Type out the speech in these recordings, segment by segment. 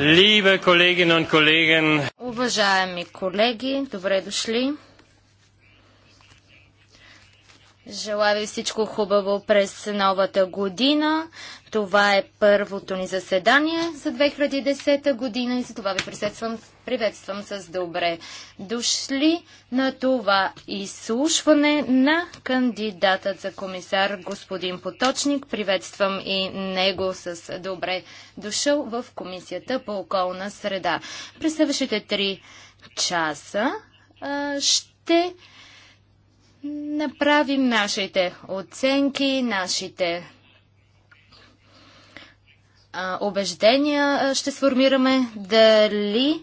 Liebe Kolleginnen und Kollegen. Уважаеми колеги, добре дошли. Желая ви всичко хубаво през новата година. Това е първото ни заседание за 2010 година и за това ви приветствам, приветствам с добре дошли на това изслушване на кандидатът за комисар господин Поточник. Приветствам и него с добре дошъл в Комисията по околна среда. През следващите три часа ще направим нашите оценки, нашите а, убеждения ще сформираме дали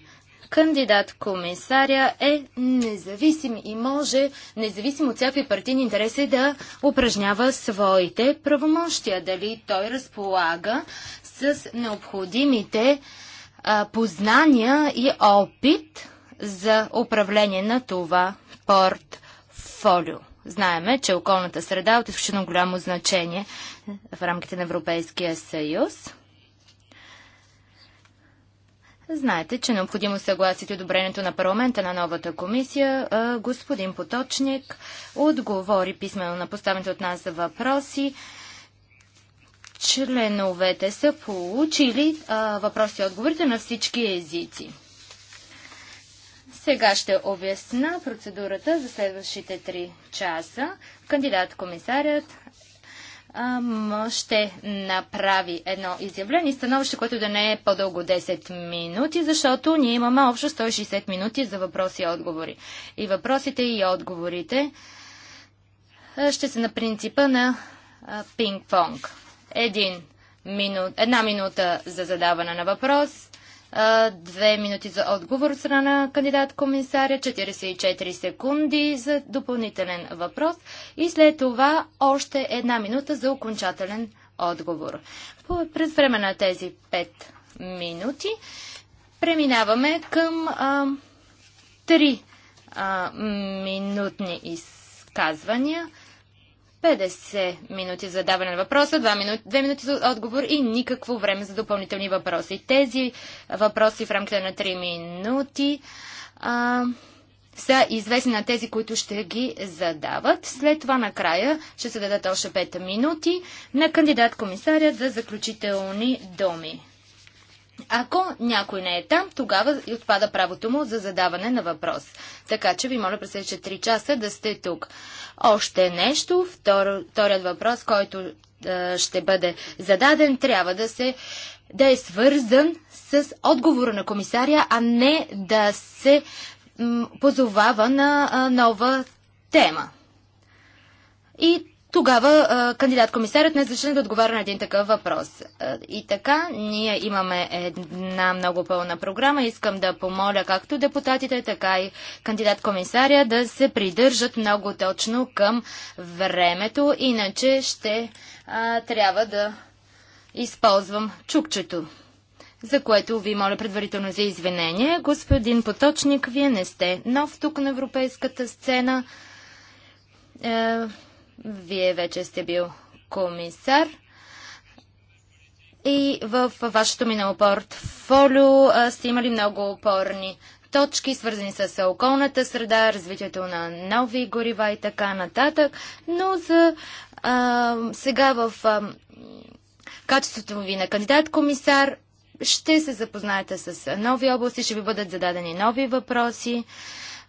кандидат комисаря е независим и може, независимо от всякакви партийни интереси, да упражнява своите правомощия. Дали той разполага с необходимите а, познания и опит за управление на това порт портфолио. Знаеме, че околната среда е от изключително голямо значение в рамките на Европейския съюз. Знаете, че е необходимо съгласите одобрението на парламента на новата комисия. Господин Поточник отговори писменно на поставените от нас за въпроси. Членовете са получили въпроси и отговорите на всички езици. Сега ще обясна процедурата за следващите 3 часа. Кандидат-комисарят ще направи едно изявление, становище, което да не е по-дълго 10 минути, защото ние имаме общо 160 минути за въпроси и отговори. И въпросите и отговорите ще са на принципа на пинг-понг. Един Една минута за задаване на въпрос, Две минути за отговор от страна на кандидат комисаря, 44 секунди за допълнителен въпрос и след това още една минута за окончателен отговор. През време на тези 5 минути преминаваме към а, 3 а, минутни изказвания. 50 минути за даване на въпроса, 2 минути, 2 минути за отговор и никакво време за допълнителни въпроси. Тези въпроси в рамките на 3 минути а, са известни на тези, които ще ги задават. След това накрая ще се дадат още 5 минути на кандидат комисаря за заключителни думи. Ако някой не е там, тогава и отпада правото му за задаване на въпрос. Така че ви моля през следващите 3 часа да сте тук. Още нещо, втор, вторият въпрос, който е, ще бъде зададен, трябва да, се, да е свързан с отговора на комисаря, а не да се позовава на а, е, нова тема. И тогава кандидат комисарят не е да отговаря на един такъв въпрос. и така, ние имаме една много пълна програма. Искам да помоля както депутатите, така и кандидат комисаря да се придържат много точно към времето, иначе ще а, трябва да използвам чукчето за което ви моля предварително за извинение. Господин Поточник, вие не сте нов тук на европейската сцена. Е, вие вече сте бил комисар. И в вашето минало портфолио сте имали много опорни точки, свързани с околната среда, развитието на нови горива и така нататък. Но за а, сега в а, качеството ви на кандидат-комисар ще се запознаете с нови области, ще ви бъдат зададени нови въпроси.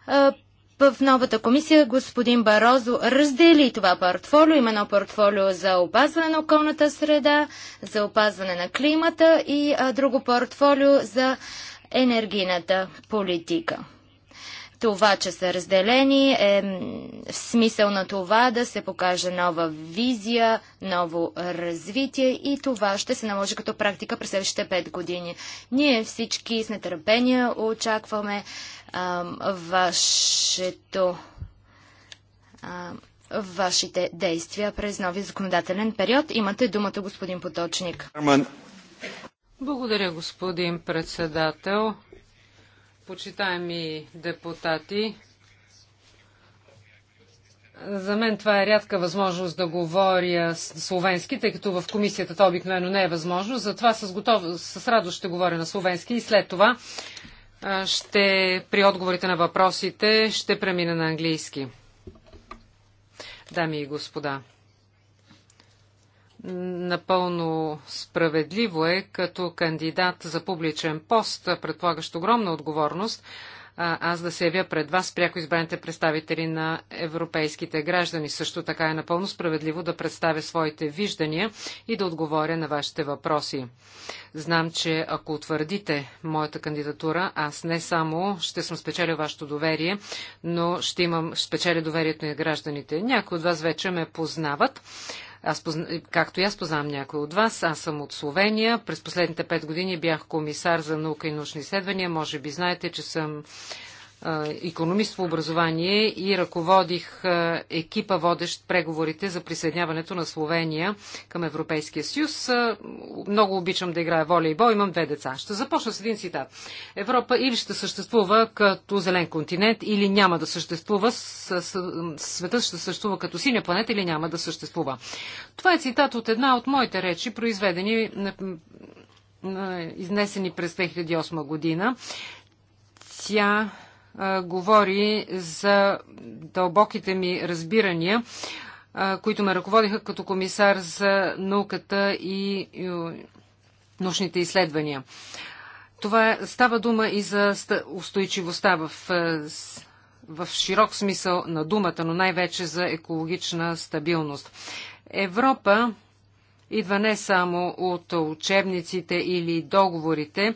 А, в новата комисия господин Барозо раздели това портфолио. Има едно портфолио за опазване на околната среда, за опазване на климата и а, друго портфолио за енергийната политика. Това, че са разделени е в смисъл на това да се покаже нова визия, ново развитие и това ще се наложи като практика през следващите 5 години. Ние всички с нетърпение очакваме а, вашето а, вашите действия през новия законодателен период. Имате думата, господин Поточник. Благодаря, господин председател. Почитаеми депутати, за мен това е рядка възможност да говоря словенски, тъй като в комисията то обикновено не е възможно. Затова с, готов... с радост ще говоря на словенски и след това ще, при отговорите на въпросите ще премина на английски. Дами и господа, напълно справедливо е като кандидат за публичен пост, предполагащ огромна отговорност, аз да се явя пред вас пряко избраните представители на европейските граждани. Също така е напълно справедливо да представя своите виждания и да отговоря на вашите въпроси. Знам, че ако утвърдите моята кандидатура, аз не само ще съм спечелил вашето доверие, но ще имам спечеля доверието на гражданите. Някои от вас вече ме познават. Аз позна... Както и аз познавам някой от вас, аз съм от Словения. През последните пет години бях комисар за наука и научни изследвания. Може би знаете, че съм економист в образование и ръководих екипа, водещ преговорите за присъединяването на Словения към Европейския съюз. Много обичам да играя волейбол, имам две деца. Ще започна с един цитат. Европа или ще съществува като зелен континент, или няма да съществува, светът ще съществува като синя планета, или няма да съществува. Това е цитат от една от моите речи, произведени изнесени през 2008 година. Тя говори за дълбоките ми разбирания, които ме ръководиха като комисар за науката и, и научните изследвания. Това става дума и за устойчивостта в, в широк смисъл на думата, но най-вече за екологична стабилност. Европа идва не само от учебниците или договорите,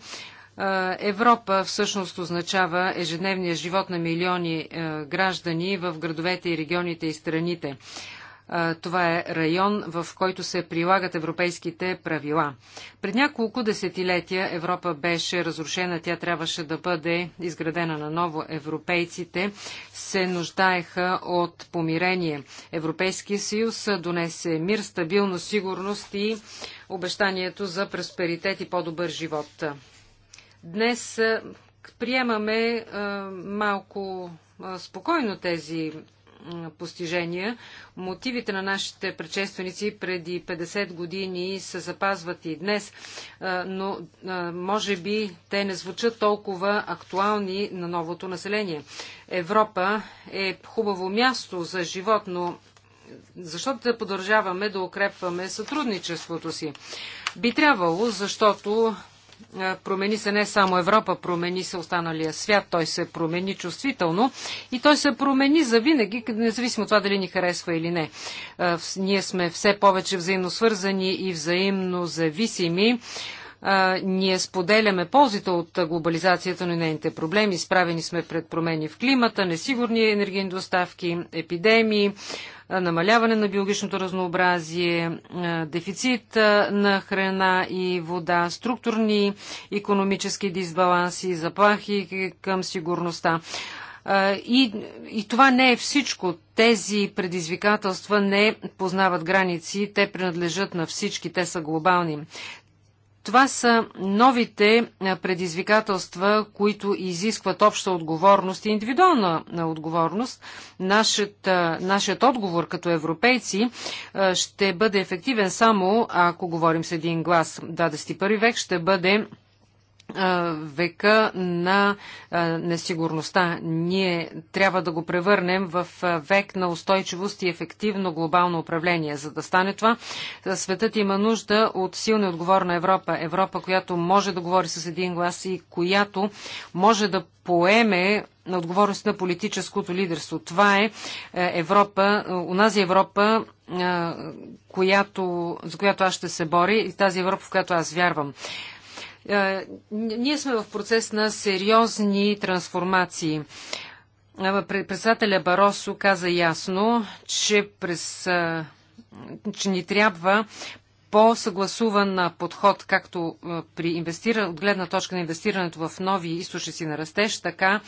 Европа всъщност означава ежедневния живот на милиони граждани в градовете и регионите и страните. Това е район, в който се прилагат европейските правила. Пред няколко десетилетия Европа беше разрушена, тя трябваше да бъде изградена на ново. Европейците се нуждаеха от помирение. Европейския съюз донесе мир, стабилност, сигурност и обещанието за просперитет и по-добър живот. Днес приемаме малко спокойно тези постижения. Мотивите на нашите предшественици преди 50 години се запазват и днес, но може би те не звучат толкова актуални на новото население. Европа е хубаво място за живот, но защото да продължаваме да укрепваме сътрудничеството си? Би трябвало, защото Промени се не само Европа, промени се останалия свят, той се промени чувствително и той се промени завинаги, независимо от това дали ни харесва или не. Ние сме все повече взаимно свързани и взаимно зависими ние споделяме ползите от глобализацията на нейните проблеми. Изправени сме пред промени в климата, несигурни енергийни доставки, епидемии, намаляване на биологичното разнообразие, дефицит на храна и вода, структурни економически дисбаланси, заплахи към сигурността. И, и това не е всичко. Тези предизвикателства не познават граници, те принадлежат на всички, те са глобални. Това са новите предизвикателства, които изискват обща отговорност и индивидуална отговорност. Нашият, нашият отговор като европейци ще бъде ефективен само ако говорим с един глас. 21 век ще бъде века на несигурността. Ние трябва да го превърнем в век на устойчивост и ефективно глобално управление. За да стане това, светът има нужда от силна и отговорна Европа. Европа, която може да говори с един глас и която може да поеме на отговорност на политическото лидерство. Това е, е Европа, унази Европа, която, за която аз ще се боря и тази Европа, в която аз вярвам. Е, ние сме в процес на сериозни трансформации. Е, председателя Баросо каза ясно, че през е, че ни трябва по-съгласуван подход, както при инвестира, от гледна точка на инвестирането в нови източници на растеж, така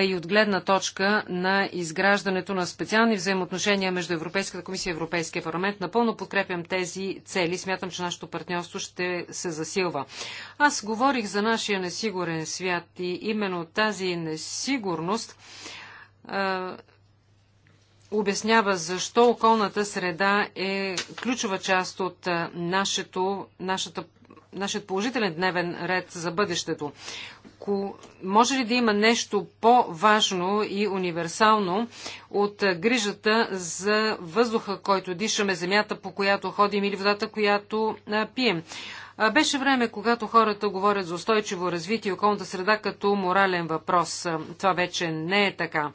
и от гледна точка на изграждането на специални взаимоотношения между Европейската комисия и Европейския парламент. Напълно подкрепям тези цели. Смятам, че нашето партньорство ще се засилва. Аз говорих за нашия несигурен свят и именно тази несигурност обяснява защо околната среда е ключова част от нашето, нашата, нашият положителен дневен ред за бъдещето. Ко, може ли да има нещо по-важно и универсално от грижата за въздуха, който дишаме, земята, по която ходим или водата, която а, пием? Беше време, когато хората говорят за устойчиво развитие и околната среда като морален въпрос. Това вече не е така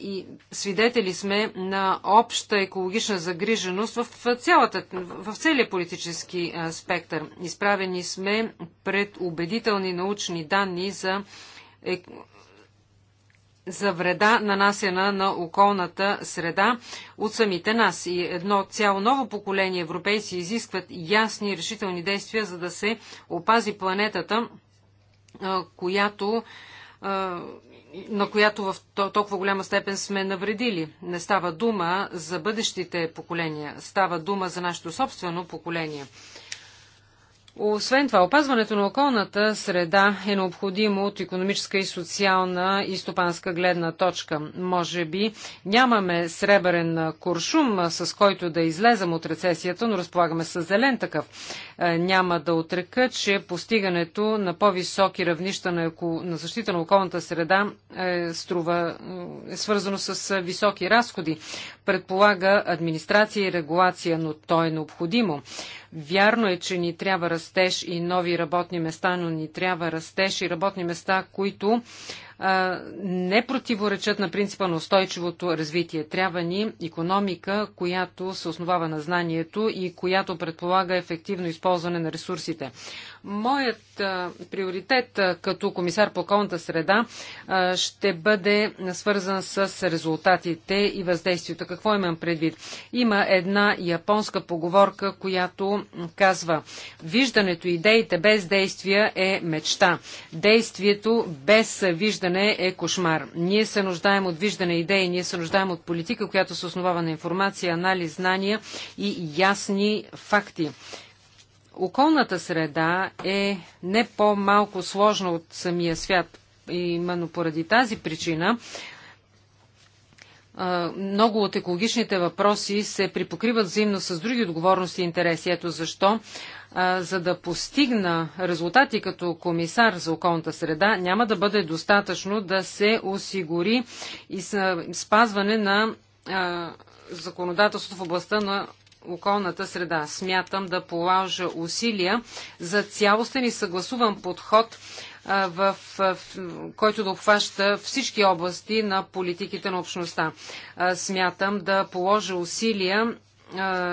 и свидетели сме на обща екологична загриженост в, цялата, в целия политически спектър. Изправени сме пред убедителни научни данни за, е, за вреда нанасена на околната среда от самите нас. И едно цяло ново поколение европейци изискват ясни и решителни действия, за да се опази планетата, която на която в толкова голяма степен сме навредили. Не става дума за бъдещите поколения, става дума за нашето собствено поколение. Освен това, опазването на околната среда е необходимо от економическа и социална и стопанска гледна точка. Може би нямаме сребърен куршум, с който да излезем от рецесията, но разполагаме с зелен такъв. Е, няма да отрека, че постигането на по-високи равнища на, еко... на защита на околната среда е, струва, е свързано с е, високи разходи. Предполага администрация и регулация, но то е необходимо. Вярно е, че ни трябва растеж и нови работни места, но ни трябва растеж и работни места, които не противоречат на принципа на устойчивото развитие. Трябва ни економика, която се основава на знанието и която предполага ефективно използване на ресурсите. Моят приоритет като комисар по околната среда ще бъде свързан с резултатите и въздействието. Какво имам предвид? Има една японска поговорка, която казва Виждането, идеите без действия е мечта. Действието без виждане виждане е кошмар. Ние се нуждаем от виждане идеи, ние се нуждаем от политика, която се основава на информация, анализ, знания и ясни факти. Околната среда е не по-малко сложна от самия свят. Именно поради тази причина много от екологичните въпроси се припокриват взаимно с други отговорности и интереси. Ето защо, за да постигна резултати като комисар за околната среда, няма да бъде достатъчно да се осигури и спазване на законодателството в областта на околната среда. Смятам да положа усилия за цялостен и съгласуван подход в, в, който да обхваща всички области на политиките на общността. Смятам да положа усилия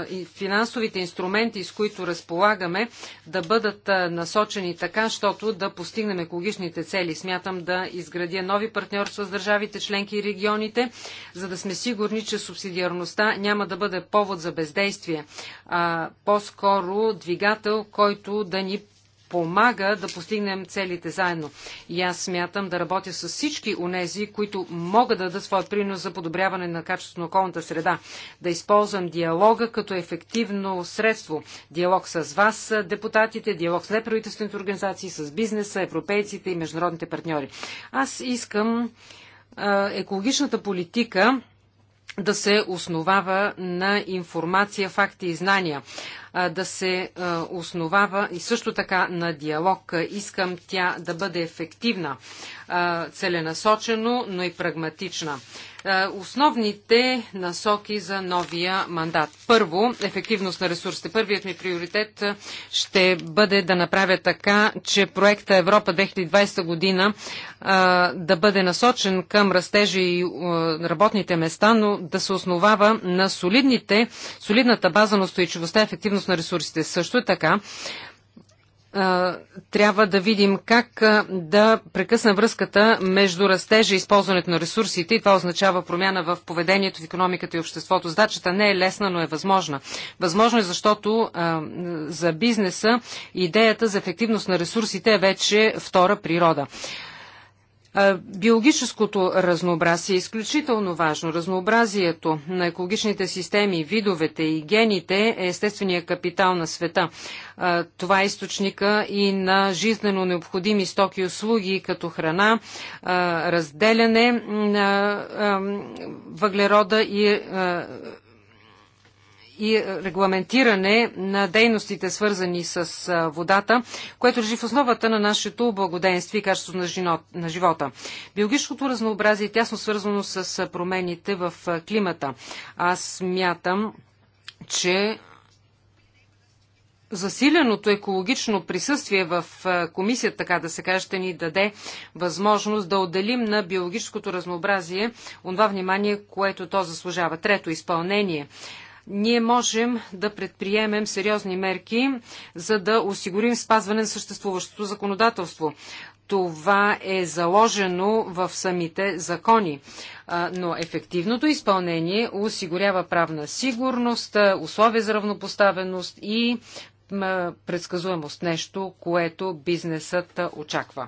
и финансовите инструменти, с които разполагаме, да бъдат насочени така, защото да постигнем екологичните цели. Смятам да изградя нови партньорства с държавите, членки и регионите, за да сме сигурни, че субсидиарността няма да бъде повод за бездействие, а по-скоро двигател, който да ни помага да постигнем целите заедно. И аз смятам да работя с всички унези, които могат да дадат своя принос за подобряване на качеството на околната среда. Да използвам диалога като ефективно средство. Диалог с вас, депутатите, диалог с неправителствените организации, с бизнеса, европейците и международните партньори. Аз искам екологичната политика да се основава на информация, факти и знания, да се основава и също така на диалог. Искам тя да бъде ефективна, целенасочено, но и прагматична. Е, основните насоки за новия мандат. Първо, ефективност на ресурсите. Първият ми приоритет е, ще бъде да направя така, че проекта Европа 2020 година е, да бъде насочен към растежа и работните места, но да се основава на солидните, солидната база на устойчивостта и ефективност на ресурсите. Също така, трябва да видим как да прекъсна връзката между растежа и използването на ресурсите и това означава промяна в поведението в економиката и обществото. Задачата не е лесна, но е възможна. Възможно е, защото за бизнеса идеята за ефективност на ресурсите е вече втора природа. Биологическото разнообразие е изключително важно. Разнообразието на екологичните системи, видовете и гените е естествения капитал на света. Това е източника и на жизнено необходими стоки и услуги, като храна, разделяне на въглерода и и регламентиране на дейностите, свързани с водата, което лежи в основата на нашето благоденствие и качество на живота. Биологичното разнообразие е тясно свързано с промените в климата. Аз мятам, че засиленото екологично присъствие в комисията, така да се каже, ще ни даде възможност да отделим на биологическото разнообразие това внимание, което то заслужава. Трето, изпълнение ние можем да предприемем сериозни мерки, за да осигурим спазване на съществуващото законодателство. Това е заложено в самите закони. Но ефективното изпълнение осигурява правна сигурност, условия за равнопоставеност и предсказуемост. Нещо, което бизнесът очаква.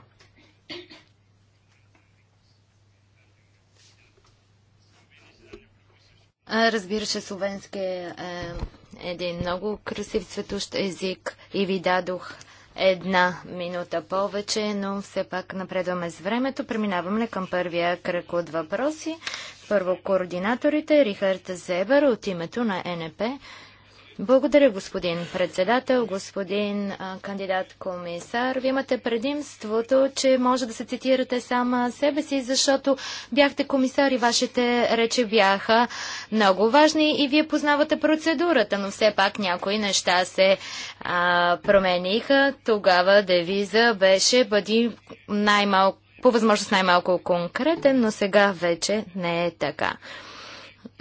Разбира се, словенски е, е един много красив цветущ език и ви дадох една минута повече, но все пак напредваме с времето. Преминаваме към първия кръг от въпроси. Първо координаторите Рихард Зебър от името на НП благодаря, господин председател, господин кандидат комисар. Вие имате предимството, че може да се цитирате сама себе си, защото бяхте комисар и вашите речи бяха много важни и вие познавате процедурата, но все пак някои неща се а, промениха. Тогава девиза беше бъди най-малко по възможност най-малко конкретен, но сега вече не е така.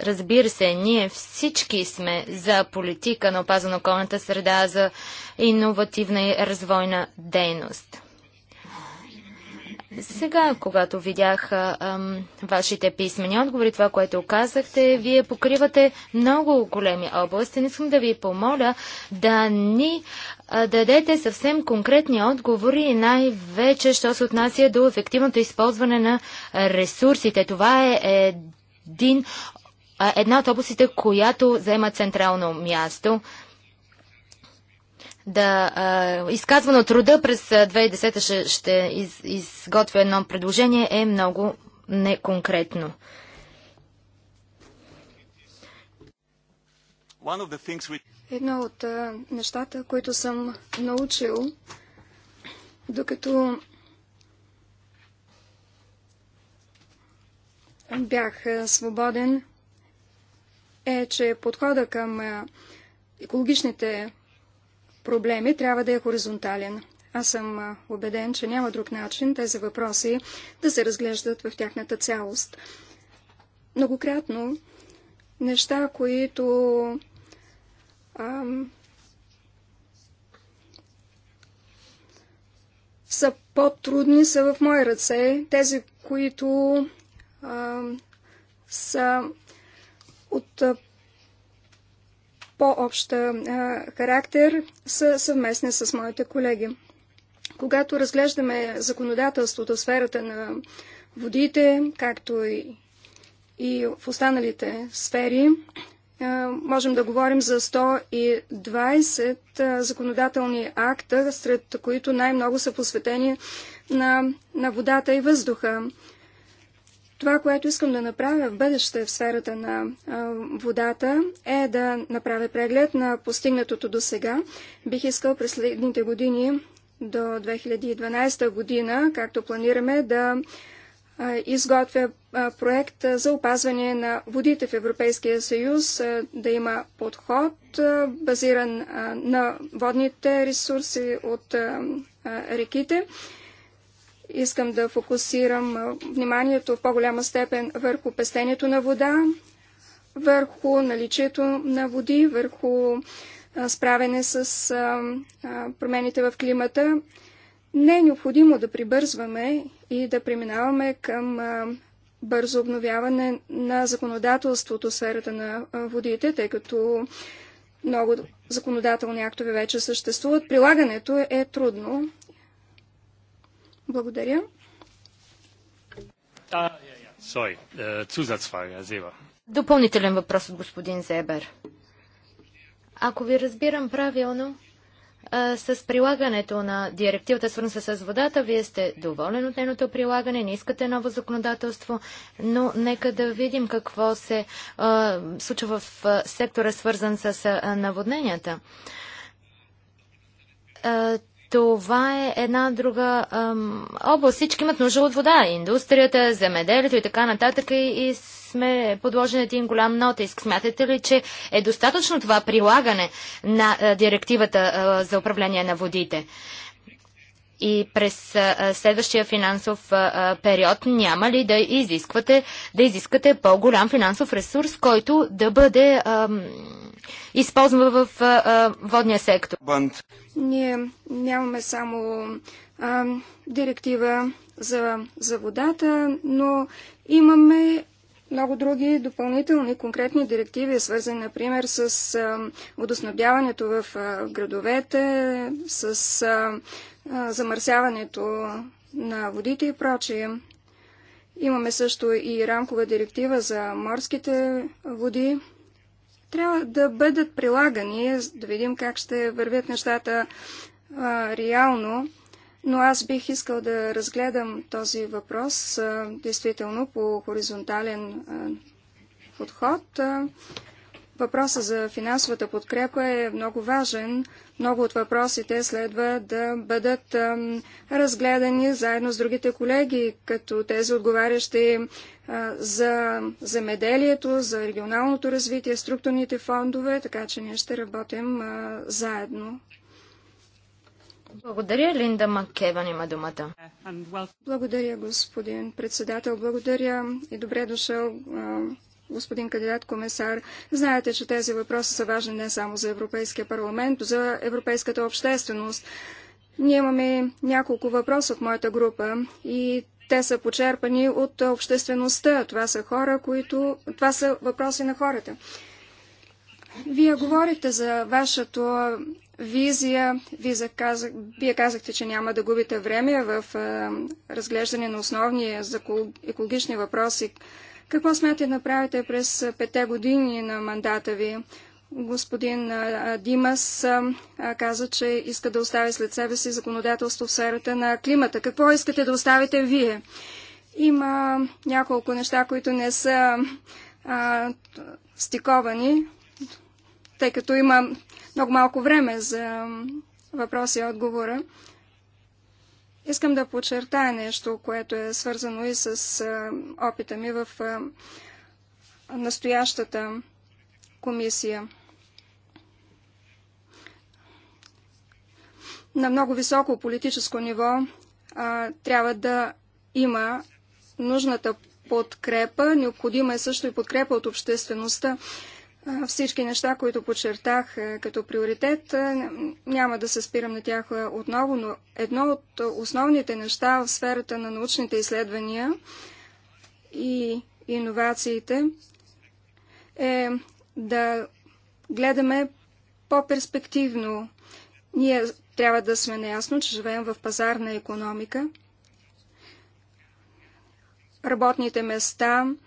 Разбира се, ние всички сме за политика на опазване на околната среда, за иновативна и развойна дейност. Сега, когато видях ам, вашите писмени отговори, това, което казахте, вие покривате много големи области. Не искам да ви помоля да ни а, дадете съвсем конкретни отговори, най-вече, що се отнася до ефективното използване на ресурсите. Това е, е един една от областите, която заема централно място. Да, а, изказва на труда през 2010 ще, ще из, изготвя едно предложение е много неконкретно. Едно от а, нещата, които съм научил, докато бях а, свободен, е, че подхода към е, екологичните проблеми трябва да е хоризонтален. Аз съм е, убеден, че няма друг начин тези въпроси да се разглеждат в тяхната цялост. Многократно неща, които ам, са по-трудни, са в мои ръце. Тези, които ам, са от по-обща характер са съвместни с моите колеги. Когато разглеждаме законодателството в сферата на водите, както и, и в останалите сфери, можем да говорим за 120 законодателни акта, сред които най-много са посветени на, на водата и въздуха. Това, което искам да направя в бъдеще в сферата на водата е да направя преглед на постигнатото до сега. Бих искал през следните години до 2012 година, както планираме, да изготвя проект за опазване на водите в Европейския съюз, да има подход базиран на водните ресурси от реките Искам да фокусирам вниманието в по-голяма степен върху пестенето на вода, върху наличието на води, върху справене с промените в климата. Не е необходимо да прибързваме и да преминаваме към бързо обновяване на законодателството в сферата на водите, тъй като много законодателни актове вече съществуват. Прилагането е трудно. Благодаря. Е, Допълнителен въпрос от господин Зебер. Ако ви разбирам правилно, а, с прилагането на директивата свързана с водата, вие сте доволен от нейното прилагане, не искате ново законодателство, но нека да видим какво се а, случва в а, сектора свързан с наводненията това е една друга ам, област. Всички имат нужда от вода. Индустрията, земеделието и така нататък. И, и сме подложени един голям натиск. Смятате ли, че е достатъчно това прилагане на а, директивата а, за управление на водите? и през следващия финансов период няма ли да изисквате, да изискате по-голям финансов ресурс, който да бъде ам, използван в а, водния сектор? Банд. Ние нямаме само а, директива за, за водата, но имаме много други допълнителни конкретни директиви, свързани, например, с водоснабдяването в градовете, с замърсяването на водите и прочие. Имаме също и рамкова директива за морските води. Трябва да бъдат прилагани, да видим как ще вървят нещата а, реално но аз бих искал да разгледам този въпрос а, действително по хоризонтален а, подход. Въпросът за финансовата подкрепа е много важен. Много от въпросите следва да бъдат а, разгледани заедно с другите колеги, като тези отговарящи за земеделието, за регионалното развитие, структурните фондове, така че ние ще работим а, заедно благодаря. Линда Маккеван има думата. Благодаря, господин председател. Благодаря и добре дошъл господин кандидат комисар. Знаете, че тези въпроси са важни не само за Европейския парламент, за европейската общественост. Ние имаме няколко въпроса от моята група и те са почерпани от обществеността. Това са хора, които... Това са въпроси на хората. Вие говорите за вашата визия. Вие, заказах, вие казахте, че няма да губите време в разглеждане на основни екологични въпроси. Какво смятате да направите през пете години на мандата ви? Господин Димас каза, че иска да остави след себе си законодателство в сферата на климата. Какво искате да оставите вие? Има няколко неща, които не са а, стиковани, тъй като има много малко време за въпроси и отговора. Искам да подчертая нещо, което е свързано и с опита ми в настоящата комисия. На много високо политическо ниво а, трябва да има нужната подкрепа. Необходима е също и подкрепа от обществеността всички неща, които подчертах е, като приоритет, е, няма да се спирам на тях е, отново, но едно от основните неща в сферата на научните изследвания и иновациите е да гледаме по-перспективно. Ние трябва да сме наясно, че живеем в пазарна економика. Работните места –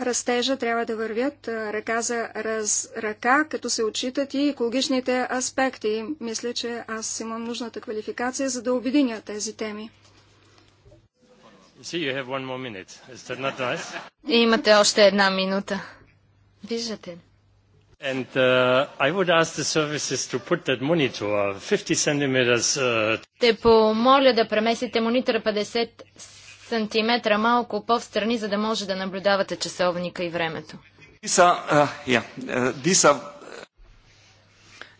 растежа трябва да вървят ръка за раз, ръка, като се отчитат и екологичните аспекти. Мисля, че аз имам нужната квалификация, за да обединя тези теми. Nice? Имате още една минута. Виждате. And uh, I would ask the services to put that monitor 50 centimeters. Uh... Те помоля да преместите монитора 50 сантиметра малко по-встрани, за да може да наблюдавате часовника и времето. Uh, uh,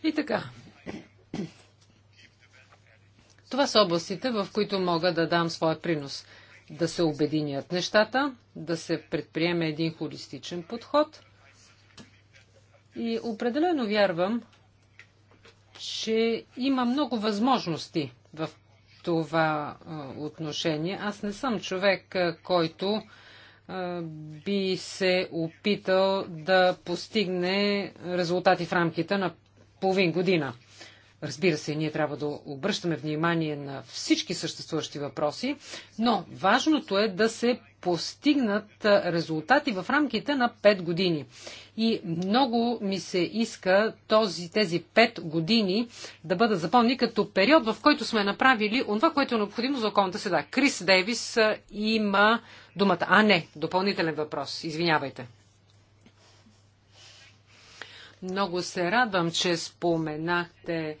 и така. Това са областите, в които мога да дам своя принос. Да се обединят нещата, да се предприеме един холистичен подход. И определено вярвам, че има много възможности в това отношение. Аз не съм човек, който би се опитал да постигне резултати в рамките на половин година. Разбира се, ние трябва да обръщаме внимание на всички съществуващи въпроси, но важното е да се постигнат резултати в рамките на 5 години. И много ми се иска този, тези 5 години да бъдат запълни като период, в който сме направили това, което е необходимо за околната седа. Крис Дейвис има думата. А, не, допълнителен въпрос. Извинявайте. Много се радвам, че споменахте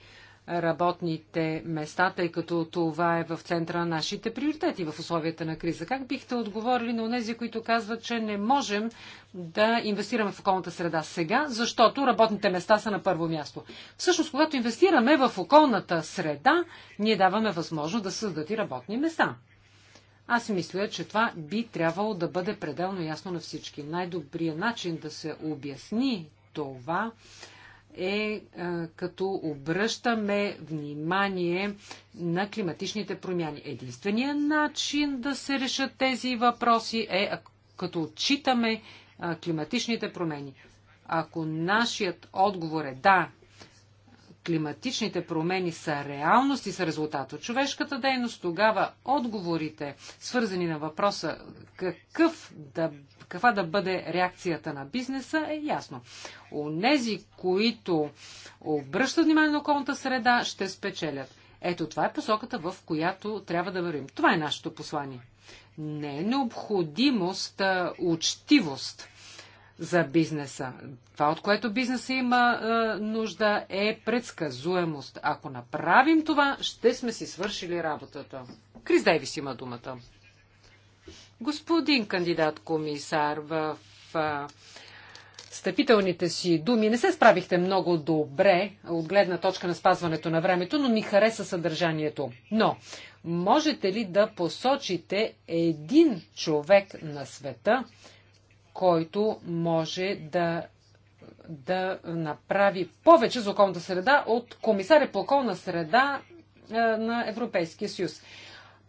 работните места, тъй като това е в центъра на нашите приоритети в условията на криза. Как бихте отговорили на тези, които казват, че не можем да инвестираме в околната среда сега, защото работните места са на първо място? Всъщност, когато инвестираме в околната среда, ние даваме възможност да създадат и работни места. Аз мисля, че това би трябвало да бъде пределно ясно на всички. Най-добрият начин да се обясни това е като обръщаме внимание на климатичните промяни. Единственият начин да се решат тези въпроси е като отчитаме климатичните промени. Ако нашият отговор е да, климатичните промени са реалност и са резултат от човешката дейност, тогава отговорите, свързани на въпроса какъв да, каква да бъде реакцията на бизнеса, е ясно. Онези, които обръщат внимание на околната среда, ще спечелят. Ето това е посоката, в която трябва да вървим. Това е нашето послание. Не е необходимост, а учтивост за бизнеса. Това, от което бизнеса има е, нужда, е предсказуемост. Ако направим това, ще сме си свършили работата. Крис Дейвис има думата. Господин кандидат комисар, в е, стъпителните си думи не се справихте много добре от гледна точка на спазването на времето, но ми хареса съдържанието. Но можете ли да посочите един човек на света, който може да, да направи повече за околната среда от комисаря по околна среда е, на Европейския съюз.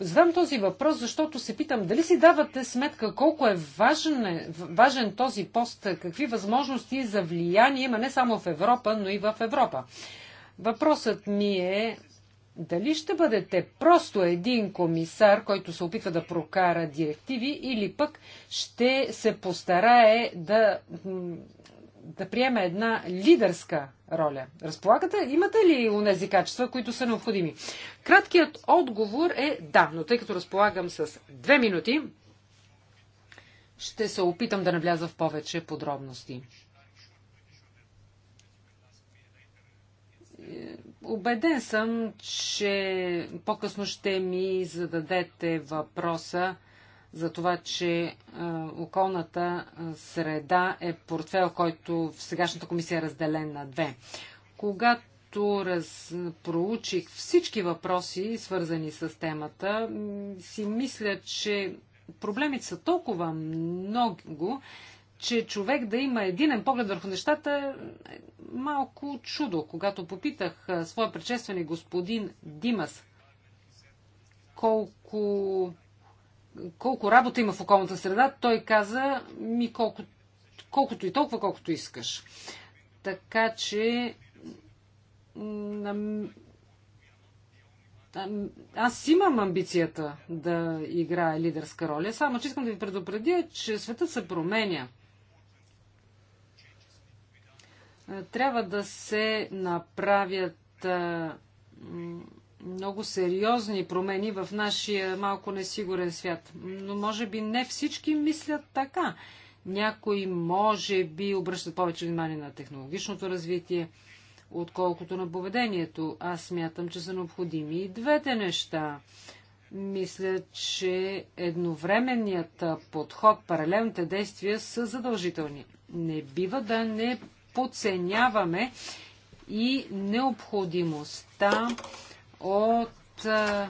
Задам този въпрос, защото се питам дали си давате сметка колко е важен, важен този пост, какви възможности за влияние има не само в Европа, но и в Европа. Въпросът ми е дали ще бъдете просто един комисар, който се опитва да прокара директиви, или пък ще се постарае да, да приеме една лидерска роля? Разполагате, имате ли унези качества, които са необходими? Краткият отговор е да, но тъй като разполагам с две минути, ще се опитам да навляза в повече подробности. Обеден съм, че по-късно ще ми зададете въпроса за това, че околната среда е портфел, който в сегашната комисия е разделен на две. Когато раз... проучих всички въпроси, свързани с темата, си мисля, че проблемите са толкова много, че човек да има единен поглед върху нещата е малко чудо. Когато попитах своя предшественик господин Димас колко, колко работа има в околната среда, той каза ми колко, колкото и толкова, колкото искаш. Така че на... Аз имам амбицията да играя лидерска роля, само че искам да ви предупредя, че светът се променя – е, трябва да се направят е, много сериозни промени в нашия малко несигурен свят. Но може би не всички мислят така. Някои може би обръщат повече внимание на технологичното развитие, отколкото на поведението. Аз смятам, че са необходими и двете неща. Мисля, че едновременният подход, паралелните действия са задължителни. Не бива да не подценяваме и необходимостта от а,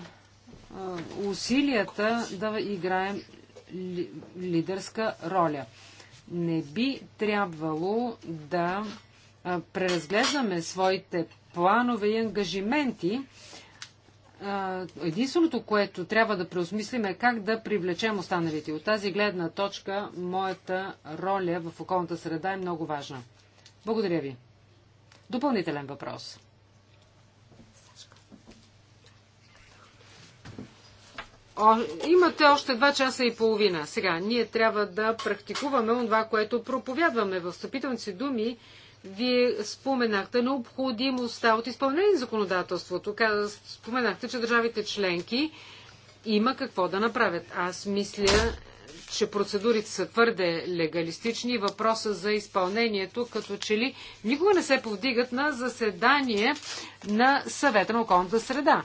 усилията да играем ли, лидерска роля. Не би трябвало да а, преразглеждаме своите планове и ангажименти. А, единственото, което трябва да преосмислим е как да привлечем останалите. От тази гледна точка, моята роля в околната среда е много важна. Благодаря ви. Допълнителен въпрос. О, имате още два часа и половина. Сега, ние трябва да практикуваме това, което проповядваме. В встъпителните си думи вие споменахте необходимостта от изпълнение на законодателството. Споменахте, че държавите членки има какво да направят. Аз мисля, че процедурите са твърде легалистични и въпроса за изпълнението, като че ли никога не се повдигат на заседание на съвета на околната среда.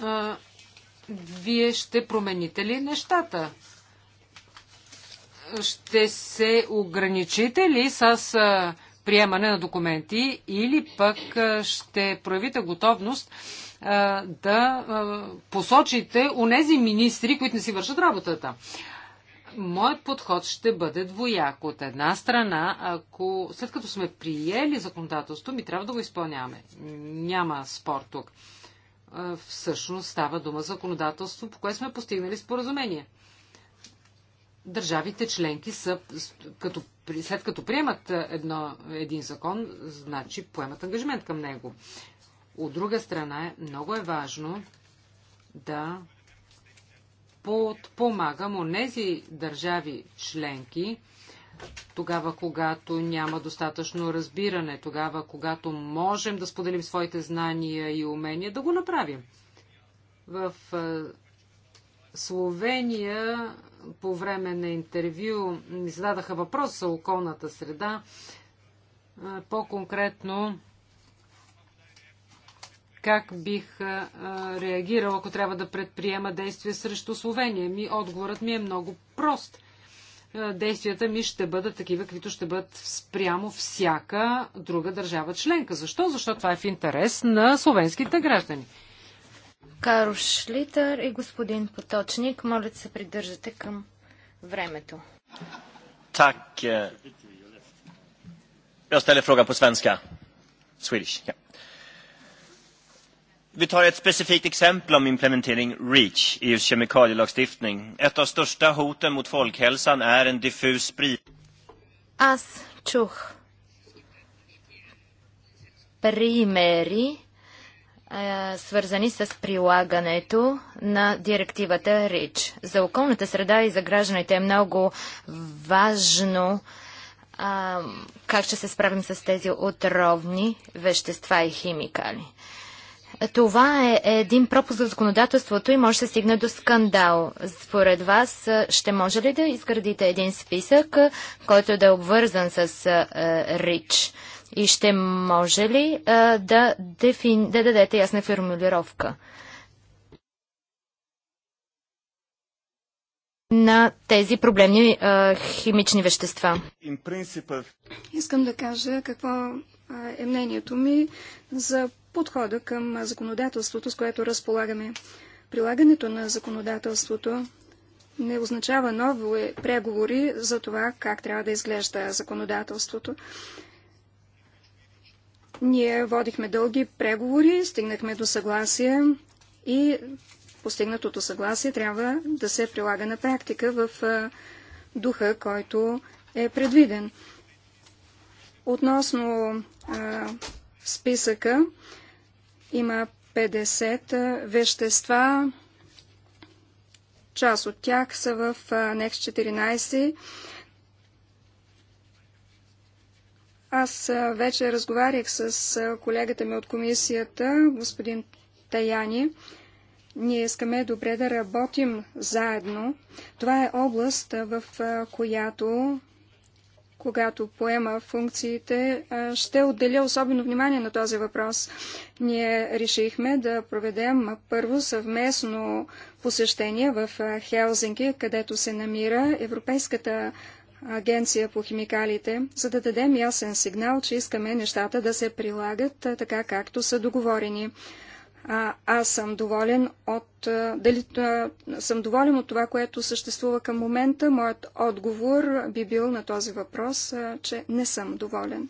А, вие ще промените ли нещата? Ще се ограничите ли с приемане на документи или пък ще проявите готовност да посочите нези министри, които не си вършат работата. Моят подход ще бъде двояк. От една страна, ако след като сме приели законодателство, ми трябва да го изпълняваме. Няма спор тук. Всъщност става дума за законодателство, по което сме постигнали споразумение. Държавите членки са, като, след като приемат едно, един закон, значи поемат ангажимент към него. От друга страна, е, много е важно да подпомагам онези държави членки, тогава, когато няма достатъчно разбиране, тогава, когато можем да споделим своите знания и умения, да го направим. В Словения по време на интервю ми зададаха въпрос за околната среда, по-конкретно как бих реагирал, ако трябва да предприема действия срещу Словения? Ми, отговорът ми е много прост. Действията ми ще бъдат такива, каквито ще бъдат спрямо всяка друга държава членка. Защо? Защото това е в интерес на словенските граждани. Каро Шлитър и господин Поточник, моля да се придържате към времето. Так. Е, я ställer frågan på svenska. Swedish. Yeah. Vi tar ett specifikt exempel om implementering REACH, EUs kemikalielagstiftning. Ett av största hoten mot folkhälsan är en diffus spridning. Аз чух примери, е, свързани с прилагането на директивата РИЧ. За околната среда и за гражданите е много важно е, как ще се справим с тези отровни вещества и химикали. Това е един пропуск за законодателството и може да стигне до скандал. Според вас ще може ли да изградите един списък, който да е обвързан с РИЧ? И ще може ли да, дефин... да дадете ясна формулировка? на тези проблемни а, химични вещества. Искам да кажа какво е мнението ми за подхода към законодателството, с което разполагаме. Прилагането на законодателството не означава нови е преговори за това как трябва да изглежда законодателството. Ние водихме дълги преговори, стигнахме до съгласие и постигнатото съгласие трябва да се прилага на практика в духа, който е предвиден. Относно а, списъка, има 50 вещества. Част от тях са в Анекс 14. Аз вече разговарях с колегата ми от комисията, господин Таяни. Ние искаме добре да работим заедно. Това е област, в която когато поема функциите, ще отделя особено внимание на този въпрос. Ние решихме да проведем първо съвместно посещение в Хелзинки, където се намира Европейската агенция по химикалите, за да дадем ясен сигнал, че искаме нещата да се прилагат така, както са договорени аз съм доволен от, дали съм доволен от това, което съществува към момента. Моят отговор би бил на този въпрос, че не съм доволен.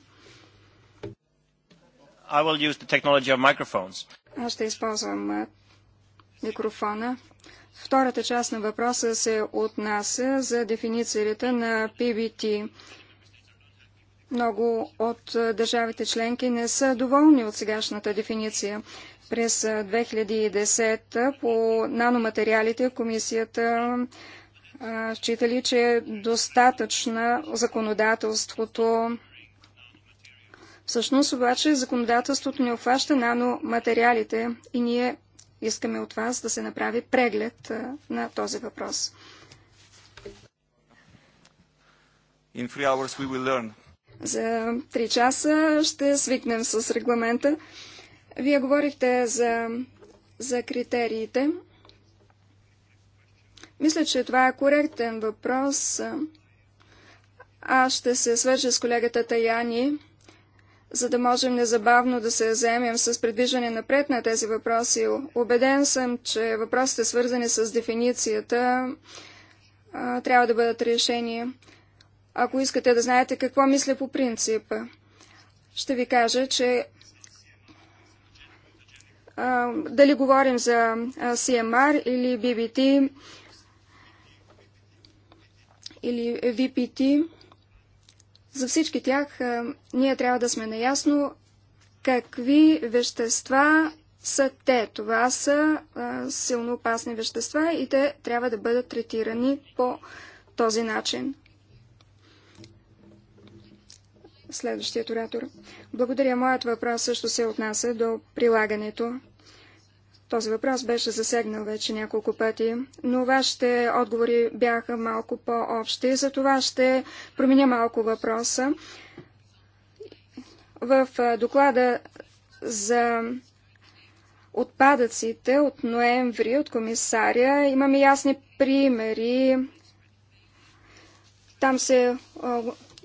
I will use the technology of microphones. Аз ще използвам микрофона. Втората част на въпроса се отнася за дефиницията на PBT. Много от държавите членки не са доволни от сегашната дефиниция. През 2010 по наноматериалите комисията считали, че е достатъчна законодателството. Всъщност обаче законодателството не обхваща наноматериалите и ние искаме от вас да се направи преглед на този въпрос. За три часа ще свикнем с регламента. Вие говорихте за, за критериите. Мисля, че това е коректен въпрос. Аз ще се свържа с колегата Таяни, за да можем незабавно да се заемем с предвиждане напред на тези въпроси. Обеден съм, че въпросите свързани с дефиницията трябва да бъдат решени. Ако искате да знаете какво мисля по принцип, ще ви кажа, че дали говорим за CMR или BBT или VPT, за всички тях ние трябва да сме наясно какви вещества са те. Това са силно опасни вещества и те трябва да бъдат третирани по този начин. Следващият оратор. Благодаря. Моят въпрос също се отнася до прилагането. Този въпрос беше засегнал вече няколко пъти, но вашите отговори бяха малко по-общи, за това ще променя малко въпроса. В доклада за отпадъците от ноември от комисаря имаме ясни примери. Там се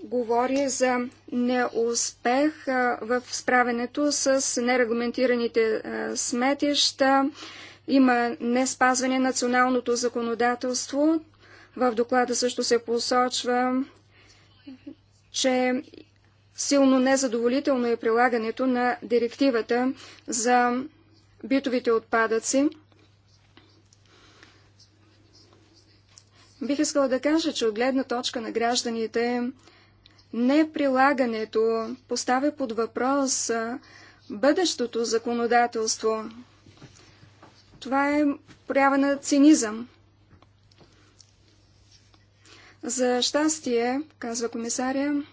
говори за неуспех в справенето с нерегламентираните сметища. Има не спазване на националното законодателство. В доклада също се посочва, че силно незадоволително е прилагането на директивата за битовите отпадъци. Бих искала да кажа, че от гледна точка на гражданите Неприлагането поставя под въпрос бъдещото законодателство. Това е проява на цинизъм. За щастие, казва комисаря,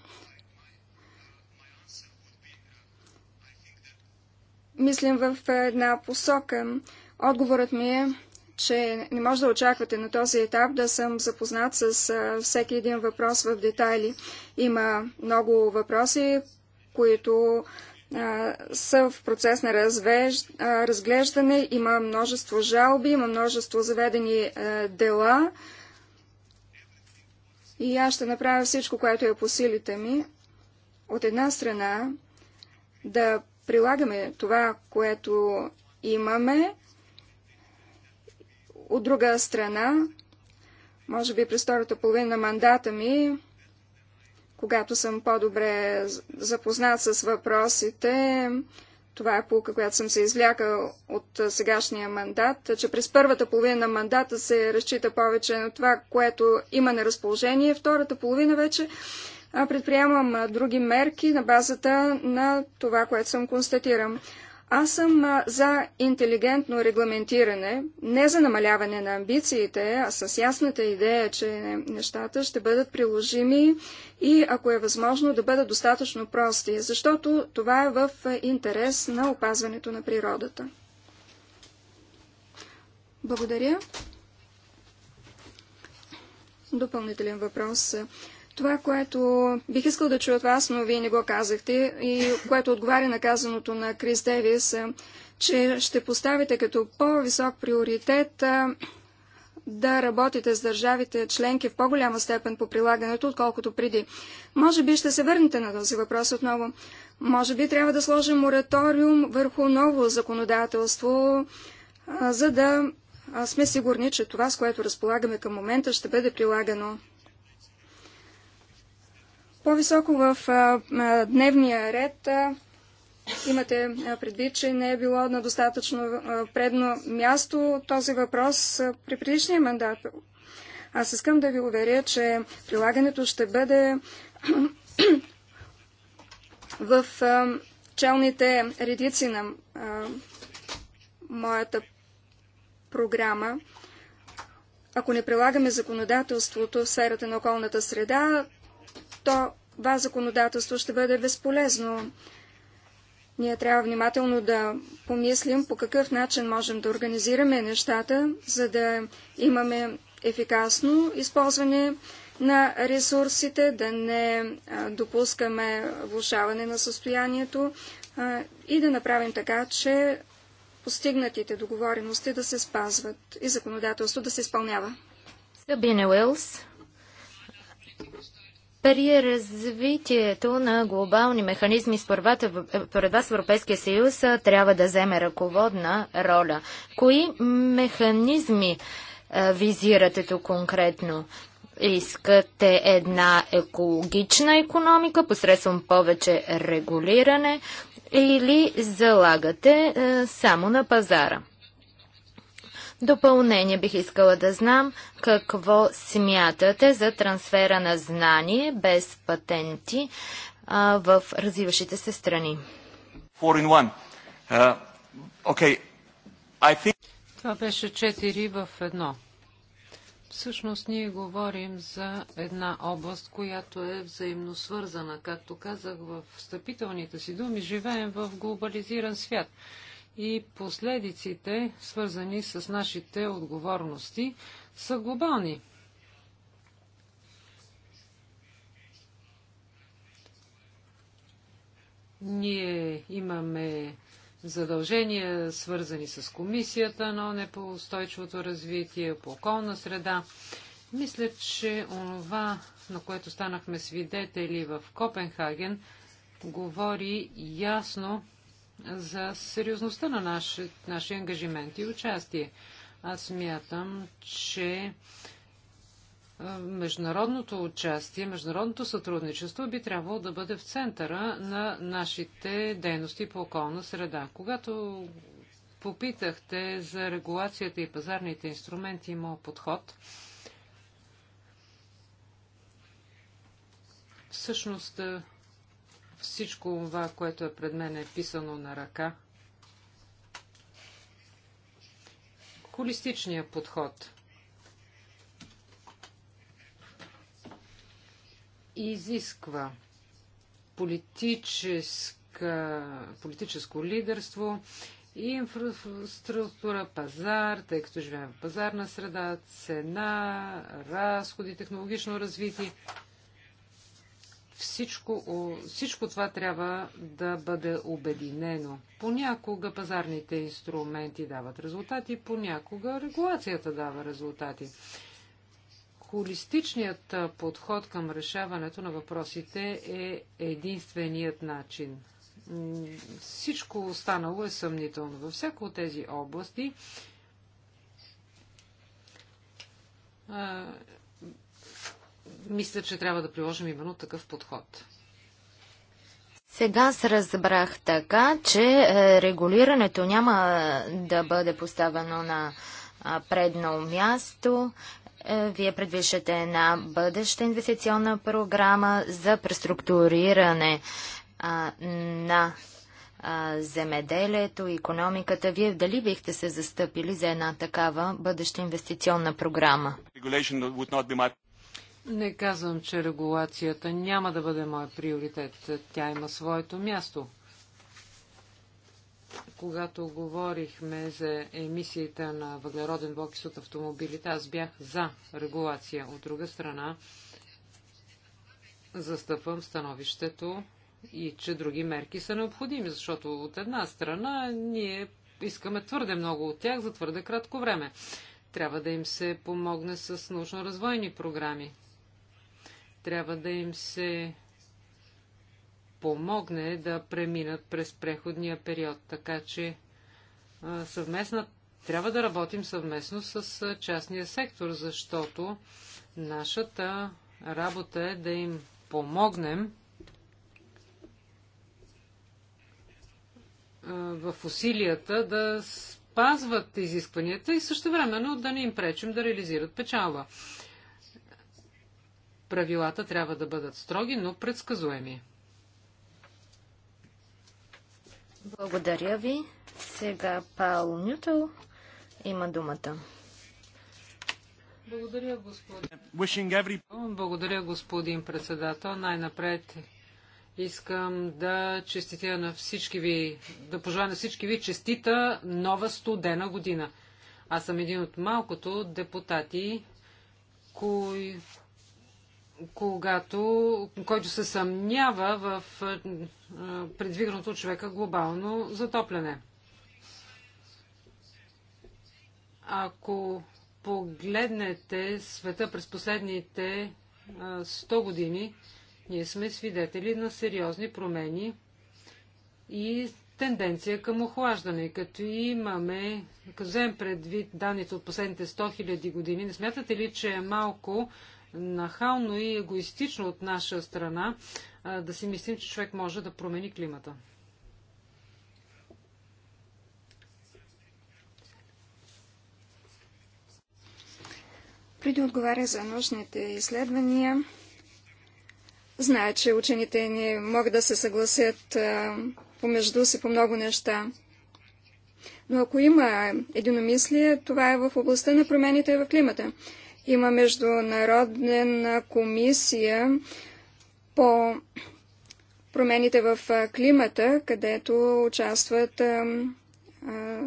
мислим в една посока. Отговорът ми е, че не може да очаквате на този етап да съм запознат с всеки един въпрос в детайли. Има много въпроси, които а, са в процес на развеж... а, разглеждане. Има множество жалби, има множество заведени а, дела. И аз ще направя всичко, което е по силите ми. От една страна да прилагаме това, което имаме, от друга страна, може би през втората половина на мандата ми, когато съм по-добре запознат с въпросите, това е полка, която съм се извляка от сегашния мандат, че през първата половина на мандата се разчита повече на това, което има на разположение. Втората половина вече предприемам други мерки на базата на това, което съм констатирам. Аз съм за интелигентно регламентиране, не за намаляване на амбициите, а с ясната идея, че нещата ще бъдат приложими и, ако е възможно, да бъдат достатъчно прости, защото това е в интерес на опазването на природата. Благодаря. Допълнителен въпрос. Това, което бих искал да чуя от вас, но вие не го казахте и което отговаря на казаното на Крис Девис, е, че ще поставите като по-висок приоритет е, да работите с държавите членки в по-голяма степен по прилагането, отколкото преди. Може би ще се върнете на този въпрос отново. Може би трябва да сложим мораториум върху ново законодателство, е, за да сме сигурни, че това, с което разполагаме към момента, ще бъде прилагано. По-високо в дневния ред имате предвид, че не е било на достатъчно предно място този въпрос при предишния мандат. Аз искам да ви уверя, че прилагането ще бъде в челните редици на моята програма. Ако не прилагаме законодателството в сферата на околната среда, това законодателство ще бъде безполезно. Ние трябва внимателно да помислим по какъв начин можем да организираме нещата, за да имаме ефикасно използване на ресурсите, да не допускаме влушаване на състоянието и да направим така, че постигнатите договорености да се спазват и законодателство да се изпълнява. Сабина Уилс, при развитието на глобални механизми според вас Европейския съюз трябва да вземе ръководна роля. Кои механизми визирате тук конкретно? Искате една екологична економика посредством повече регулиране или залагате само на пазара? допълнение бих искала да знам какво смятате за трансфера на знание без патенти а, в развиващите се страни. Uh, Това беше 4 в едно. Всъщност ние говорим за една област, която е взаимно свързана. Както казах в встъпителните си думи, живеем в глобализиран свят и последиците, свързани с нашите отговорности, са глобални. Ние имаме задължения, свързани с комисията на ОНЕ по устойчивото развитие, по околна среда. Мисля, че онова, на което станахме свидетели в Копенхаген, говори ясно за сериозността на наши, наши ангажимент и участие. Аз мятам, че международното участие, международното сътрудничество би трябвало да бъде в центъра на нашите дейности по околна среда. Когато попитахте за регулацията и пазарните инструменти и моят подход, всъщност всичко това, което е пред мен е писано на ръка. Холистичният подход изисква политическо лидерство, и инфраструктура, пазар, тъй като живеем в пазарна среда, цена, разходи, технологично развитие. Всичко, всичко това трябва да бъде обединено. Понякога пазарните инструменти дават резултати, понякога регулацията дава резултати. Холистичният подход към решаването на въпросите е единственият начин. Всичко останало е съмнително. Във всяко от тези области мисля, че трябва да приложим именно такъв подход. Сега се разбрах така, че е, регулирането няма е, да бъде поставено на предно място. Е, вие предвиждате една бъдеща инвестиционна програма за преструктуриране на земеделието, економиката. Вие дали бихте се застъпили за една такава бъдеща инвестиционна програма? Не казвам, че регулацията няма да бъде моят приоритет. Тя има своето място. Когато говорихме за емисиите на въглероден блокис от автомобилите, аз бях за регулация. От друга страна, застъпвам становището и че други мерки са необходими, защото от една страна ние искаме твърде много от тях за твърде кратко време. Трябва да им се помогне с научно-развойни програми трябва да им се помогне да преминат през преходния период. Така че съвместна трябва да работим съвместно с частния сектор, защото нашата работа е да им помогнем в усилията да спазват изискванията и също времено да не им пречим да реализират печалба. Правилата трябва да бъдат строги, но предсказуеми. Благодаря ви. Сега Паул Нютел има думата. Благодаря, господин. Благодаря, господин председател. Най-напред искам да честитя на всички ви, да пожелая на всички ви честита нова студена година. Аз съм един от малкото депутати, кои, когато, който се съмнява в предвиденото от човека глобално затопляне. Ако погледнете света през последните 100 години, ние сме свидетели на сериозни промени и тенденция към охлаждане. Като имаме, като вземем предвид данните от последните 100 000 години, не смятате ли, че е малко нахално и егоистично от наша страна да си мислим, че човек може да промени климата. Преди отговаря за научните изследвания, знае, че учените не могат да се съгласят помежду си по много неща. Но ако има единомислие, това е в областта на промените в климата. Има международна комисия по промените в климата, където участват а, а,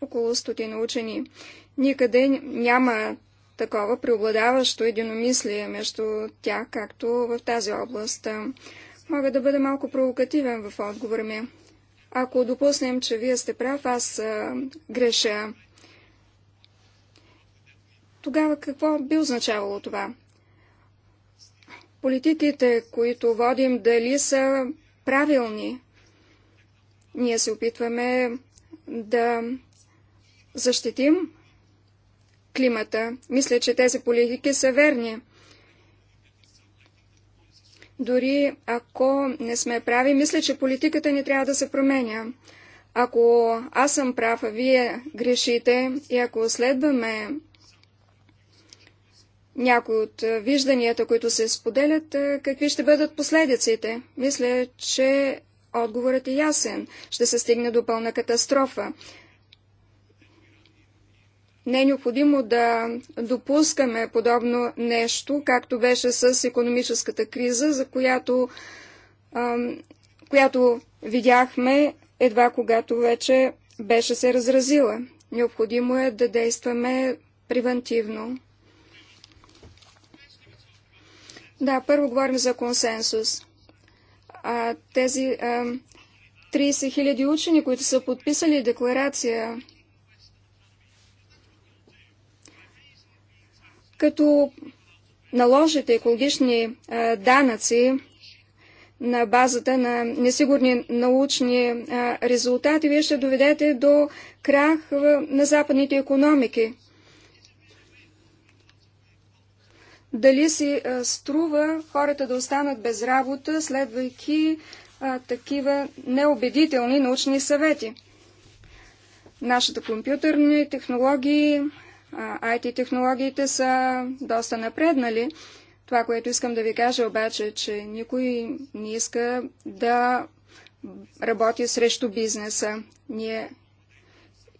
около стотина учени. Никъде няма такова преобладаващо единомислие между тях, както в тази област. Мога да бъда малко провокативен в отговора ми. Ако допуснем, че вие сте прав, аз а, греша. Тогава какво би означавало това? Политиките, които водим, дали са правилни? Ние се опитваме да защитим климата. Мисля, че тези политики са верни. Дори ако не сме прави, мисля, че политиката ни трябва да се променя. Ако аз съм прав, а вие грешите и ако следваме някои от вижданията, които се споделят, какви ще бъдат последиците. Мисля, че отговорът е ясен. Ще се стигне до пълна катастрофа. Не е необходимо да допускаме подобно нещо, както беше с економическата криза, за която, ам, която видяхме едва когато вече беше се разразила. Необходимо е да действаме превентивно. Да, първо говорим за консенсус. А, тези а, 30 хиляди учени, които са подписали декларация, като наложите екологични а, данъци на базата на несигурни научни а, резултати, вие ще доведете до крах а, на западните економики. дали си струва хората да останат без работа, следвайки а, такива неубедителни научни съвети. Нашите компютърни технологии, IT-технологиите са доста напреднали. Това, което искам да ви кажа обаче, е, че никой не иска да работи срещу бизнеса. Ние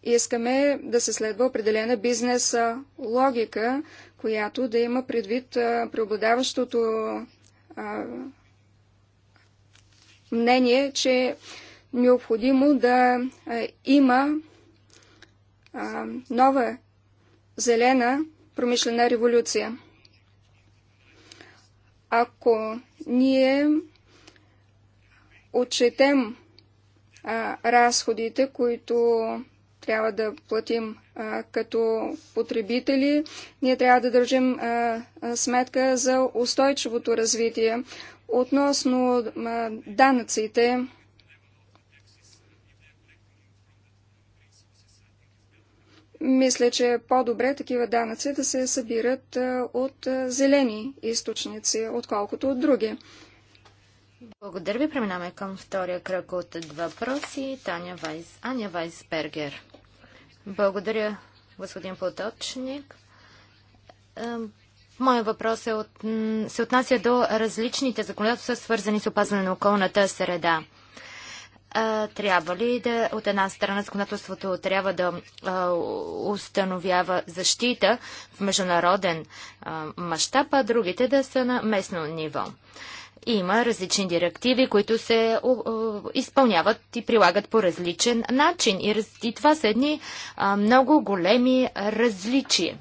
искаме да се следва определена бизнес логика, която да има предвид преобладаващото мнение, че е необходимо да има нова зелена промишлена революция. Ако ние отчетем разходите, които трябва да платим като потребители, ние трябва да държим сметка за устойчивото развитие. Относно данъците, мисля, че е по-добре такива данъци да се събират от зелени източници, отколкото от други. Благодаря ви. Преминаваме към втория кръг от въпроси. Таня Вайс, Аня Вайсбергер. Благодаря, господин Поточник. Е, Моя въпрос е от, се отнася до различните законодателства, свързани с опазване на околната среда. Е, трябва ли да, от една страна, законодателството трябва да а, е, установява защита в международен мащаб, а другите да са на местно ниво? Има различни директиви, които се изпълняват и прилагат по различен начин. И, раз... и това са едни а, много големи различия.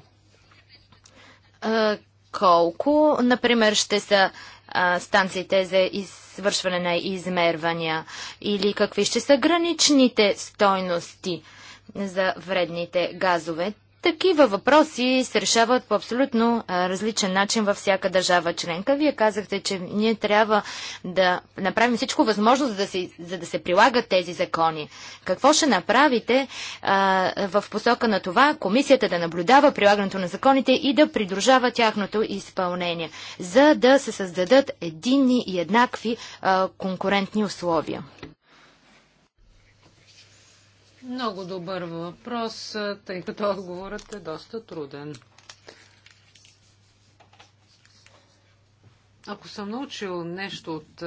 А, колко, например, ще са а, станциите за извършване на измервания или какви ще са граничните стойности за вредните газове. Такива въпроси се решават по абсолютно различен начин във всяка държава членка. Вие казахте, че ние трябва да направим всичко възможно, за да се, за да се прилагат тези закони. Какво ще направите а, в посока на това комисията да наблюдава прилагането на законите и да придружава тяхното изпълнение, за да се създадат единни и еднакви а, конкурентни условия? Много добър въпрос, тъй като отговорът е доста труден. Ако съм научил нещо от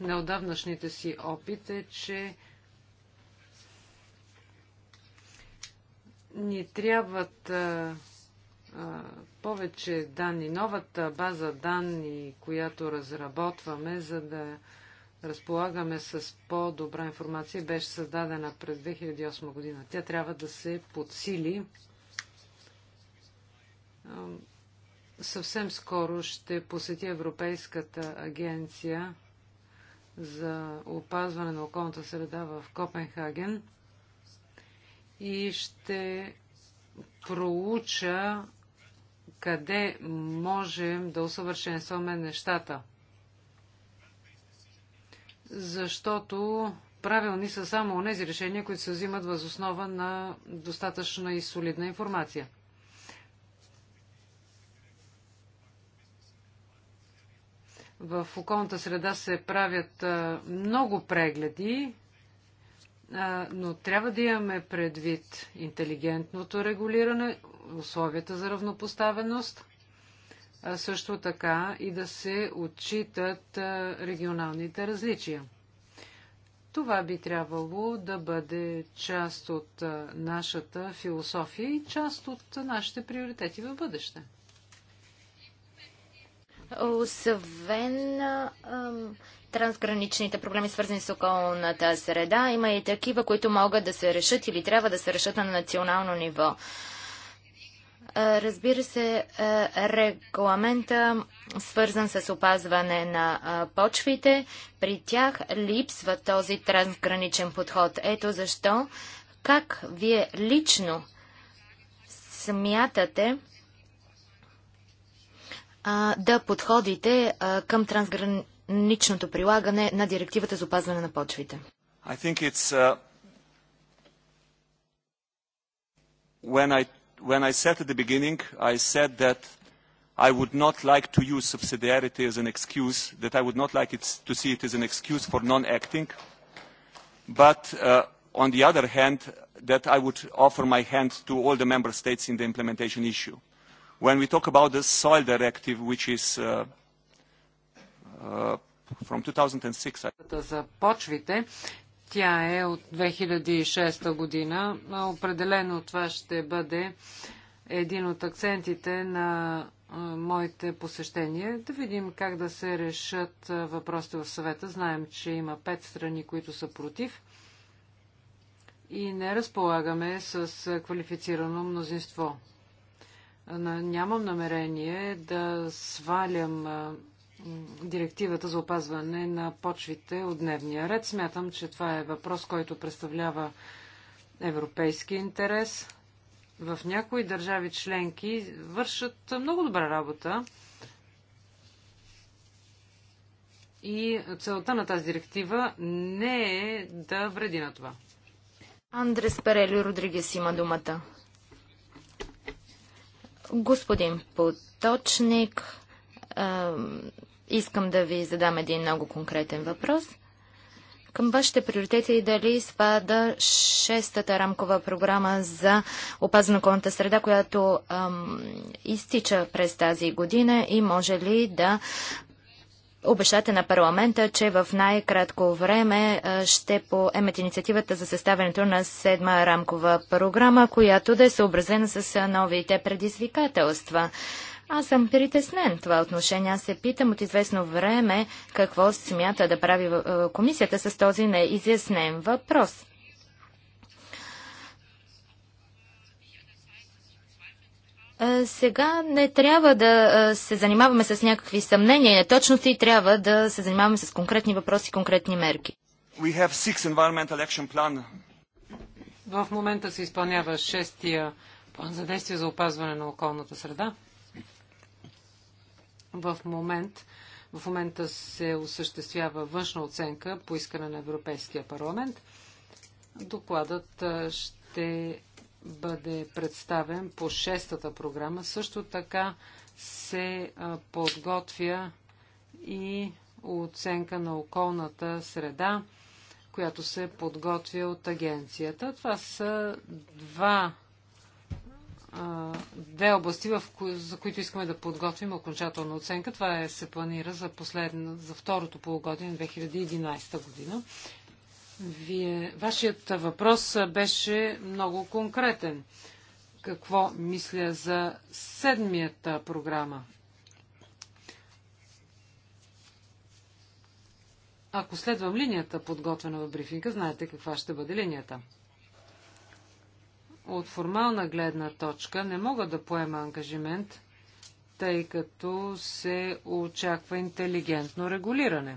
неодавнашните си опит е, че ни трябват а, а, повече данни. Новата база данни, която разработваме, за да разполагаме с по-добра информация, беше създадена през 2008 година. Тя трябва да се подсили. Съвсем скоро ще посети Европейската агенция за опазване на околната среда в Копенхаген и ще проуча къде можем да усъвършенстваме нещата – защото правилни са само тези решения, които се взимат въз основа на достатъчна и солидна информация. В околната среда се правят много прегледи, но трябва да имаме предвид интелигентното регулиране, условията за равнопоставеност – също така и да се отчитат регионалните различия. Това би трябвало да бъде част от нашата философия и част от нашите приоритети в бъдеще. Освен а, трансграничните проблеми, свързани с околната среда, има и такива, които могат да се решат или трябва да се решат на национално ниво. Разбира се, регламента свързан с опазване на почвите, при тях липсва този трансграничен подход. Ето защо, как вие лично смятате да подходите към трансграничното прилагане на директивата за опазване на почвите? I think it's, uh... When I when I said at the beginning, I said that I would not like to use subsidiarity as an excuse, that I would not like it to see it as an excuse for non-acting, but uh, on the other hand, that I would offer my hand to all the member states in the implementation issue. When we talk about the soil directive, which is uh, uh, from 2006... I тя е от 2006 година. Определено това ще бъде един от акцентите на моите посещения. Да видим как да се решат въпросите в съвета. Знаем, че има пет страни, които са против и не разполагаме с квалифицирано мнозинство. Нямам намерение да свалям директивата за опазване на почвите от дневния ред. Смятам, че това е въпрос, който представлява европейски интерес. В някои държави членки вършат много добра работа. И целта на тази директива не е да вреди на това. Андрес Перели Родригес има думата. Господин Поточник, Искам да ви задам един много конкретен въпрос. Към вашите приоритети е дали спада шестата рамкова програма за опазване на околната среда, която ам, изтича през тази година и може ли да обещате на парламента, че в най-кратко време ще поемете инициативата за съставянето на седма рамкова програма, която да е съобразена с новите предизвикателства. Аз съм притеснен това отношение. Аз се питам от известно време какво смята да прави е, комисията с този неизяснен въпрос. Е, сега не трябва да е, се занимаваме с някакви съмнения и неточности, трябва да се занимаваме с конкретни въпроси конкретни мерки. В момента се изпълнява шестия план за действие за опазване на околната среда. В, момент, в момента се осъществява външна оценка по искане на Европейския парламент. Докладът ще бъде представен по шестата програма. Също така се подготвя и оценка на околната среда, която се подготвя от агенцията. Това са два две области, в кои, за които искаме да подготвим окончателна оценка. Това е, се планира за, последно, за второто полугодие на 2011 година. Вие, вашият въпрос беше много конкретен. Какво мисля за седмията програма? Ако следвам линията, подготвена в брифинга, знаете каква ще бъде линията от формална гледна точка не мога да поема ангажимент, тъй като се очаква интелигентно регулиране.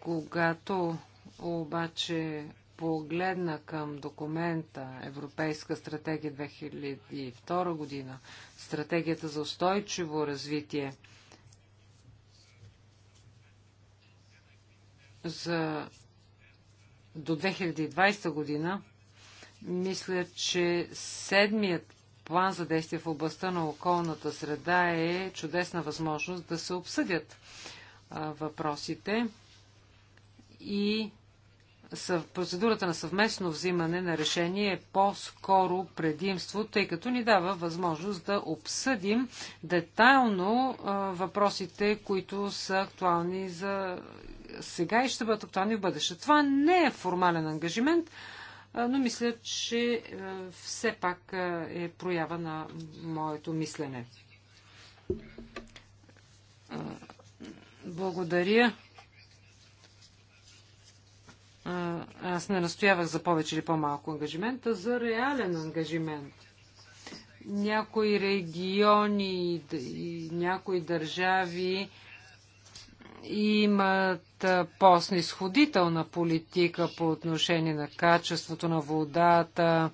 Когато обаче погледна към документа Европейска стратегия 2002 година, стратегията за устойчиво развитие, за до 2020 година, мисля, че седмият план за действие в областта на околната среда е чудесна възможност да се обсъдят въпросите и процедурата на съвместно взимане на решение е по-скоро предимство, тъй като ни дава възможност да обсъдим детайлно въпросите, които са актуални за сега и ще бъдат актуални в бъдеще. Това не е формален ангажимент, но мисля, че е, все пак е, е проява на моето мислене. Благодаря. Аз не настоявах за повече или по-малко ангажимент, а за реален ангажимент. Някои региони и някои държави имат по-снисходителна политика по отношение на качеството на водата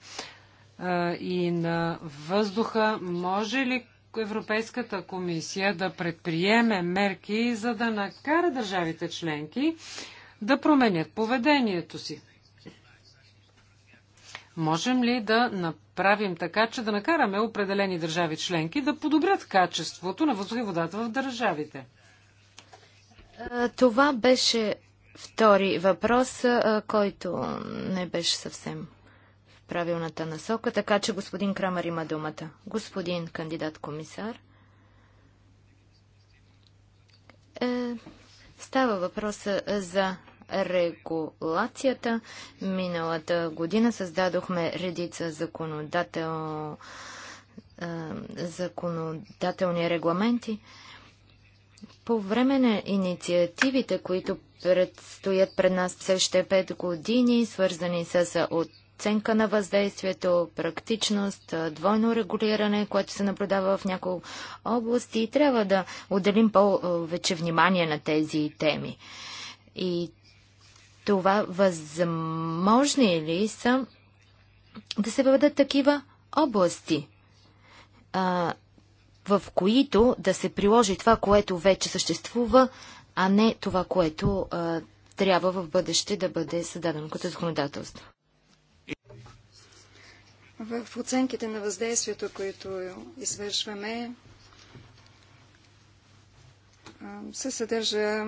и на въздуха. Може ли Европейската комисия да предприеме мерки, за да накара държавите членки да променят поведението си? Можем ли да направим така, че да накараме определени държави членки да подобрят качеството на въздуха и водата в държавите? Това беше втори въпрос, който не беше съвсем в правилната насока, така че господин Крамер има думата. Господин кандидат комисар. Е, става въпрос за регулацията. Миналата година създадохме редица законодател, е, законодателни регламенти. По време на инициативите, които предстоят пред нас все още 5 години, свързани с оценка на въздействието, практичност, двойно регулиране, което се наблюдава в някои области и трябва да отделим повече внимание на тези теми. И това възможни ли са да се въведат такива области? в които да се приложи това, което вече съществува, а не това, което а, трябва в бъдеще да бъде създадено като законодателство. В оценките на въздействието, които извършваме, се съдържа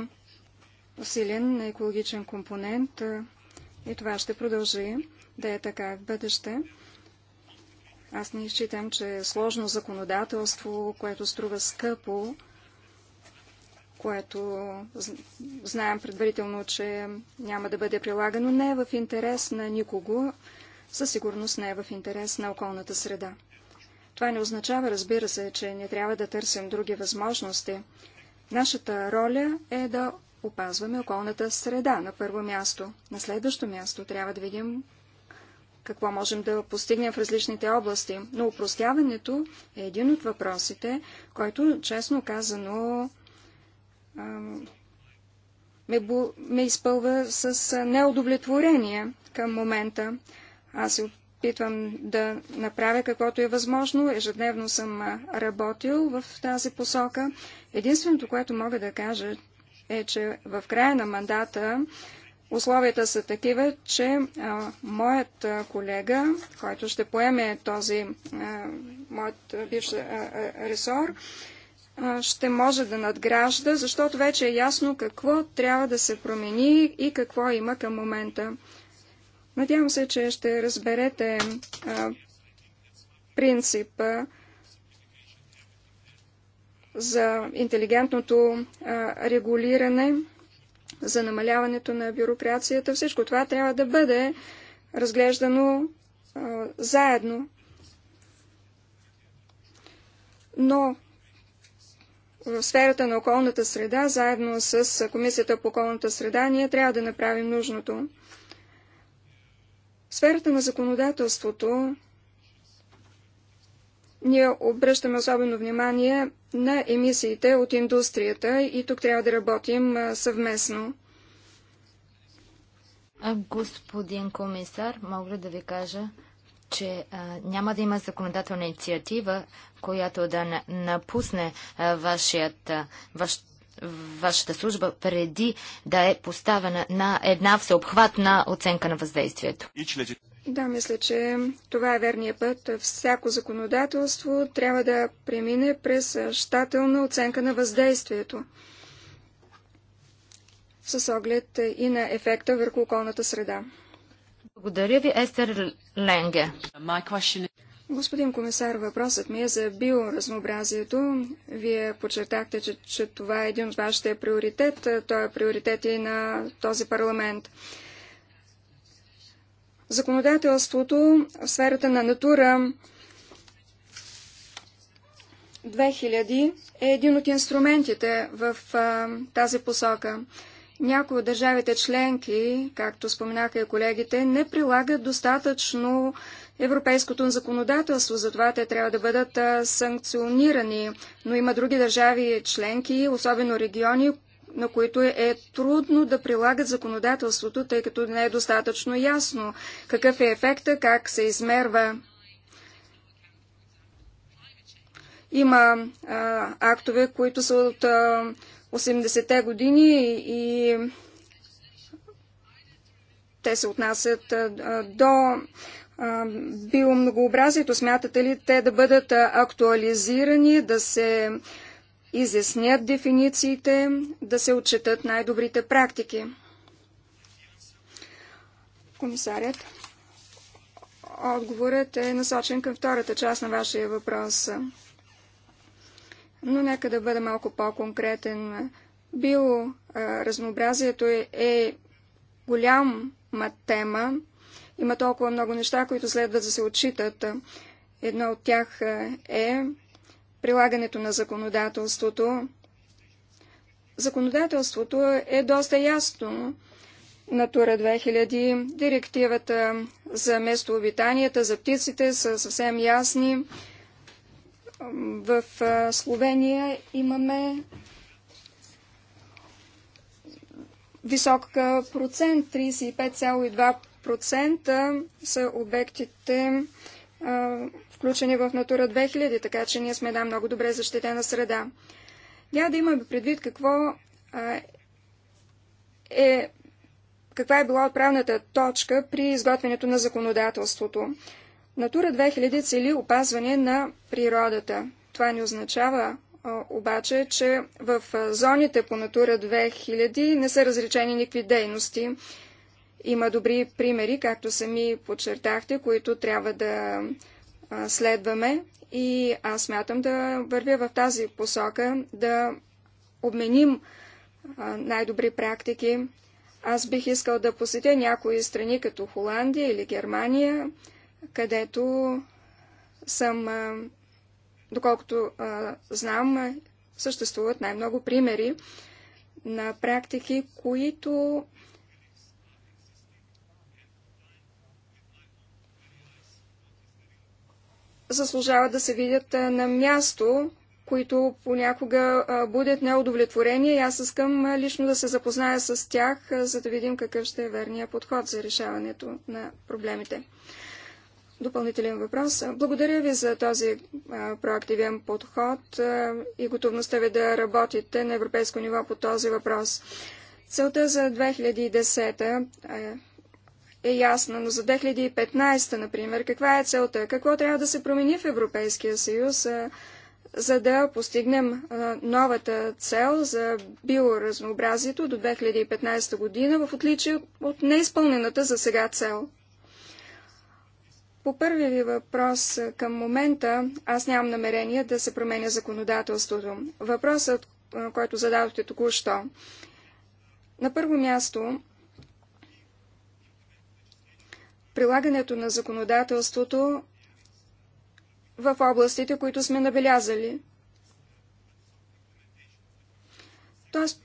усилен екологичен компонент и това ще продължи да е така в бъдеще. Аз не считам, че е сложно законодателство, което струва скъпо, което знаем предварително, че няма да бъде прилагано, не е в интерес на никого, със сигурност не е в интерес на околната среда. Това не означава, разбира се, че не трябва да търсим други възможности. Нашата роля е да опазваме околната среда на първо място. На следващо място трябва да видим какво можем да постигнем в различните области. Но упростяването е един от въпросите, който, честно казано, ме, бу... ме изпълва с неудовлетворение към момента. Аз се опитвам да направя каквото е възможно. Ежедневно съм работил в тази посока. Единственото, което мога да кажа, е, че в края на мандата Условията са такива, че а, моят колега, който ще поеме този а, моят бивш ресор, а, ще може да надгражда, защото вече е ясно какво трябва да се промени и какво има към момента. Надявам се, че ще разберете а, принципа за интелигентното а, регулиране – за намаляването на бюрокрацията. Всичко това трябва да бъде разглеждано а, заедно. Но в сферата на околната среда, заедно с Комисията по околната среда, ние трябва да направим нужното. В сферата на законодателството ние обръщаме особено внимание на емисиите от индустрията и тук трябва да работим съвместно. Господин комисар, мога да ви кажа, че а, няма да има законодателна инициатива, която да напусне а, вашият, ваш, вашата служба преди да е поставена на една всеобхватна оценка на въздействието. Да, мисля, че това е верния път. Всяко законодателство трябва да премине през щателна оценка на въздействието с оглед и на ефекта върху околната среда. Благодаря ви, Естер Ленге. Господин комисар, въпросът ми е за биоразнообразието. Вие подчертахте, че, че това е един от вашите приоритет. Той е приоритет и на този парламент. Законодателството в сферата на натура 2000 е един от инструментите в а, тази посока. Някои от държавите членки, както споменаха и колегите, не прилагат достатъчно европейското законодателство, затова те трябва да бъдат а, санкционирани. Но има други държави членки, особено региони, на които е, е трудно да прилагат законодателството, тъй като не е достатъчно ясно какъв е ефекта, как се измерва. Има а, актове, които са от 80-те години и, те се отнасят а, до биомногообразието. Смятате ли те да бъдат актуализирани, да се изяснят дефинициите, да се отчетат най-добрите практики. Комисарят, отговорът е насочен към втората част на вашия въпрос. Но нека да бъда малко по-конкретен. Биоразнообразието е, е голяма тема. Има толкова много неща, които следва да се отчитат. Едно от тях е прилагането на законодателството. Законодателството е доста ясно. Натура 2000, директивата за местообитанията, за птиците са съвсем ясни. В Словения имаме висок процент, 35,2% са обектите, включени в Натура 2000, така че ние сме една много добре защитена среда. Няма да имаме предвид какво а, е каква е била отправната точка при изготвянето на законодателството. Натура 2000 цели опазване на природата. Това не означава а, обаче, че в зоните по Натура 2000 не са разречени никакви дейности. Има добри примери, както сами подчертахте, които трябва да следваме и аз смятам да вървя в тази посока, да обменим най-добри практики. Аз бих искал да посетя някои страни, като Холандия или Германия, където съм, доколкото знам, съществуват най-много примери на практики, които заслужават да се видят на място, които понякога будят неудовлетворение и аз искам лично да се запозная с тях, за да видим какъв ще е верният подход за решаването на проблемите. Допълнителен въпрос. Благодаря ви за този проактивен подход и готовността ви да работите на европейско ниво по този въпрос. Целта за 2010 е ясна, но за 2015, например, каква е целта? Какво трябва да се промени в Европейския съюз, за да постигнем новата цел за биоразнообразието до 2015 година, в отличие от неизпълнената за сега цел? По първи ви въпрос към момента аз нямам намерение да се променя законодателството. Въпросът, който зададохте току-що. На първо място, прилагането на законодателството в областите, които сме набелязали. Тоест,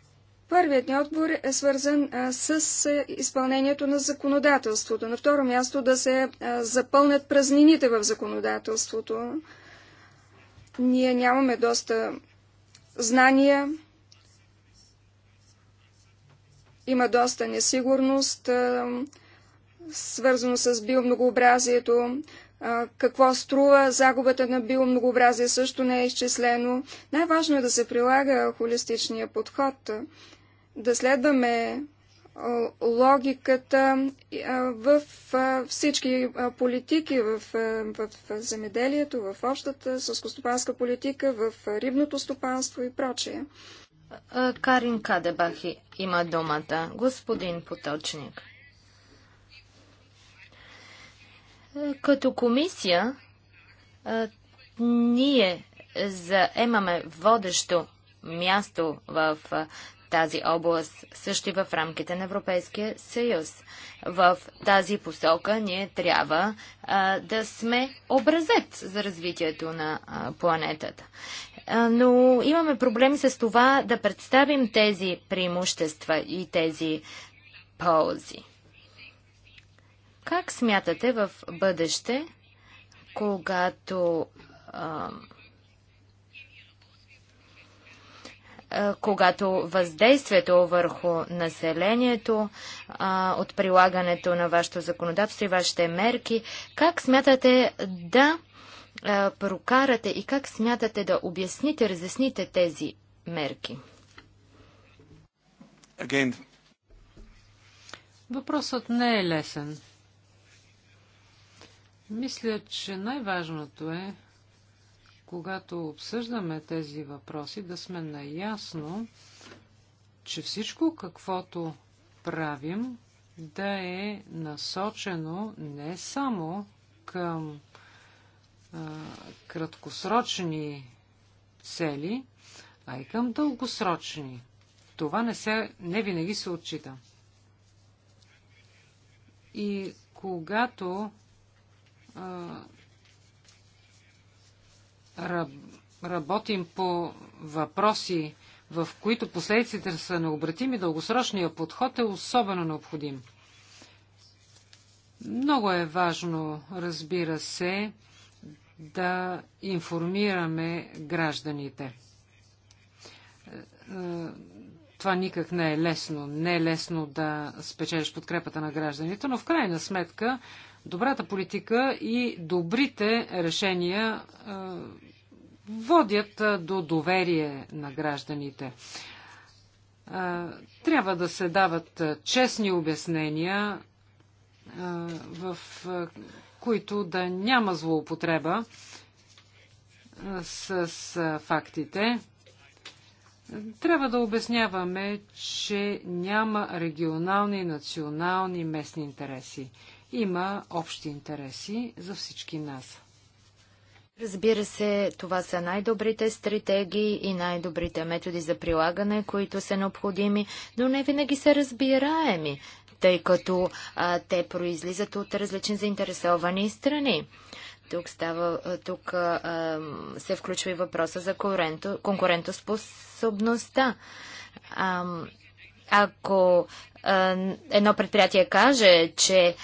първият ни отбор е свързан а, с изпълнението на законодателството. На второ място да се а, запълнят празнините в законодателството. Ние нямаме доста знания, има доста несигурност, свързано с биомногообразието, какво струва загубата на биомногообразие също не е изчислено. Най-важно е да се прилага холистичния подход, да следваме логиката в всички политики, в, в земеделието, в общата съскостопанска политика, в рибното стопанство и прочее. Карин Кадебахи има думата. Господин Поточник. Като комисия ние заемаме водещо място в тази област, също и в рамките на Европейския съюз. В тази посока ние трябва да сме образец за развитието на планетата. но имаме проблеми с това да представим тези преимущества и тези ползи. Как смятате в бъдеще, когато когато въздействието върху населението а, от прилагането на вашето законодателство и вашите мерки, как смятате да а, прокарате и как смятате да обясните, разясните тези мерки? Again. Въпросът не е лесен. Мисля, че най-важното е, когато обсъждаме тези въпроси, да сме наясно, че всичко, каквото правим, да е насочено не само към а, краткосрочни цели, а и към дългосрочни. Това не, се, не винаги се отчита. И когато работим по въпроси, в които последиците са необратими, дългосрочния подход е особено необходим. Много е важно, разбира се, да информираме гражданите. Е, това никак не е лесно. Не е лесно да спечелиш подкрепата на гражданите, но в крайна сметка Добрата политика и добрите решения е, водят е, до доверие на гражданите. Е, трябва да се дават честни обяснения, в които да няма злоупотреба с фактите. Трябва да обясняваме, че няма регионални, национални, местни интереси има общи интереси за всички нас. Разбира се, това са най-добрите стратегии и най-добрите методи за прилагане, които са необходими, но не винаги са разбираеми, тъй като а, те произлизат от различни заинтересовани страни. Тук, става, тук а, се включва и въпроса за конкурентоспособността. А, ако едно предприятие каже, че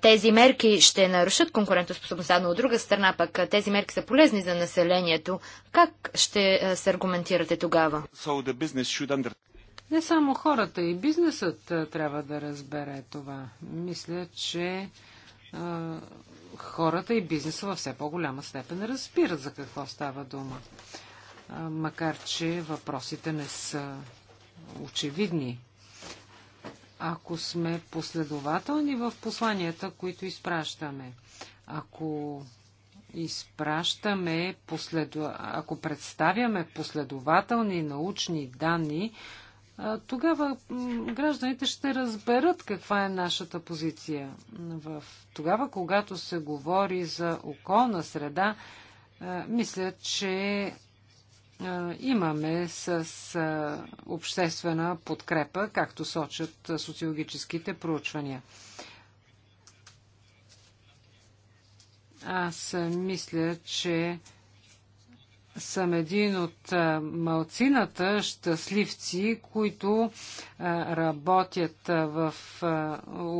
тези мерки ще нарушат конкурентоспособността, но от друга страна пък тези мерки са полезни за населението. Как ще се аргументирате тогава? Не само хората и бизнесът трябва да разбере това. Мисля, че хората и бизнеса във все по-голяма степен разбират за какво става дума. макар, че въпросите не са очевидни ако сме последователни в посланията, които изпращаме. Ако изпращаме, последу... ако представяме последователни научни данни, тогава гражданите ще разберат каква е нашата позиция. В... Тогава, когато се говори за околна среда, мисля, че имаме с обществена подкрепа, както сочат социологическите проучвания. Аз мисля, че съм един от малцината щастливци, които работят в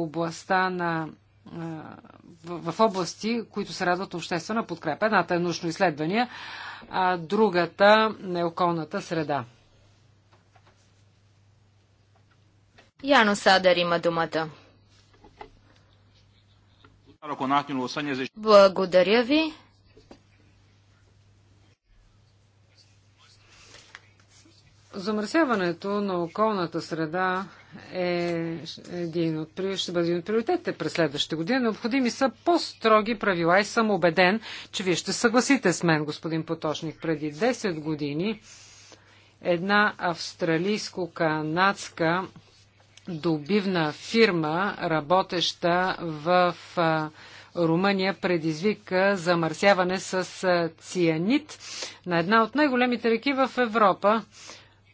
областта на в, в области, които се радват обществена подкрепа. Едната е научно изследвания, а другата е околната среда. Яно Садър има думата. Благодаря ви. Замърсяването на околната среда е един от, ще бъде един от приоритетите през следващата година. Необходими са по-строги правила и съм убеден, че вие ще съгласите с мен, господин Поточник. Преди 10 години една австралийско-канадска добивна фирма, работеща в Румъния предизвика замърсяване с цианит на една от най-големите реки в Европа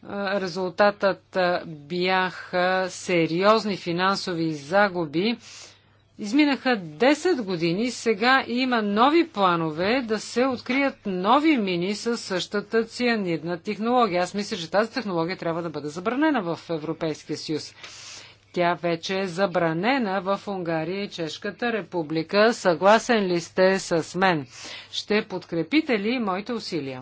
резултатът бяха сериозни финансови загуби. Изминаха 10 години, сега има нови планове да се открият нови мини с същата цианидна технология. Аз мисля, че тази технология трябва да бъде забранена в Европейския съюз. Тя вече е забранена в Унгария и Чешката република. Съгласен ли сте с мен? Ще подкрепите ли моите усилия?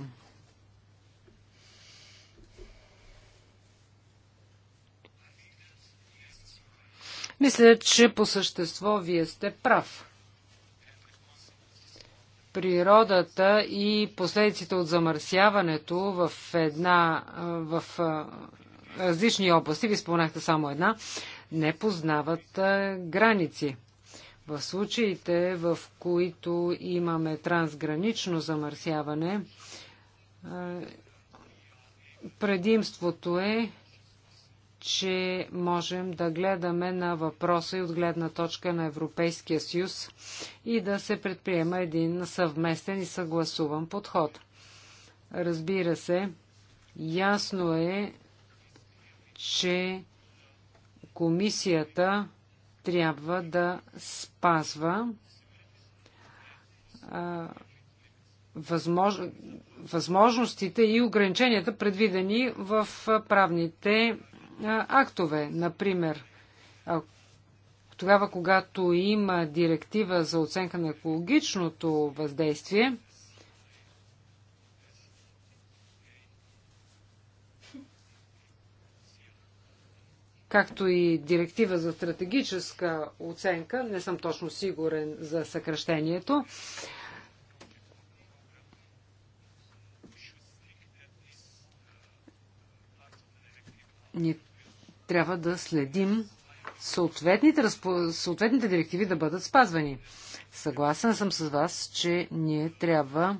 Мисля, че по същество вие сте прав. Природата и последиците от замърсяването в една, в различни области, ви спомнахте само една, не познават граници. В случаите, в които имаме трансгранично замърсяване, предимството е, че можем да гледаме на въпроса и от гледна точка на Европейския съюз и да се предприема един съвместен и съгласуван подход. Разбира се, ясно е, че комисията трябва да спазва възможностите и ограниченията, предвидени в правните актове. Например, тогава, когато има директива за оценка на екологичното въздействие, както и директива за стратегическа оценка, не съм точно сигурен за съкръщението, ние трябва да следим съответните, съответните директиви да бъдат спазвани. Съгласен съм с вас, че ние трябва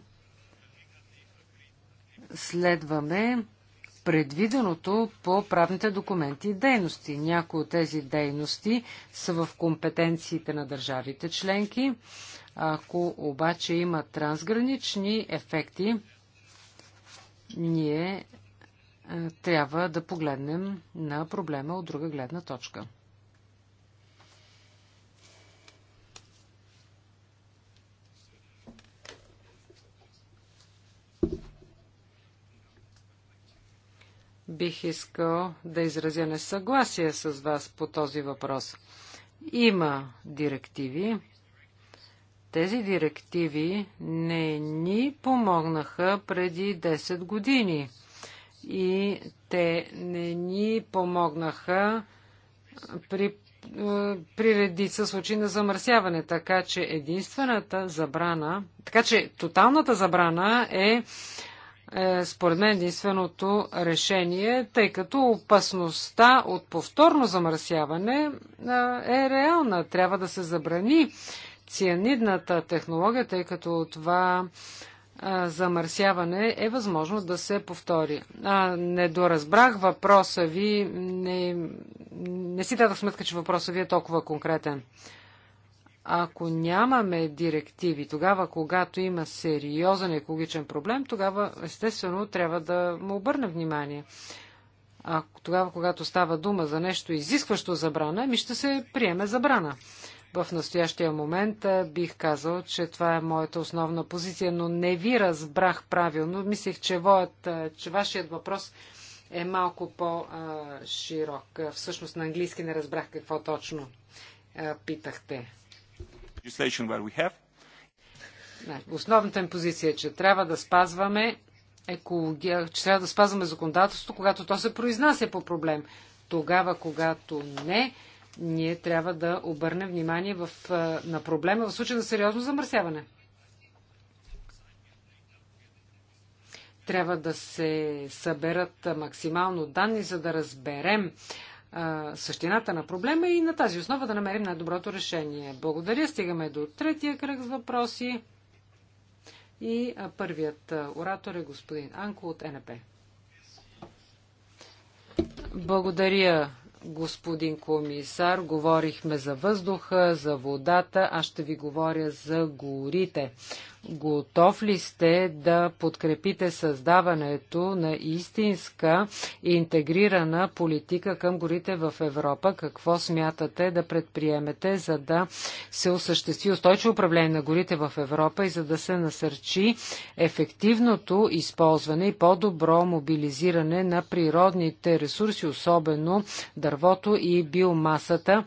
следваме предвиденото по правните документи и дейности. Някои от тези дейности са в компетенциите на държавите членки. Ако обаче има трансгранични ефекти, ние е, трябва да погледнем на проблема от друга гледна точка. Бих искал да изразя несъгласие с вас по този въпрос. Има директиви. Тези директиви не ни помогнаха преди 10 години – и те не ни помогнаха при, е, при редица случаи на замърсяване. Така че единствената забрана, така че тоталната забрана е, е според мен единственото решение, тъй като опасността от повторно замърсяване е, е реална. Трябва да се забрани цианидната технология, тъй като това замърсяване е възможно да се повтори. А, не доразбрах въпроса ви. Не, не си дадох сметка, че въпроса ви е толкова конкретен. Ако нямаме директиви, тогава, когато има сериозен екологичен проблем, тогава, естествено, трябва да му обърнем внимание. А тогава, когато става дума за нещо изискващо забрана, ми ще се приеме забрана. В настоящия момент бих казал, че това е моята основна позиция, но не ви разбрах правилно. Мислех, че, воят, че вашият въпрос е малко по-широк. Всъщност на английски не разбрах какво точно питахте. Основната им позиция е, че трябва да спазваме екология, че трябва да спазваме законодателството, когато то се произнася по проблем. Тогава, когато не, ние трябва да обърнем внимание в, на проблема в случай на сериозно замърсяване. Трябва да се съберат максимално данни, за да разберем а, същината на проблема и на тази основа да намерим най-доброто решение. Благодаря. Стигаме до третия кръг с въпроси. И а, първият оратор е господин Анко от НП. Благодаря, господин комисар. Говорихме за въздуха, за водата, аз ще ви говоря за горите. Готов ли сте да подкрепите създаването на истинска и интегрирана политика към горите в Европа? Какво смятате да предприемете, за да се осъществи устойчиво управление на горите в Европа и за да се насърчи ефективното използване и по-добро мобилизиране на природните ресурси, особено дървото и биомасата?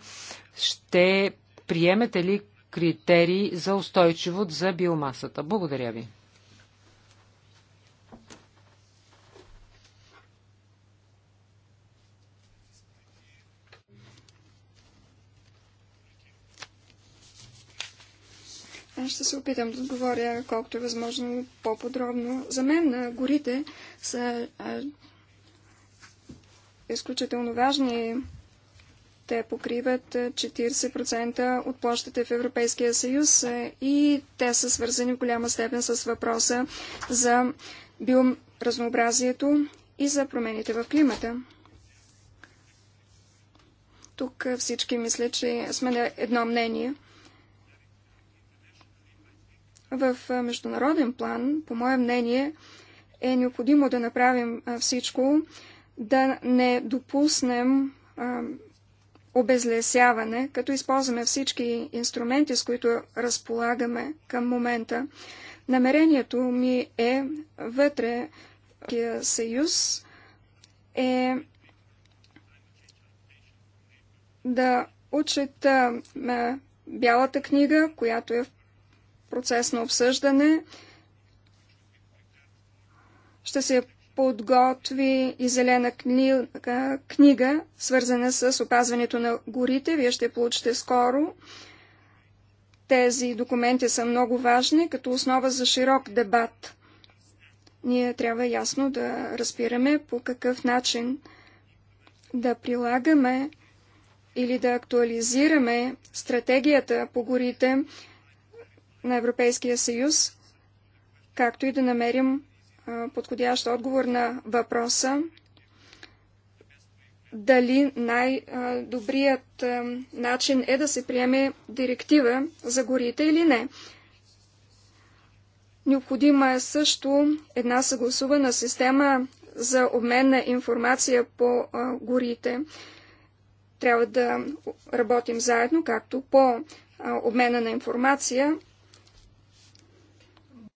Ще приемете ли критерии за устойчивост за биомасата. Благодаря ви. Аз ще се опитам да отговоря колкото е възможно по-подробно. За мен на горите са а, изключително важни те покриват 40% от площите в Европейския съюз и те са свързани в голяма степен с въпроса за биоразнообразието и за промените в климата. Тук всички мисля, че сме на едно мнение. В международен план, по мое мнение, е необходимо да направим всичко, да не допуснем обезлесяване, като използваме всички инструменти, с които разполагаме към момента. Намерението ми е вътре в съюз е да учета бялата книга, която е в процес на обсъждане. Ще се подготви и зелена книга, книга, свързана с опазването на горите. Вие ще получите скоро. Тези документи са много важни, като основа за широк дебат. Ние трябва ясно да разбираме по какъв начин да прилагаме или да актуализираме стратегията по горите на Европейския съюз, както и да намерим подходящ отговор на въпроса дали най-добрият начин е да се приеме директива за горите или не. Необходима е също една съгласувана система за обмен на информация по горите. Трябва да работим заедно, както по обмена на информация,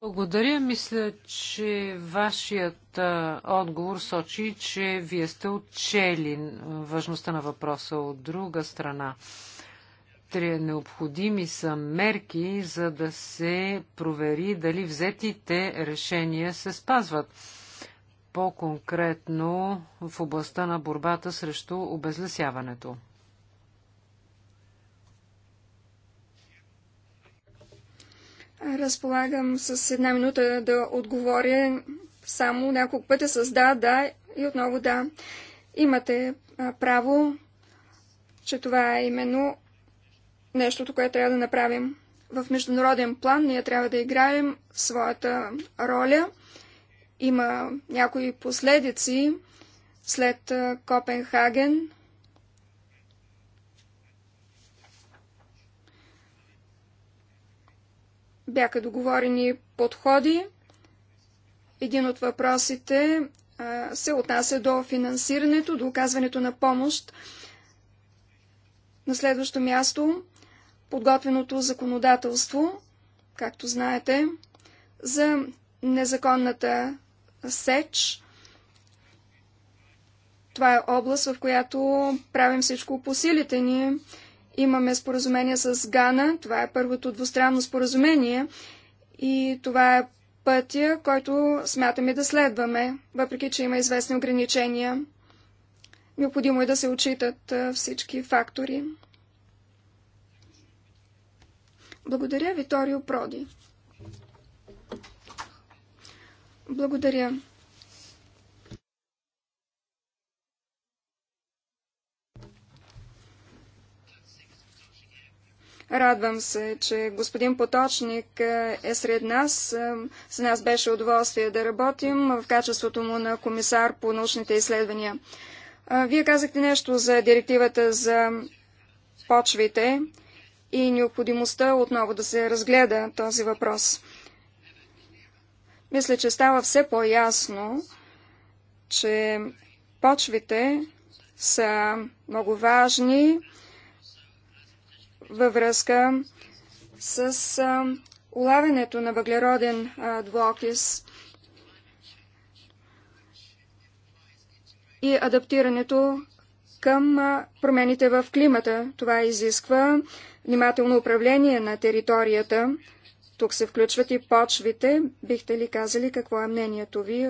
благодаря. Мисля, че вашият отговор сочи, че вие сте отчели важността на въпроса от друга страна. Три необходими са мерки, за да се провери дали взетите решения се спазват. По-конкретно в областта на борбата срещу обезлесяването. разполагам с една минута да отговоря само няколко пъти с да, да и отново да. Имате право, че това е именно нещото, което трябва да направим. В международен план ние трябва да играем своята роля. Има някои последици след Копенхаген – Бяха договорени подходи. Един от въпросите се отнася до финансирането, до оказването на помощ. На следващо място подготвеното законодателство, както знаете, за незаконната сеч. Това е област, в която правим всичко по силите ни Имаме споразумение с Гана, това е първото двустранно споразумение и това е пътя, който смятаме да следваме, въпреки че има известни ограничения. Необходимо е да се отчитат всички фактори. Благодаря, Виторио Проди. Благодаря. Радвам се, че господин Поточник е, е сред нас. Е, с нас беше удоволствие да работим в качеството му на комисар по научните изследвания. Е, вие казахте нещо за директивата за почвите и необходимостта отново да се разгледа този въпрос. Мисля, че става все по-ясно, че почвите са много важни във връзка с улавянето на въглероден двокис и адаптирането към промените в климата. Това изисква внимателно управление на територията. Тук се включват и почвите. Бихте ли казали какво е мнението ви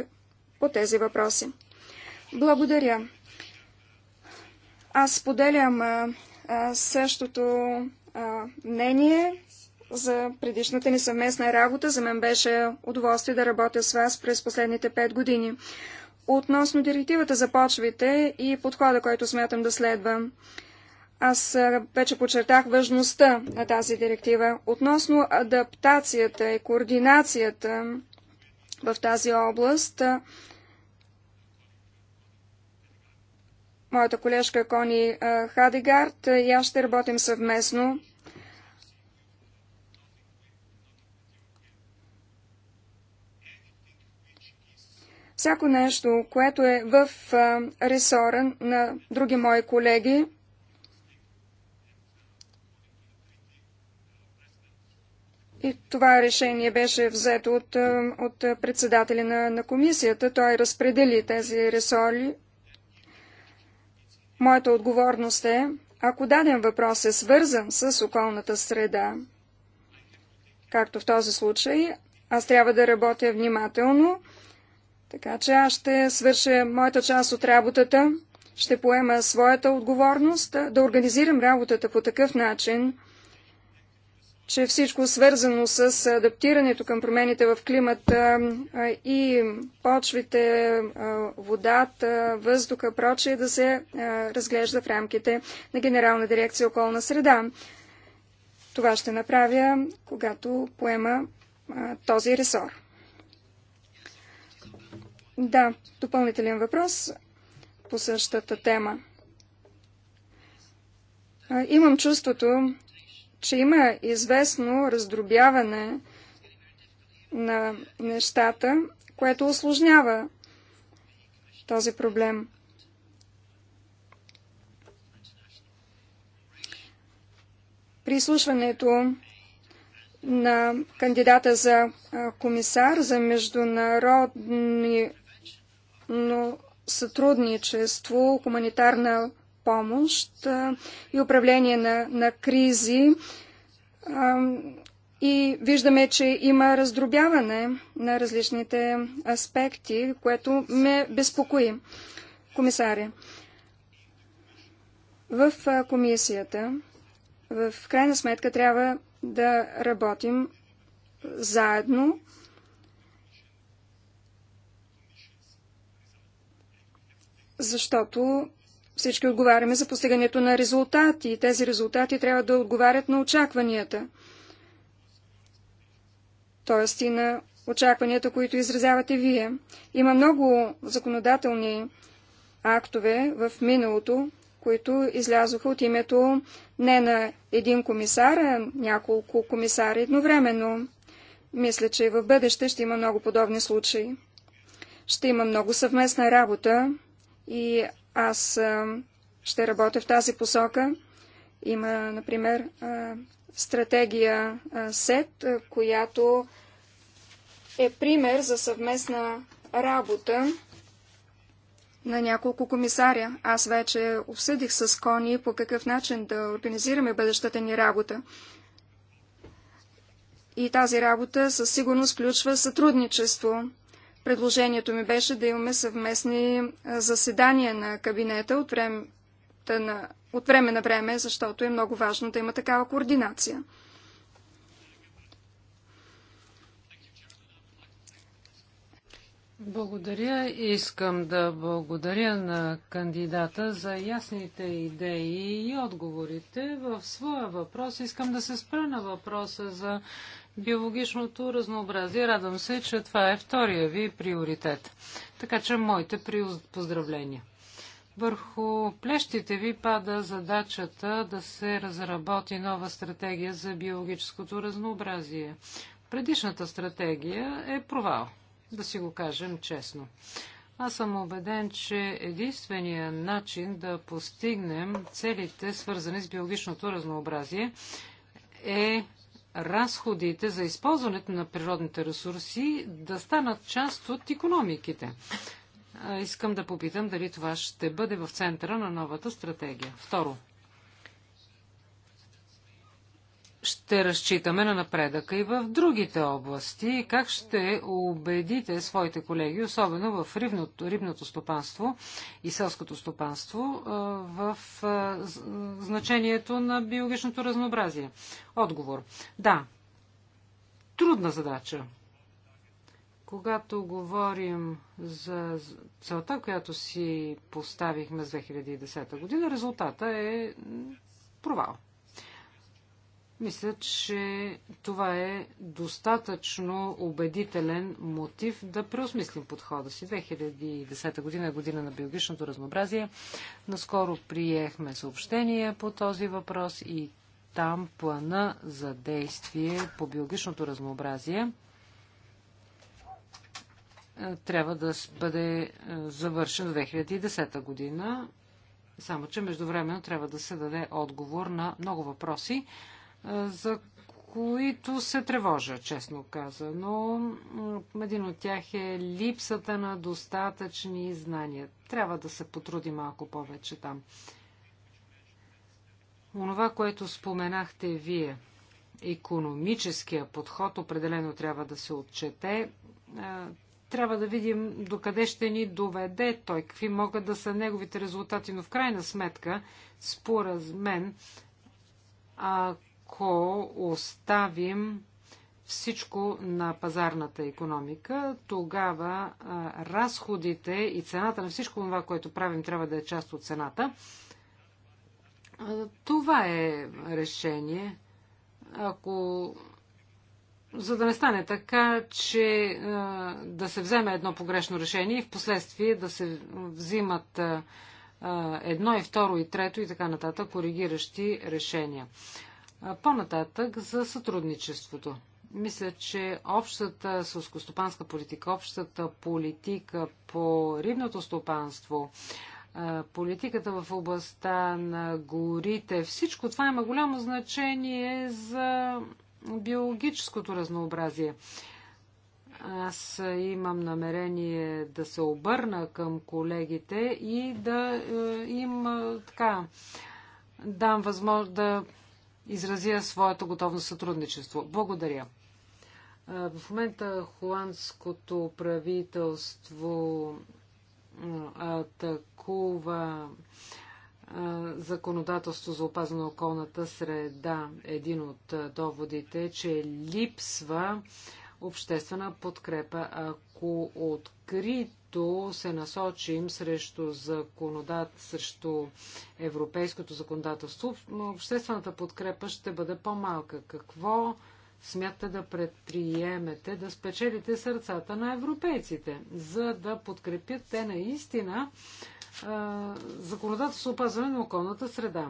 по тези въпроси? Благодаря. Аз поделям същото мнение за предишната ни съвместна работа. За мен беше удоволствие да работя с вас през последните пет години. Относно директивата за почвите и подхода, който смятам да следвам. Аз вече подчертах важността на тази директива. Относно адаптацията и координацията в тази област, моята колежка Кони Хадегард и аз ще работим съвместно. Всяко нещо, което е в ресора на други мои колеги, И това решение беше взето от, от председателя на, на комисията. Той разпредели тези ресори, Моята отговорност е, ако даден въпрос е свързан с околната среда, както в този случай, аз трябва да работя внимателно, така че аз ще свърша моята част от работата, ще поема своята отговорност да организирам работата по такъв начин, че е всичко свързано с адаптирането към промените в климата и почвите, водата, въздуха, прочее, да се разглежда в рамките на Генерална дирекция околна среда. Това ще направя, когато поема този ресор. Да, допълнителен въпрос по същата тема. Имам чувството, че има известно раздробяване на нещата, което осложнява този проблем. При изслушването на кандидата за комисар за международни но сътрудничество, хуманитарна помощ и управление на, на кризи. И виждаме, че има раздробяване на различните аспекти, което ме безпокои, комисаря. В комисията, в крайна сметка, трябва да работим заедно. Защото всички отговаряме за постигането на резултати и тези резултати трябва да отговарят на очакванията. Тоест и на очакванията, които изразявате вие. Има много законодателни актове в миналото, които излязоха от името не на един комисар, а няколко комисара едновременно. Мисля, че и в бъдеще ще има много подобни случаи. Ще има много съвместна работа и аз ще работя в тази посока. Има, например, стратегия СЕТ, която е пример за съвместна работа на няколко комисаря. Аз вече обсъдих с Кони по какъв начин да организираме бъдещата ни работа. И тази работа със сигурност включва сътрудничество. Предложението ми беше да имаме съвместни заседания на кабинета от време на, от време, на време, защото е много важно да има такава координация. Благодаря. Искам да благодаря на кандидата за ясните идеи и отговорите. В своя въпрос искам да се спра на въпроса за биологичното разнообразие. Радвам се, че това е втория ви приоритет. Така че моите поздравления. Върху плещите ви пада задачата да се разработи нова стратегия за биологическото разнообразие. Предишната стратегия е провал, да си го кажем честно. Аз съм убеден, че единствения начин да постигнем целите, свързани с биологичното разнообразие, е разходите за използването на природните ресурси да станат част от економиките. Искам да попитам дали това ще бъде в центъра на новата стратегия. Второ, ще разчитаме на напредъка и в другите области? Как ще убедите своите колеги, особено в рибното, рибното стопанство и селското стопанство, в значението на биологичното разнообразие? Отговор. Да. Трудна задача. Когато говорим за целта, която си поставихме с 2010 година, резултата е провал. Мисля, че това е достатъчно убедителен мотив да преосмислим подхода си. 2010 година е година на биологичното разнообразие. Наскоро приехме съобщение по този въпрос и там плана за действие по биологичното разнообразие е, трябва да бъде е, завършен в 2010 година. Само, че междувременно трябва да се даде отговор на много въпроси, за които се тревожа, честно казано. Един от тях е липсата на достатъчни знания. Трябва да се потруди малко повече там. Онова, което споменахте вие, економическия подход определено трябва да се отчете. Трябва да видим докъде ще ни доведе той, какви могат да са неговите резултати, но в крайна сметка, според мен, ако ако оставим всичко на пазарната економика, тогава а, разходите и цената на всичко това, което правим, трябва да е част от цената. А, това е решение. Ако за да не стане така, че а, да се вземе едно погрешно решение и в последствие да се взимат едно и второ и трето и така нататък коригиращи решения. По-нататък за сътрудничеството. Мисля, че общата сълскостопанска политика, общата политика по рибното стопанство, политиката в областта на горите, всичко това има голямо значение за биологическото разнообразие. Аз имам намерение да се обърна към колегите и да е, им е, така дам възможност да изразя своето готовно сътрудничество. Благодаря. В момента холандското правителство атакува законодателство за опазване на околната среда. Един от доводите е, че липсва обществена подкрепа. Ако открит като се насочим срещу, законодат, срещу европейското законодателство, обществената подкрепа ще бъде по-малка. Какво смятате да предприемете, да спечелите сърцата на европейците, за да подкрепят те наистина законодателство опазване на околната среда?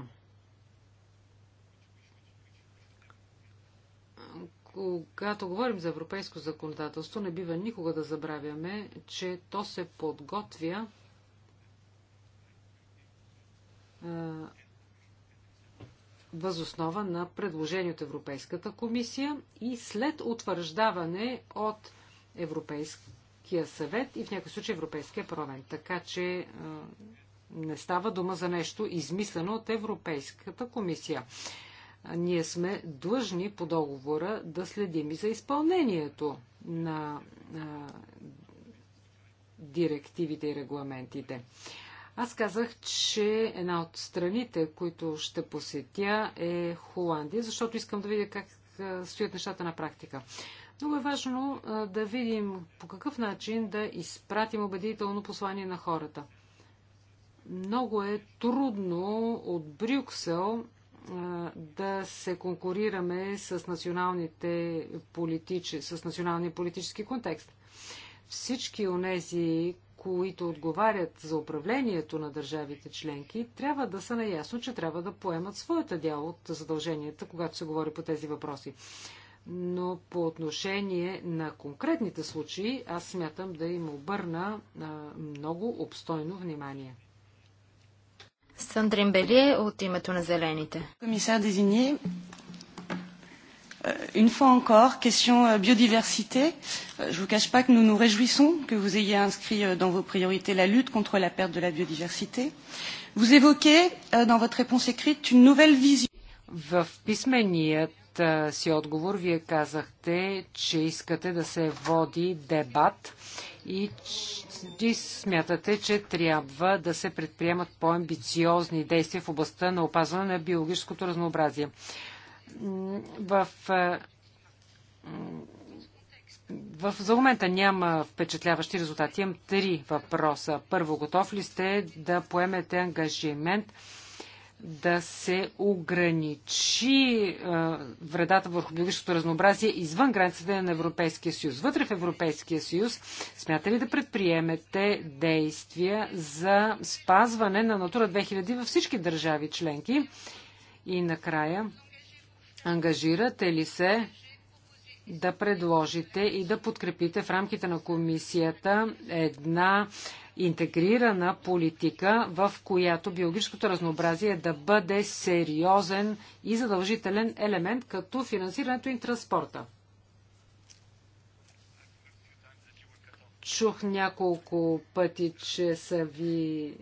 когато говорим за европейско законодателство, не бива никога да забравяме, че то се подготвя възоснова на предложение от Европейската комисия и след утвърждаване от Европейския съвет и в някакъв случай Европейския парламент. Така че а, не става дума за нещо измислено от Европейската комисия ние сме длъжни по договора да следим и за изпълнението на директивите и регламентите. Аз казах, че една от страните, които ще посетя е Холандия, защото искам да видя как стоят нещата на практика. Много е важно да видим по какъв начин да изпратим убедително послание на хората. Много е трудно от Брюксел да се конкурираме с, националните политичи, с националния политически контекст. Всички тези, които отговарят за управлението на държавите членки, трябва да са наясно, че трябва да поемат своята дял от задълженията, когато се говори по тези въпроси. Но по отношение на конкретните случаи, аз смятам да им обърна много обстойно внимание. Сандрин Белие от името на Зелените. Комисар Дезиние, Une fois encore, question biodiversité. Je ne vous cache pas que nous nous réjouissons que vous ayez inscrit dans vos priorités la lutte contre la perte de la biodiversité. Vous évoquez dans votre réponse écrite une nouvelle vision. В писменият си отговор вие казахте, че искате да се води дебат и, и смятате, че трябва да се предприемат по-амбициозни действия в областта на опазване на биологическото разнообразие. В, е, в, за момента няма впечатляващи резултати. Имам три въпроса. Първо, готов ли сте да поемете ангажимент да се ограничи а, вредата върху биологичното разнообразие извън границите на Европейския съюз. Вътре в Европейския съюз смята ли да предприемете действия за спазване на Натура 2000 във всички държави членки? И накрая, ангажирате ли се да предложите и да подкрепите в рамките на комисията една интегрирана политика, в която биологическото разнообразие да бъде сериозен и задължителен елемент, като финансирането и транспорта. Чух няколко пъти, че са ви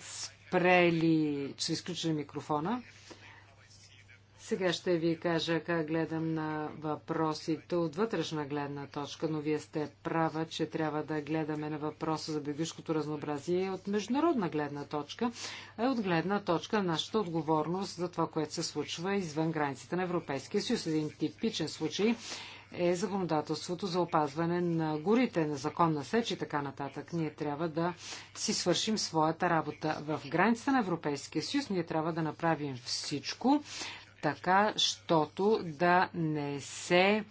спрели, че са изключили микрофона. Сега ще ви кажа как гледам на въпросите от вътрешна гледна точка, но вие сте права, че трябва да гледаме на въпроса за биологическото разнообразие от международна гледна точка, а от гледна точка на нашата отговорност за това, което се случва извън границите на Европейския съюз. Един типичен случай е законодателството за опазване на горите, на законна сеч и така нататък. Ние трябва да си свършим своята работа. В границата на Европейския съюз ние трябва да направим всичко, така, щото да не се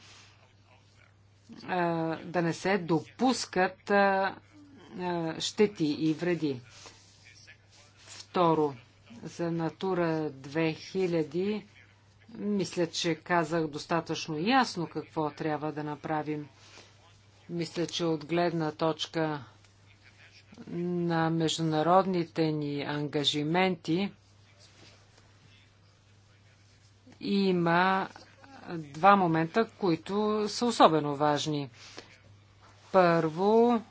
да не се допускат щети и вреди. Второ, за Натура 2000 мисля, че казах достатъчно ясно какво трябва да направим. Мисля, че от гледна точка на международните ни ангажименти, има два момента, които са особено важни. Първо,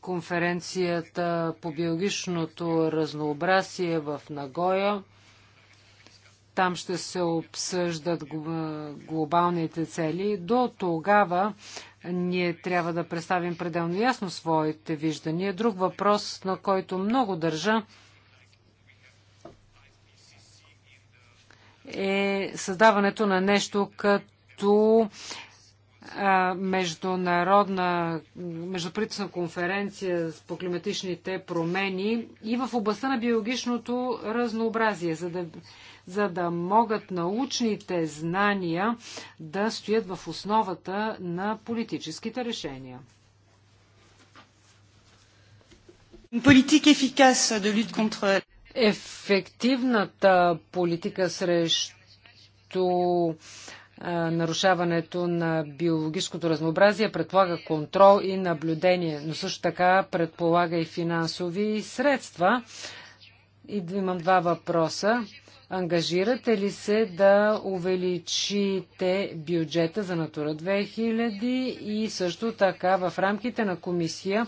конференцията по биологичното разнообразие в Нагоя. Там ще се обсъждат глобалните цели. До тогава ние трябва да представим пределно ясно своите виждания. Друг въпрос, на който много държа, е създаването на нещо като международна междуправителствена конференция по климатичните промени и в областта на биологичното разнообразие, за да за да могат научните знания да стоят в основата на политическите решения. Ефективната политика срещу нарушаването на биологическото разнообразие предполага контрол и наблюдение, но също така предполага и финансови средства. И имам два въпроса. Ангажирате ли се да увеличите бюджета за Натура 2000 и също така в рамките на комисия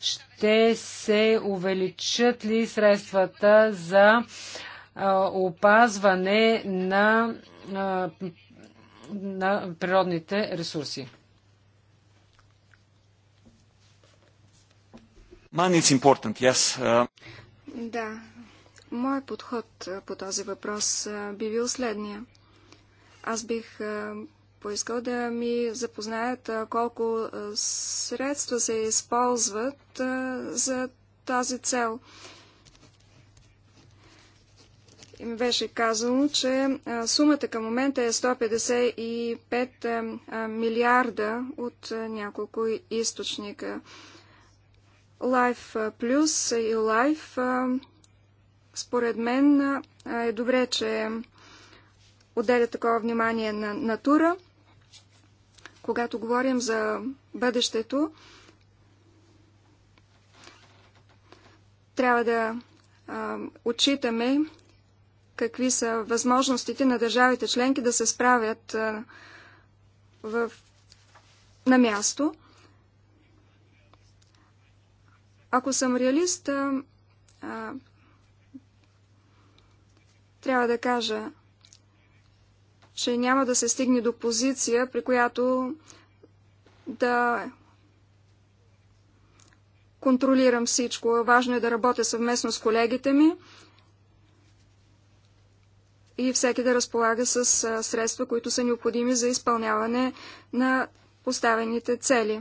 ще се увеличат ли средствата за опазване на, на природните ресурси? Money is important, yes. Uh, да, Мой подход по този въпрос би бил следния. Аз бих поискал да ми запознаят колко средства се използват за тази цел. И ми беше казано, че сумата към момента е 155 милиарда от няколко източника. Life Plus и Life според мен е добре, че отделя такова внимание на натура. Когато говорим за бъдещето, трябва да а, отчитаме какви са възможностите на държавите членки да се справят а, в, на място. Ако съм реалист, а, а, трябва да кажа, че няма да се стигне до позиция, при която да контролирам всичко. Важно е да работя съвместно с колегите ми и всеки да разполага с средства, които са необходими за изпълняване на поставените цели.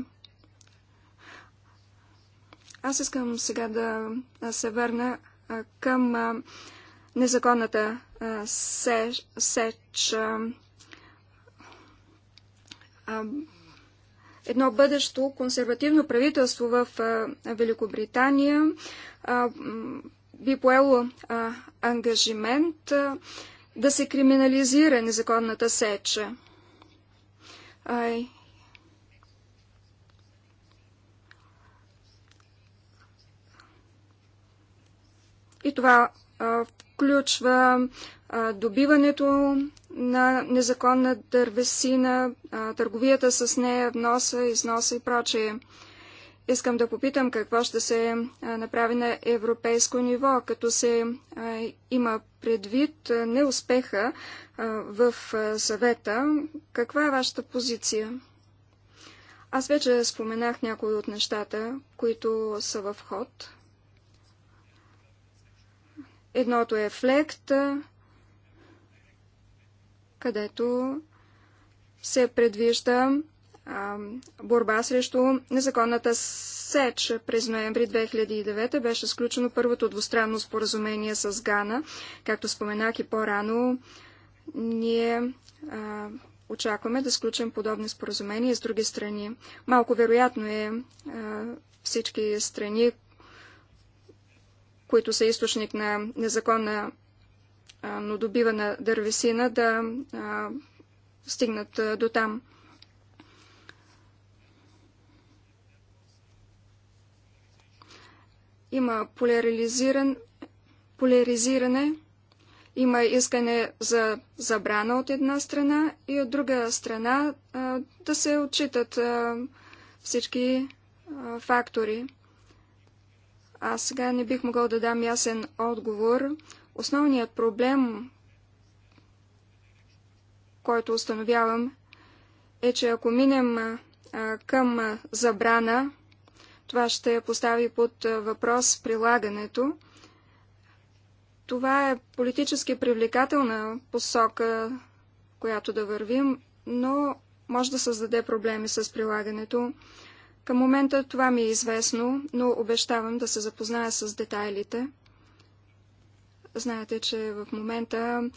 Аз искам сега да се върна към незаконната сеч, едно бъдещо консервативно правителство в Великобритания би поело ангажимент да се криминализира незаконната сеча. Ай. И това включва добиването на незаконна дървесина, търговията с нея, вноса, износа и прочее. Искам да попитам какво ще се направи на европейско ниво, като се има предвид неуспеха в съвета. Каква е вашата позиция? Аз вече споменах някои от нещата, които са в ход. Едното е флект, където се предвижда а, борба срещу незаконната сеч. През ноември 2009 беше сключено първото двустранно споразумение с Гана. Както споменах и по-рано, ние а, очакваме да сключим подобни споразумения с други страни. Малко вероятно е а, всички страни, които са източник на незаконна но добивана дървесина, да а, стигнат а, до там. Има поляризиран, поляризиране, има искане за забрана от една страна и от друга страна а, да се отчитат а, всички а, фактори. Аз сега не бих могъл да дам ясен отговор. Основният проблем, който установявам, е, че ако минем към забрана, това ще постави под въпрос прилагането. Това е политически привлекателна посока, която да вървим, но може да създаде проблеми с прилагането. Към момента това ми е известно, но обещавам да се запозная с детайлите. Знаете, че в момента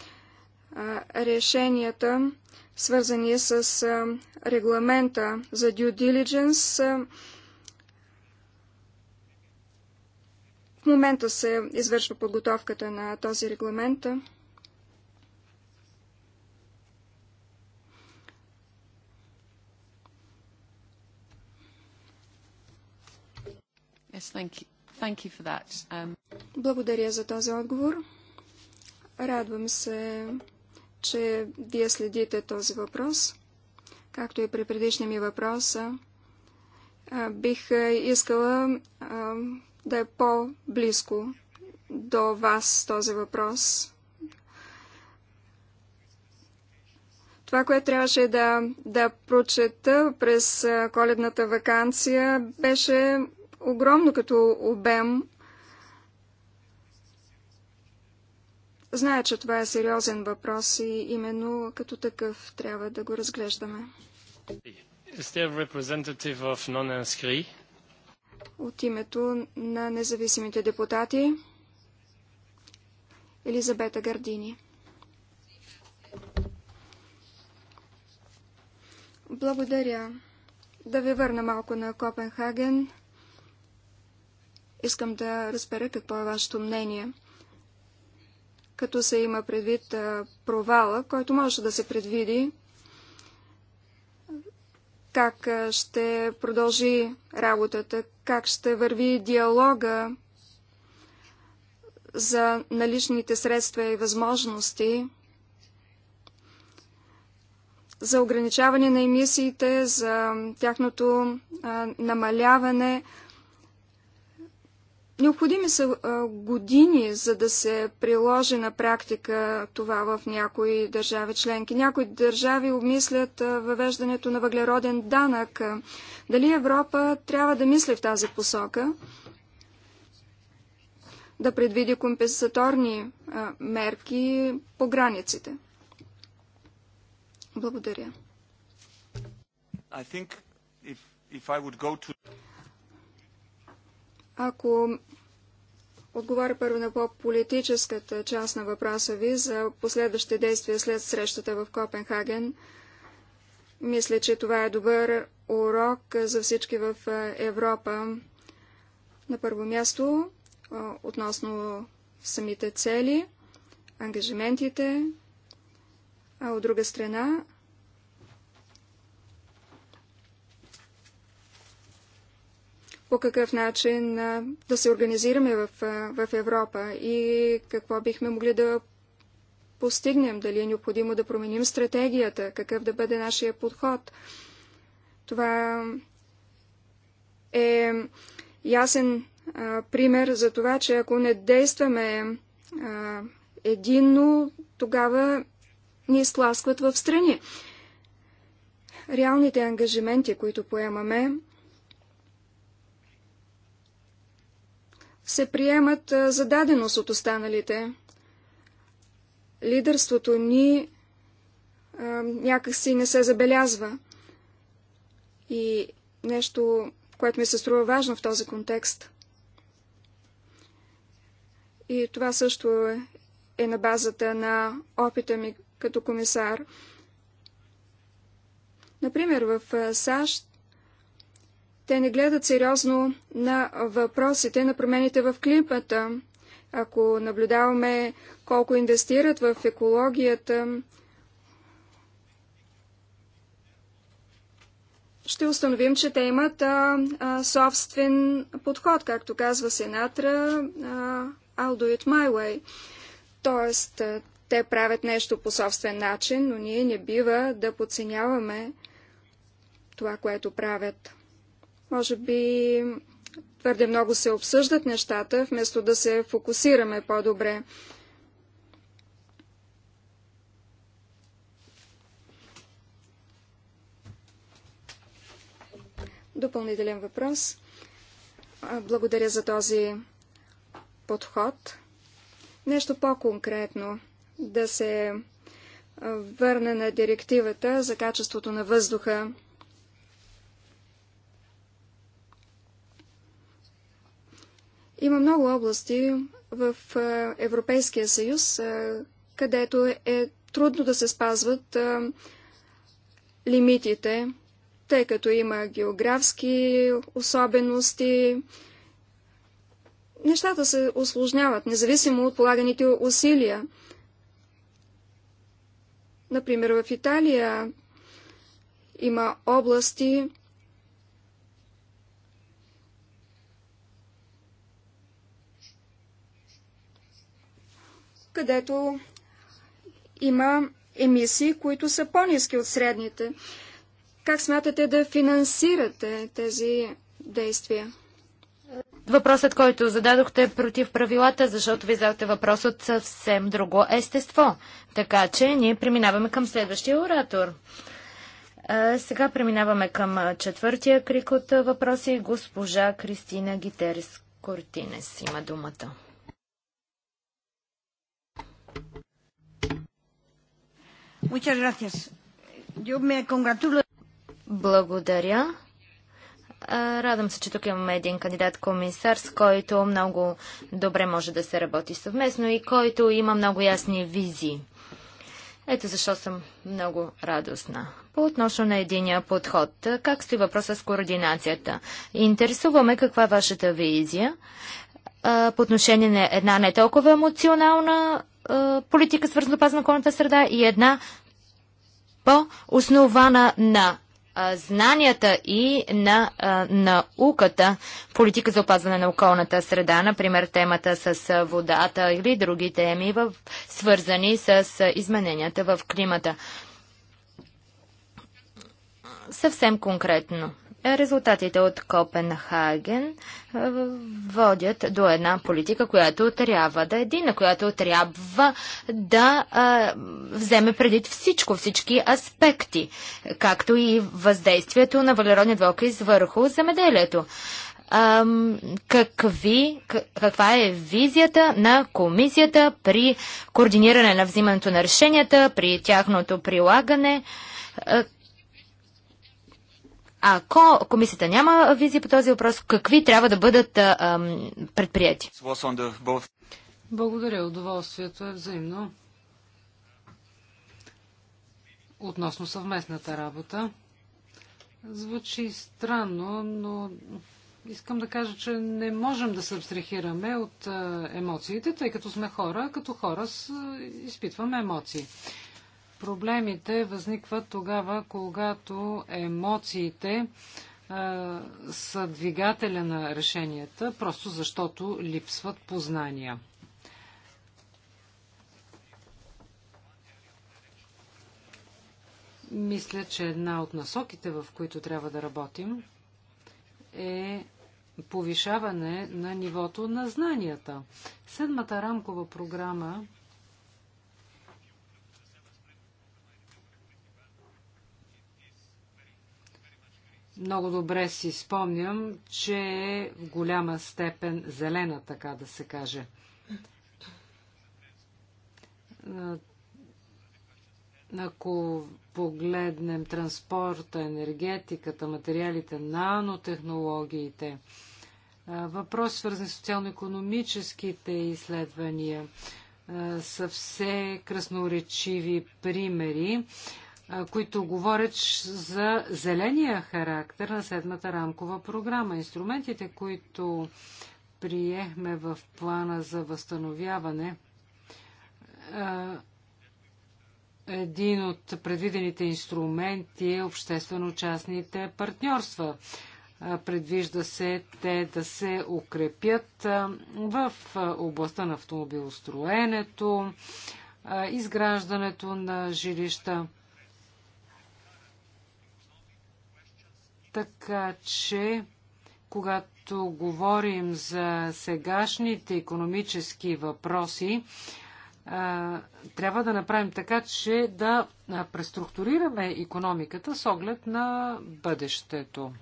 а, решенията, свързани с а, регламента за due diligence, а, в момента се извършва подготовката на този регламент. Yes, thank you. Thank you for that. Um... Благодаря за този отговор. Радвам се, че вие следите този въпрос. Както и при предишния ми въпроса, бих искала да е по-близко до вас този въпрос. Това, което трябваше да, да прочета през коледната вакансия, беше огромно като обем. Зная, че това е сериозен въпрос и именно като такъв трябва да го разглеждаме. От името на независимите депутати Елизабета Гардини. Благодаря. Да ви върна малко на Копенхаген. Искам да разбера какво е вашето мнение, като се има предвид провала, който може да се предвиди, как ще продължи работата, как ще върви диалога за наличните средства и възможности, за ограничаване на емисиите, за тяхното а, намаляване, Необходими са години, за да се приложи на практика това в някои държави членки. Някои държави обмислят въвеждането на въглероден данък. Дали Европа трябва да мисли в тази посока? Да предвиди компенсаторни мерки по границите. Благодаря. If, if to... Ако Отговаря първо на по-политическата част на въпроса ви за последващите действия след срещата в Копенхаген. Мисля, че това е добър урок за всички в Европа. На първо място, относно самите цели, ангажиментите, а от друга страна, по какъв начин да се организираме в, в Европа и какво бихме могли да постигнем, дали е необходимо да променим стратегията, какъв да бъде нашия подход. Това е ясен а, пример за това, че ако не действаме а, единно, тогава ни изтласкват в страни. Реалните ангажименти, които поемаме, се приемат за даденост от останалите. Лидерството ни а, някакси не се забелязва. И нещо, което ми се струва важно в този контекст. И това също е на базата на опита ми като комисар. Например, в САЩ те не гледат сериозно на въпросите на промените в климата. Ако наблюдаваме колко инвестират в екологията, ще установим, че те имат а, а, собствен подход, както казва Сенатра, а, I'll do it my way. Тоест, а, те правят нещо по собствен начин, но ние не бива да подценяваме това, което правят. Може би твърде много се обсъждат нещата, вместо да се фокусираме по-добре. Допълнителен въпрос. Благодаря за този подход. Нещо по-конкретно да се върне на директивата за качеството на въздуха. Има много области в Европейския съюз, където е трудно да се спазват лимитите, тъй като има географски особености. Нещата се осложняват, независимо от полаганите усилия. Например, в Италия има области, където има емисии, които са по-низки от средните. Как смятате да финансирате тези действия? Въпросът, който зададохте е против правилата, защото ви зададохте въпрос от съвсем друго естество. Така че ние преминаваме към следващия оратор. А, сега преминаваме към четвъртия крик от въпроси. Госпожа Кристина Гитерис Кортинес има думата. Благодаря. Радвам се, че тук имаме един кандидат-комисар, с който много добре може да се работи съвместно и който има много ясни визии. Ето защо съм много радостна. По отношение на единия подход, как стои въпроса с координацията? Интересуваме каква е вашата визия по отношение на една не толкова емоционална политика, свързана с опазване на околната среда и една по-основана на знанията и на науката, политика за опазване на околната среда, например темата с водата или други теми, в, свързани с измененията в климата. Съвсем конкретно. Резултатите от Копенхаген водят до една политика, която трябва да е едина, която трябва да а, вземе предвид всичко, всички аспекти, както и въздействието на валеродния двокис върху земеделието. А, какви, каква е визията на комисията при координиране на взимането на решенията, при тяхното прилагане? Ако комисията няма визия по този въпрос, какви трябва да бъдат ам, предприяти? Благодаря. Удоволствието е взаимно. Относно съвместната работа. Звучи странно, но искам да кажа, че не можем да се абстрахираме от емоциите, тъй като сме хора, като хора с, изпитваме емоции. Проблемите възникват тогава, когато емоциите а, са двигателя на решенията, просто защото липсват познания. Мисля, че една от насоките, в които трябва да работим, е повишаване на нивото на знанията. Седмата рамкова програма Много добре си спомням, че е в голяма степен зелена, така да се каже. Ако погледнем транспорта, енергетиката, материалите, нанотехнологиите, въпрос свързан с социално-економическите изследвания, са все красноречиви примери които говорят за зеления характер на седмата рамкова програма. Инструментите, които приехме в плана за възстановяване, един от предвидените инструменти е обществено-частните партньорства. Предвижда се те да се укрепят в областта на автомобилостроенето, изграждането на жилища. Така че, когато говорим за сегашните економически въпроси, трябва да направим така, че да преструктурираме економиката с оглед на бъдещето.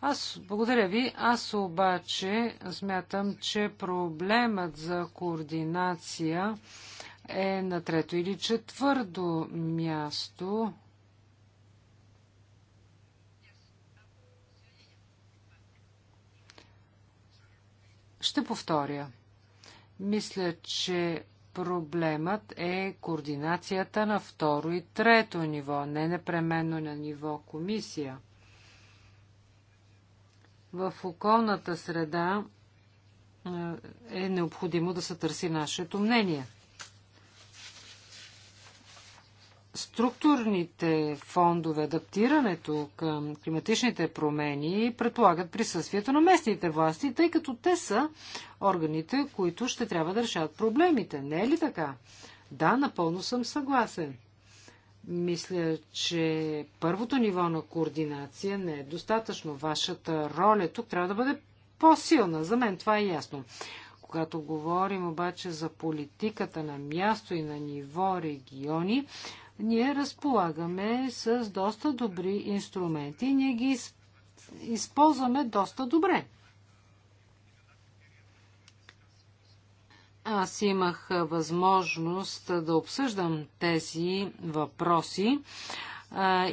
Аз благодаря ви. Аз обаче смятам, че проблемът за координация е на трето или четвърто място Ще повторя. Мисля, че проблемът е координацията на второ и трето ниво, не непременно на ниво комисия. В околната среда е, е необходимо да се търси нашето мнение. структурните фондове, адаптирането към климатичните промени предполагат присъствието на местните власти, тъй като те са органите, които ще трябва да решат проблемите. Не е ли така? Да, напълно съм съгласен. Мисля, че първото ниво на координация не е достатъчно. Вашата роля е тук трябва да бъде по-силна. За мен това е ясно. Когато говорим обаче за политиката на място и на ниво региони, ние разполагаме с доста добри инструменти. Ние ги използваме доста добре. Аз имах възможност да обсъждам тези въпроси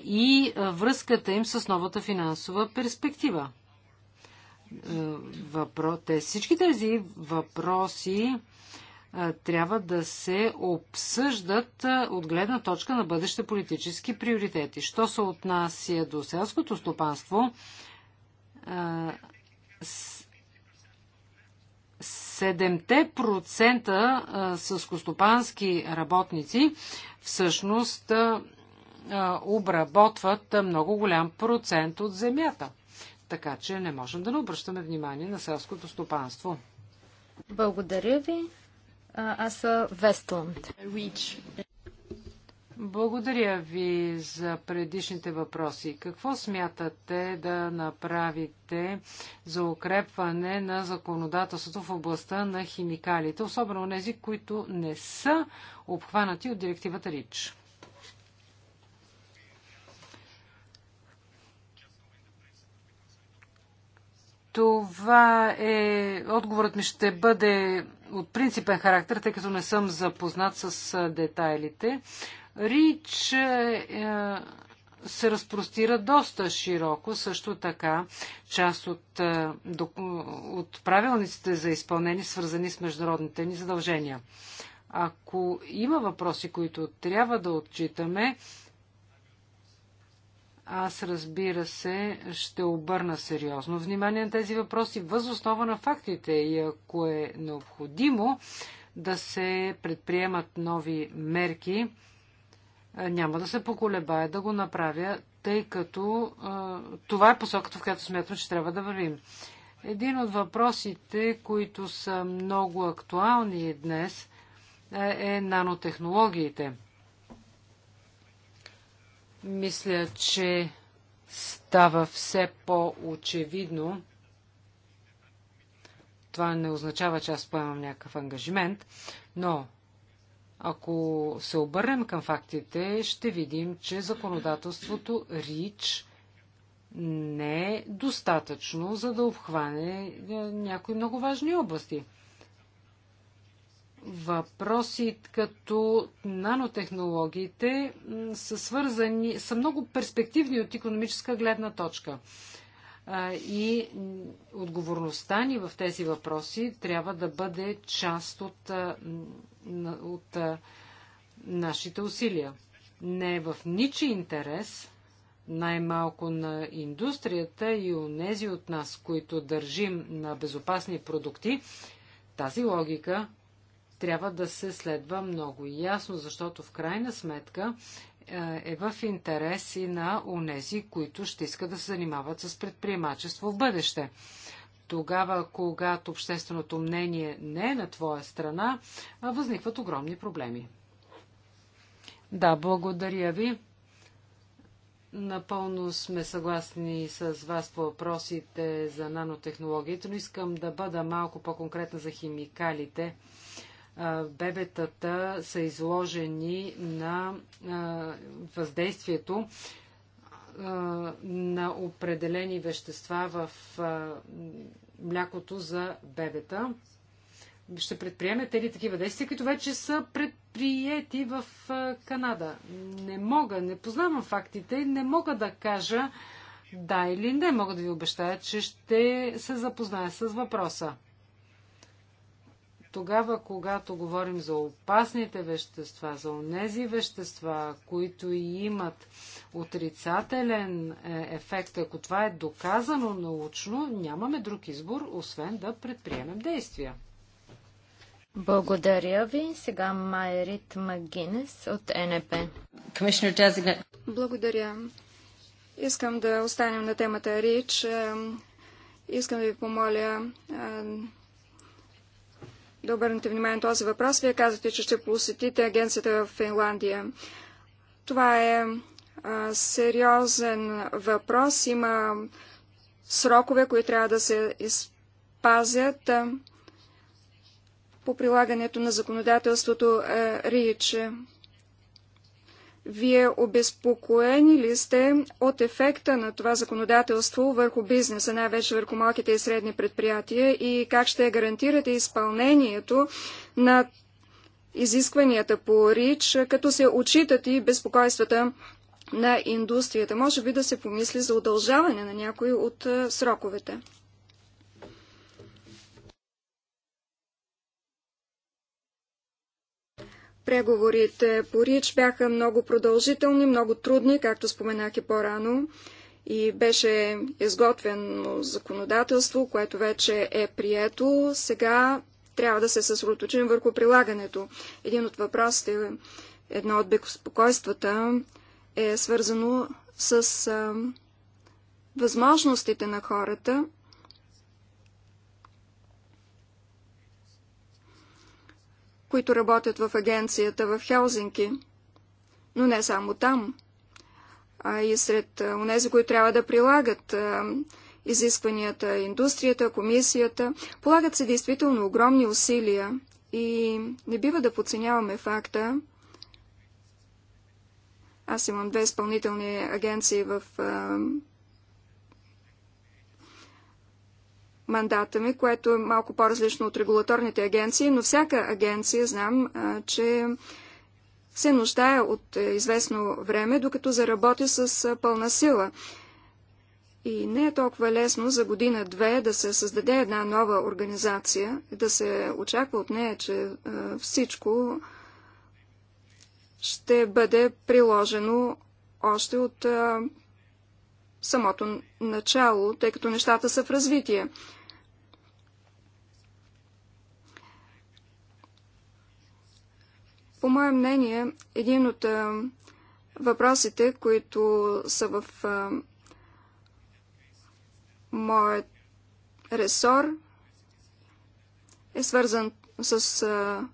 и връзката им с новата финансова перспектива. Е, въпро... Те, всички тези въпроси трябва да се обсъждат от гледна точка на бъдещи политически приоритети. Що се отнася до селското стопанство, 7% сълскостопански работници всъщност обработват много голям процент от земята. Така че не можем да не обръщаме внимание на селското стопанство. Благодаря ви аз Вестланд. Благодаря ви за предишните въпроси. Какво смятате да направите за укрепване на законодателството в областта на химикалите, особено тези, които не са обхванати от директивата РИЧ? Това е... Отговорът ми ще бъде от принципен характер, тъй като не съм запознат с детайлите. Рич е, е, се разпростира доста широко. Също така, част от, е, от правилниците за изпълнение, свързани с международните ни задължения. Ако има въпроси, които трябва да отчитаме, аз, разбира се, ще обърна сериозно внимание на тези въпроси въз основа на фактите и ако е необходимо да се предприемат нови мерки, няма да се поколебая да го направя, тъй като а, това е посоката, в която смятам, че трябва да вървим. Един от въпросите, които са много актуални днес, е, е нанотехнологиите. Мисля, че става все по-очевидно. Това не означава, че аз поемам някакъв ангажимент, но ако се обърнем към фактите, ще видим, че законодателството РИЧ не е достатъчно, за да обхване някои много важни области – въпроси като нанотехнологиите са свързани, са много перспективни от економическа гледна точка. И отговорността ни в тези въпроси трябва да бъде част от, от нашите усилия. Не е в ничи интерес, най-малко на индустрията и у нези от нас, които държим на безопасни продукти, тази логика трябва да се следва много ясно, защото в крайна сметка е, е в интерес и на онези, които ще искат да се занимават с предприемачество в бъдеще. Тогава, когато общественото мнение не е на твоя страна, възникват огромни проблеми. Да, благодаря ви. Напълно сме съгласни с вас по въпросите за нанотехнологията, но искам да бъда малко по-конкретна за химикалите бебетата са изложени на въздействието на определени вещества в млякото за бебета. Ще предприемете ли такива действия, които вече са предприяти в Канада? Не мога, не познавам фактите, не мога да кажа да или не. Мога да ви обещая, че ще се запозная с въпроса. Тогава, когато говорим за опасните вещества, за онези вещества, които и имат отрицателен е, ефект, ако това е доказано научно, нямаме друг избор, освен да предприемем действия. Благодаря ви. Сега Майрит Магинес от НП. Благодаря. Искам да останем на темата РИЧ. Е, искам да ви помоля е, да обърнете внимание на този въпрос. Вие казвате, че ще посетите агенцията в Финландия. Това е а, сериозен въпрос. Има срокове, които трябва да се изпазят а, по прилагането на законодателството РИЧ. Вие обезпокоени ли сте от ефекта на това законодателство върху бизнеса, най-вече върху малките и средни предприятия и как ще гарантирате изпълнението на изискванията по РИЧ, като се отчитат и безпокойствата на индустрията? Може би да се помисли за удължаване на някои от сроковете. Преговорите по РИЧ бяха много продължителни, много трудни, както споменах и по-рано. И беше изготвено законодателство, което вече е прието. Сега трябва да се съсредоточим върху прилагането. Един от въпросите, едно от безпокойствата е свързано с а, възможностите на хората – които работят в агенцията в Хелзинки, но не само там, а и сред онези, които трябва да прилагат изискванията, индустрията, комисията. Полагат се действително огромни усилия и не бива да подценяваме факта. Аз имам две изпълнителни агенции в мандата ми, което е малко по-различно от регулаторните агенции, но всяка агенция знам, че се нуждае от е, известно време, докато заработи с пълна сила. И не е толкова лесно за година-две да се създаде една нова организация, да се очаква от нея, че всичко ще бъде приложено още от самото начало, тъй като нещата са в развитие. По мое мнение, един от въпросите, които са в моят ресор, е свързан с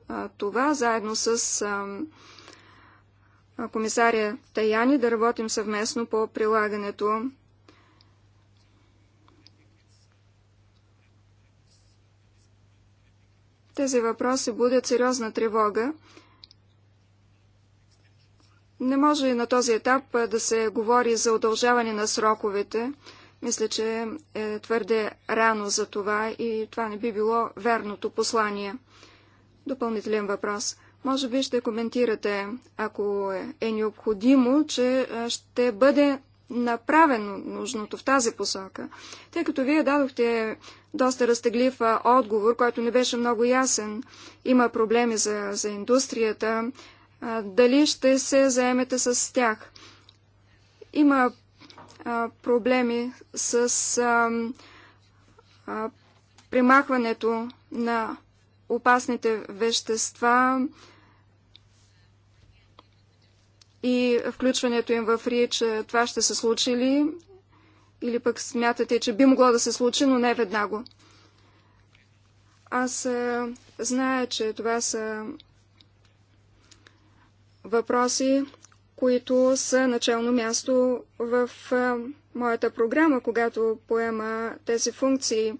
а, това, заедно с а, комисаря Таяни, да работим съвместно по прилагането. Тези въпроси будят сериозна тревога не може на този етап да се говори за удължаване на сроковете. Мисля, че е твърде рано за това и това не би било верното послание. Допълнителен въпрос. Може би ще коментирате, ако е, е необходимо, че ще бъде направено нужното в тази посока. Тъй като вие дадохте доста разтеглив отговор, който не беше много ясен. Има проблеми за, за индустрията, дали ще се заемете с тях. Има проблеми с примахването на опасните вещества и включването им в РИЧ, това ще се случи ли? Или пък смятате, че би могло да се случи, но не веднага. Аз зная, че това са въпроси, които са начално място в моята програма, когато поема тези функции.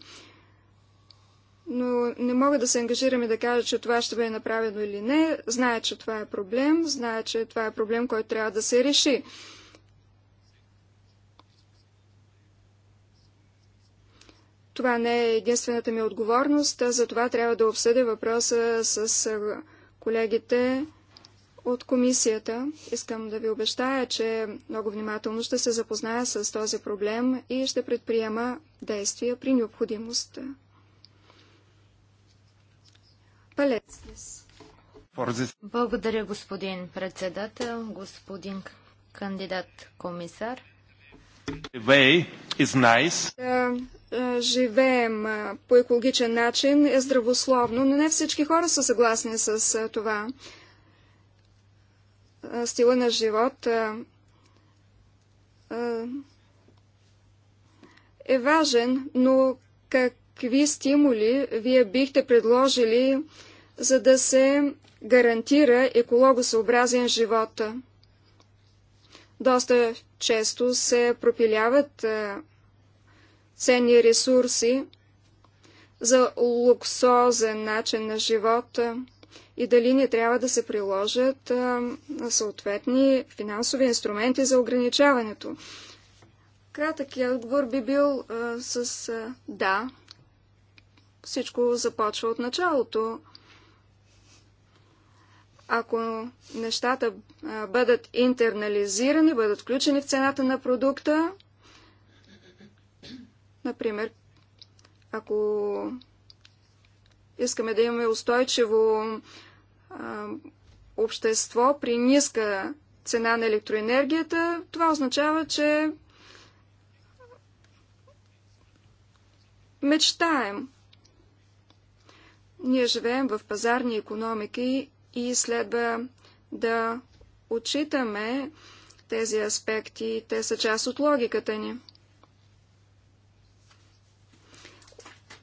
Но не мога да се ангажирам и да кажа, че това ще бъде направено или не. Зная, че това е проблем, зная, че това е проблем, който трябва да се реши. Това не е единствената ми отговорност, за това трябва да обсъдя въпроса с колегите от комисията. Искам да ви обещая, че много внимателно ще се запозная с този проблем и ще предприема действия при необходимост. Палецкис. Благодаря, господин председател, господин кандидат комисар. Да, живеем по екологичен начин е здравословно, но не всички хора са съгласни с това стила на живот е важен, но какви стимули вие бихте предложили, за да се гарантира екологосъобразен живот? Доста често се пропиляват ценни ресурси за луксозен начин на живота и дали не трябва да се приложат а, съответни финансови инструменти за ограничаването. Кратъкият е отговор би бил а, с а, да. Всичко започва от началото. Ако нещата а, бъдат интернализирани, бъдат включени в цената на продукта, например, ако Искаме да имаме устойчиво общество при ниска цена на електроенергията. Това означава, че мечтаем. Ние живеем в пазарни економики и следва да отчитаме тези аспекти. Те са част от логиката ни.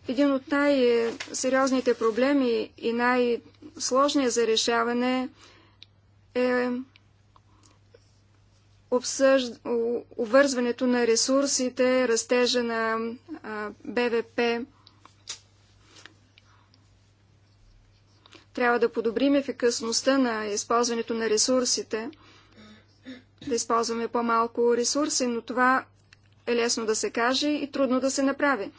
Един от най-сериозните проблеми и най-сложният за решаване е обвързването увързването на ресурсите, растежа на БВП. Трябва да подобрим ефикасността на използването на ресурсите, да използваме по-малко ресурси, но това е лесно да се каже и трудно да се направи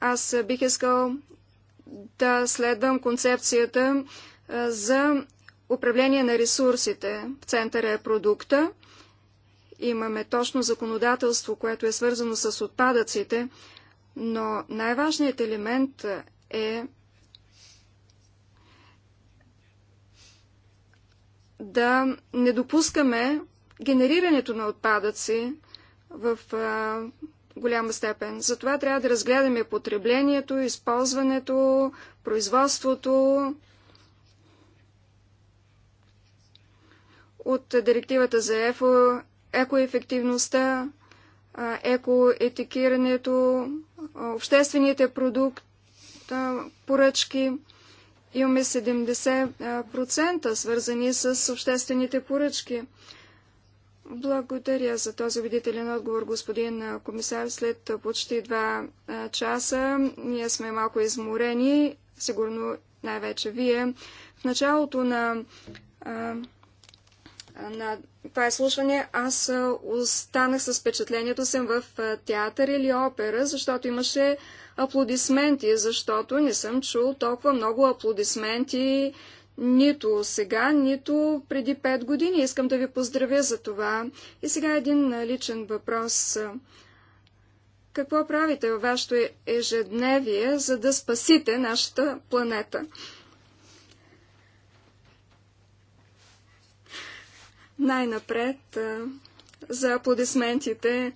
аз бих искал да следвам концепцията за управление на ресурсите. В центъра е продукта. Имаме точно законодателство, което е свързано с отпадъците, но най-важният елемент е да не допускаме генерирането на отпадъци в голяма степен. Затова трябва да разгледаме потреблението, използването, производството от директивата за ЕФО, екоефективността, екоетикирането, обществените продукти, поръчки. Имаме 70% свързани с обществените поръчки. Благодаря за този убедителен отговор, господин комисар. След почти два часа ние сме малко изморени, сигурно най-вече вие. В началото на, на това изслушване аз останах с впечатлението съм в театър или опера, защото имаше аплодисменти, защото не съм чул толкова много аплодисменти нито сега, нито преди 5 години. Искам да ви поздравя за това. И сега един личен въпрос. Какво правите във вашето ежедневие, за да спасите нашата планета? Най-напред за аплодисментите.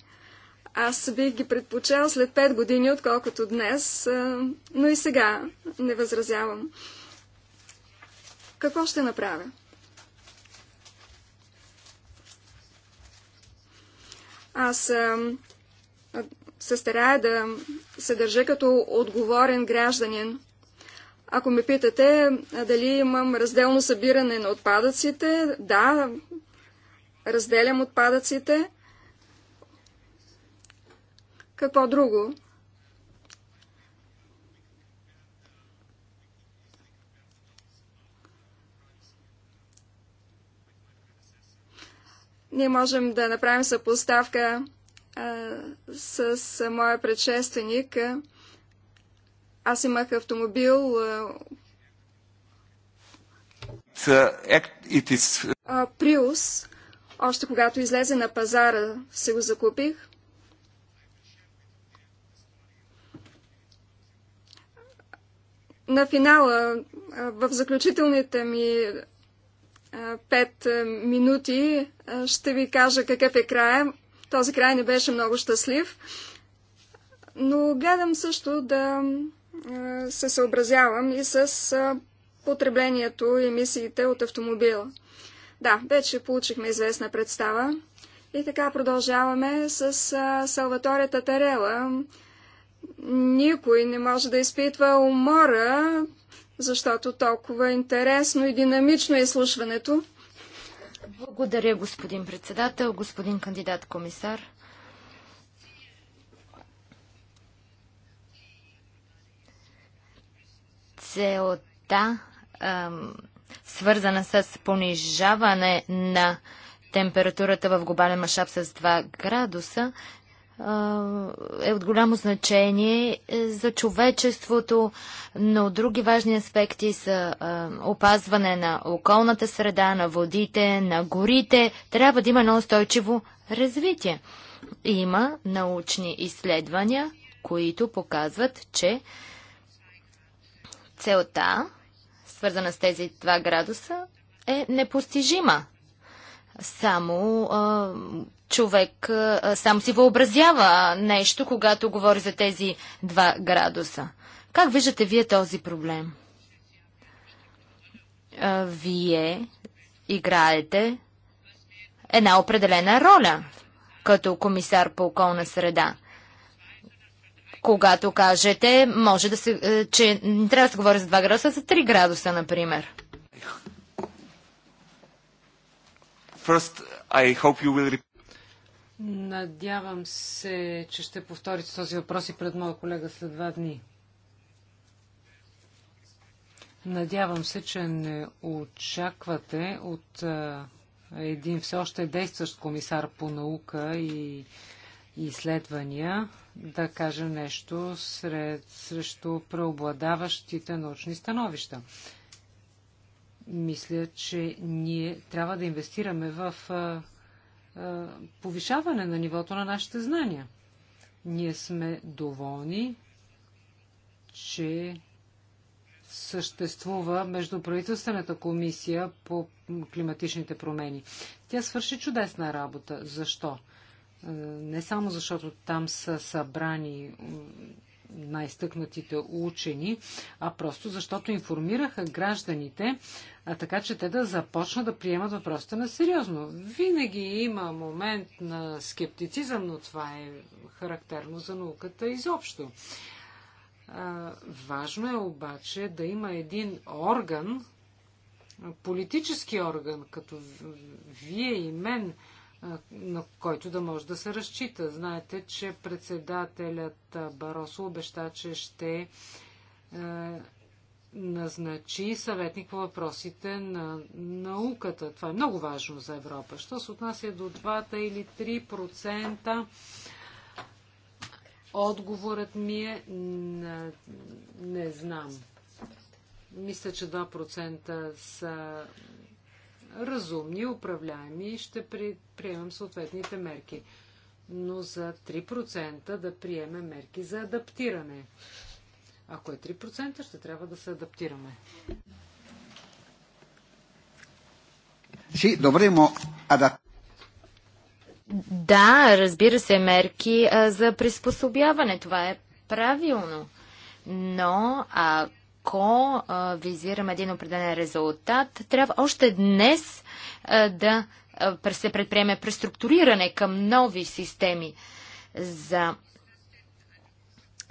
Аз бих ги предпочел след 5 години, отколкото днес, но и сега не възразявам. Какво ще направя? Аз се старая да се държа като отговорен гражданин. Ако ме питате дали имам разделно събиране на отпадъците, да, разделям отпадъците. Какво друго? Ние можем да направим съпоставка а, с, моя предшественик. Аз имах автомобил. А, Приус. Още когато излезе на пазара, се го закупих. на финала, в заключителните ми пет минути ще ви кажа какъв е края. Този край не беше много щастлив, но гледам също да се съобразявам и с потреблението и емисиите от автомобила. Да, вече получихме известна представа. И така продължаваме с Салваторията тарела. Татарела. Никой не може да изпитва умора защото толкова е интересно и динамично е изслушването. Благодаря, господин председател, господин кандидат комисар. Целта, свързана с понижаване на температурата в глобален мащаб с 2 градуса, е от голямо значение е, за човечеството, но други важни аспекти са опазване на околната среда, на водите, на горите. Трябва да има едно устойчиво развитие. Има научни изследвания, които показват, че целта, свързана с тези 2 градуса, е непостижима само а, човек а, сам си въобразява нещо, когато говори за тези два градуса. Как виждате вие този проблем? А, вие играете една определена роля като комисар по околна среда. Когато кажете, може да се, че не трябва да се говори за 2 градуса, за 3 градуса, например. First, I hope you will... Надявам се, че ще повторите този въпрос и пред моя колега след два дни. Надявам се, че не очаквате от един все още действащ комисар по наука и изследвания да каже нещо сред, срещу преобладаващите научни становища. Мисля, че ние трябва да инвестираме в повишаване на нивото на нашите знания. Ние сме доволни, че съществува между правителствената комисия по климатичните промени. Тя свърши чудесна работа. Защо? Е, не само защото там са събрани най-стъкнатите учени, а просто защото информираха гражданите, а така че те да започнат да приемат въпросите на сериозно. Винаги има момент на скептицизъм, но това е характерно за науката изобщо. А, важно е обаче да има един орган, политически орган, като вие и мен, на който да може да се разчита. Знаете, че председателят Баросо обеща, че ще е, назначи съветник по въпросите на науката. Това е много важно за Европа. Що се отнася до 2 или 3%, отговорът ми е не, не знам. Мисля, че 2% са разумни, управляеми и ще приемем съответните мерки. Но за 3% да приеме мерки за адаптиране. Ако е 3%, ще трябва да се адаптираме. Да, разбира се, мерки а, за приспособяване. Това е правилно. Но ако ако а, визираме един определен резултат, трябва още днес а, да а, се предприеме преструктуриране към нови системи за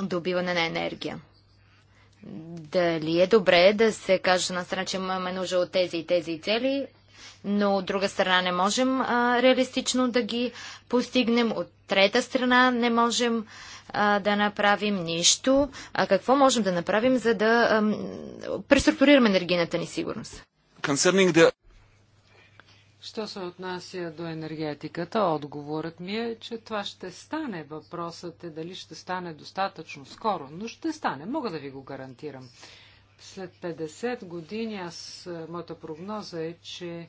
добиване на енергия. Дали е добре да се каже на страна, че имаме нужда от тези и тези цели, но от друга страна не можем а, реалистично да ги постигнем, от трета страна не можем а, да направим нищо. А какво можем да направим, за да а, преструктурираме енергийната ни сигурност? The... Що се отнася до енергетиката, отговорът ми е, че това ще стане. Въпросът е дали ще стане достатъчно скоро, но ще стане. Мога да ви го гарантирам. След 50 години аз, моята прогноза е, че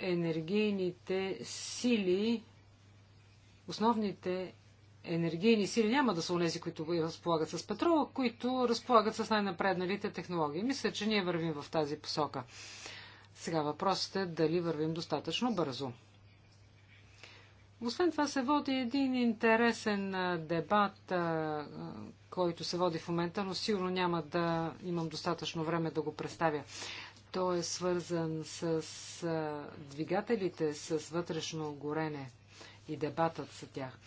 енергийните сили, основните енергийни сили няма да са унези, които разполагат с петрола, които разполагат с най-напредналите технологии. Мисля, че ние вървим в тази посока. Сега въпросът е дали вървим достатъчно бързо. Освен това се води един интересен дебат, който се води в момента, но сигурно няма да имам достатъчно време да го представя. Той е свързан с двигателите с вътрешно горене и дебатът за тях.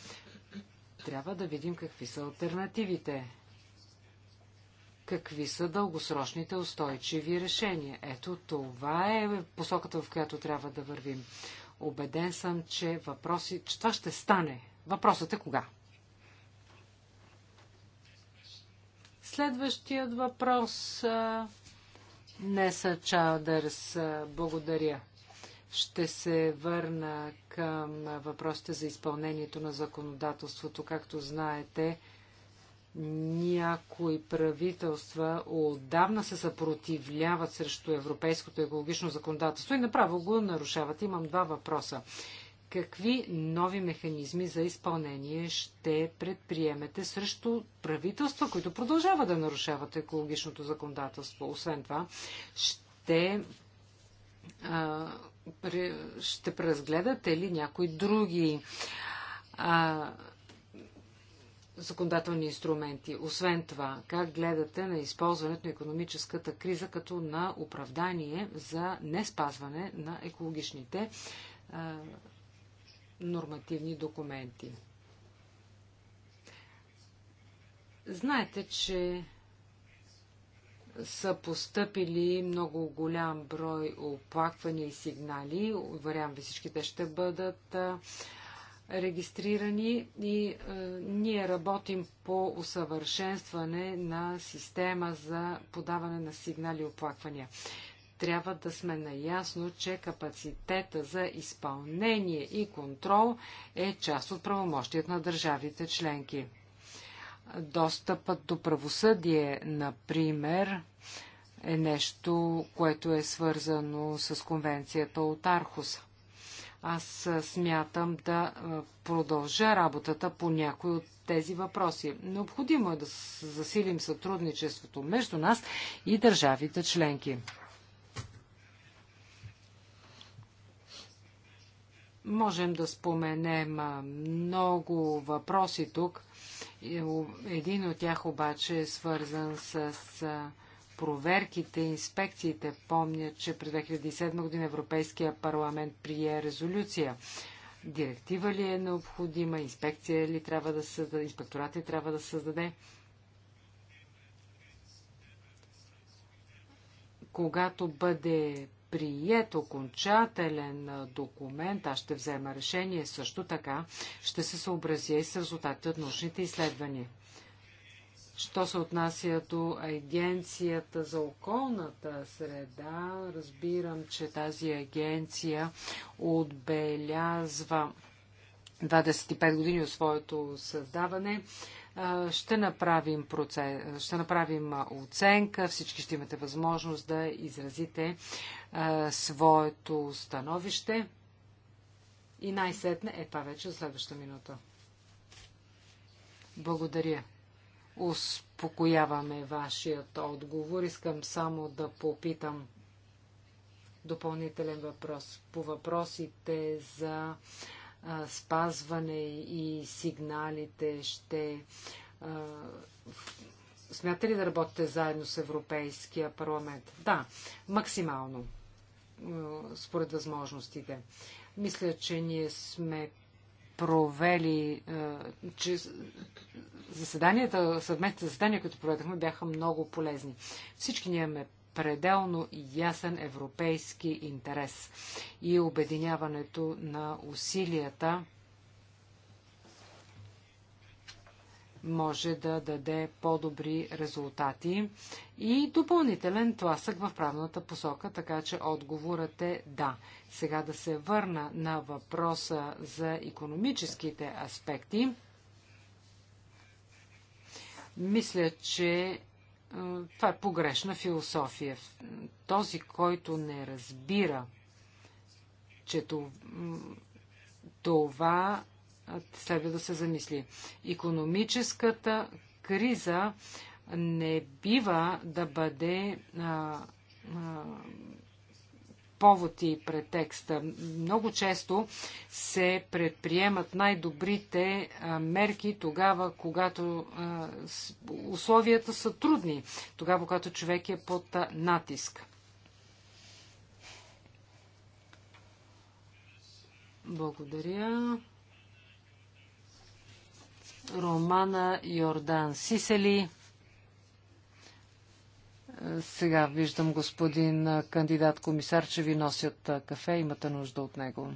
Трябва да видим какви са альтернативите. Какви са дългосрочните устойчиви решения? Ето това е посоката, в която трябва да вървим. Обеден съм, че, въпроси, че това ще стане. Въпросът е кога? Следващият въпрос Неса Чаудърс, благодаря. Ще се върна към въпросите за изпълнението на законодателството. Както знаете, някои правителства отдавна се съпротивляват срещу европейското екологично законодателство и направо го нарушават. Имам два въпроса какви нови механизми за изпълнение ще предприемете срещу правителства, които продължават да нарушават екологичното законодателство. Освен това, ще, а, ще преразгледате ли някои други а, законодателни инструменти. Освен това, как гледате на използването на економическата криза като на оправдание за неспазване на екологичните а, нормативни документи. Знаете, че са поступили много голям брой оплаквания и сигнали. Уверявам ви, всички те ще бъдат регистрирани и е, ние работим по усъвършенстване на система за подаване на сигнали и оплаквания трябва да сме наясно, че капацитета за изпълнение и контрол е част от правомощият на държавите членки. Достъпът до правосъдие, например, е нещо, което е свързано с конвенцията от Архуса. Аз смятам да продължа работата по някой от тези въпроси. Необходимо е да засилим сътрудничеството между нас и държавите членки. Можем да споменем много въпроси тук. Един от тях обаче е свързан с проверките, инспекциите. Помня, че през 2007 година Европейския парламент прие резолюция. Директива ли е необходима, инспекция ли трябва да създаде, инспекторат ли трябва да създаде. Когато бъде прият окончателен документ, аз ще взема решение също така, ще се съобразя и с резултатите от научните изследвания. Що се отнася до Агенцията за околната среда, разбирам, че тази агенция отбелязва 25 години от своето създаване. Ще направим, процес, ще направим оценка, всички ще имате възможност да изразите своето становище. И най-сетне е това вече за е следващата минута. Благодаря. Успокояваме вашият отговор. Искам само да попитам допълнителен въпрос по въпросите за спазване и сигналите ще Смятате ли да работите заедно с Европейския парламент? Да, максимално, според възможностите. Мисля, че ние сме провели, че заседанията, съвместните заседания, които проведахме, бяха много полезни. Всички ние имаме пределно ясен европейски интерес и обединяването на усилията може да даде по-добри резултати и допълнителен тласък в правната посока, така че отговорът е да. Сега да се върна на въпроса за економическите аспекти. Мисля, че това е погрешна философия. Този, който не разбира, че това следва да се замисли. Економическата криза не бива да бъде а, а, повод и претекст. Много често се предприемат най-добрите мерки тогава, когато условията са трудни, тогава, когато човек е под натиск. Благодаря. Романа Йордан Сисели. Сега виждам господин кандидат комисар, че ви носят кафе. Имате нужда от него.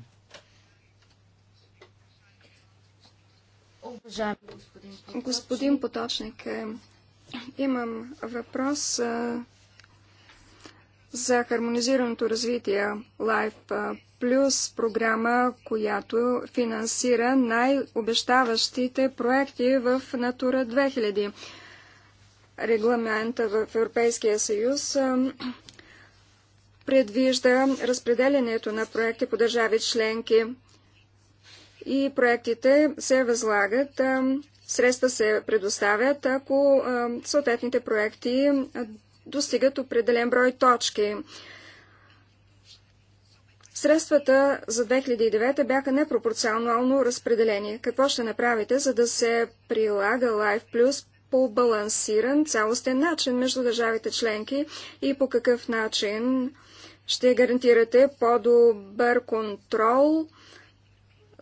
Уважаеми господин Поточник. Господин Поточник, е, имам въпрос за хармонизираното развитие Life Plus програма, която финансира най-обещаващите проекти в Натура 2000 регламента в Европейския съюз предвижда разпределението на проекти по държави членки и проектите се възлагат, средства се предоставят, ако съответните проекти достигат определен брой точки. Средствата за 2009 бяха непропорционално разпределени. Какво ще направите, за да се прилага Life Plus по балансиран, цялостен начин между държавите членки и по какъв начин ще гарантирате по-добър контрол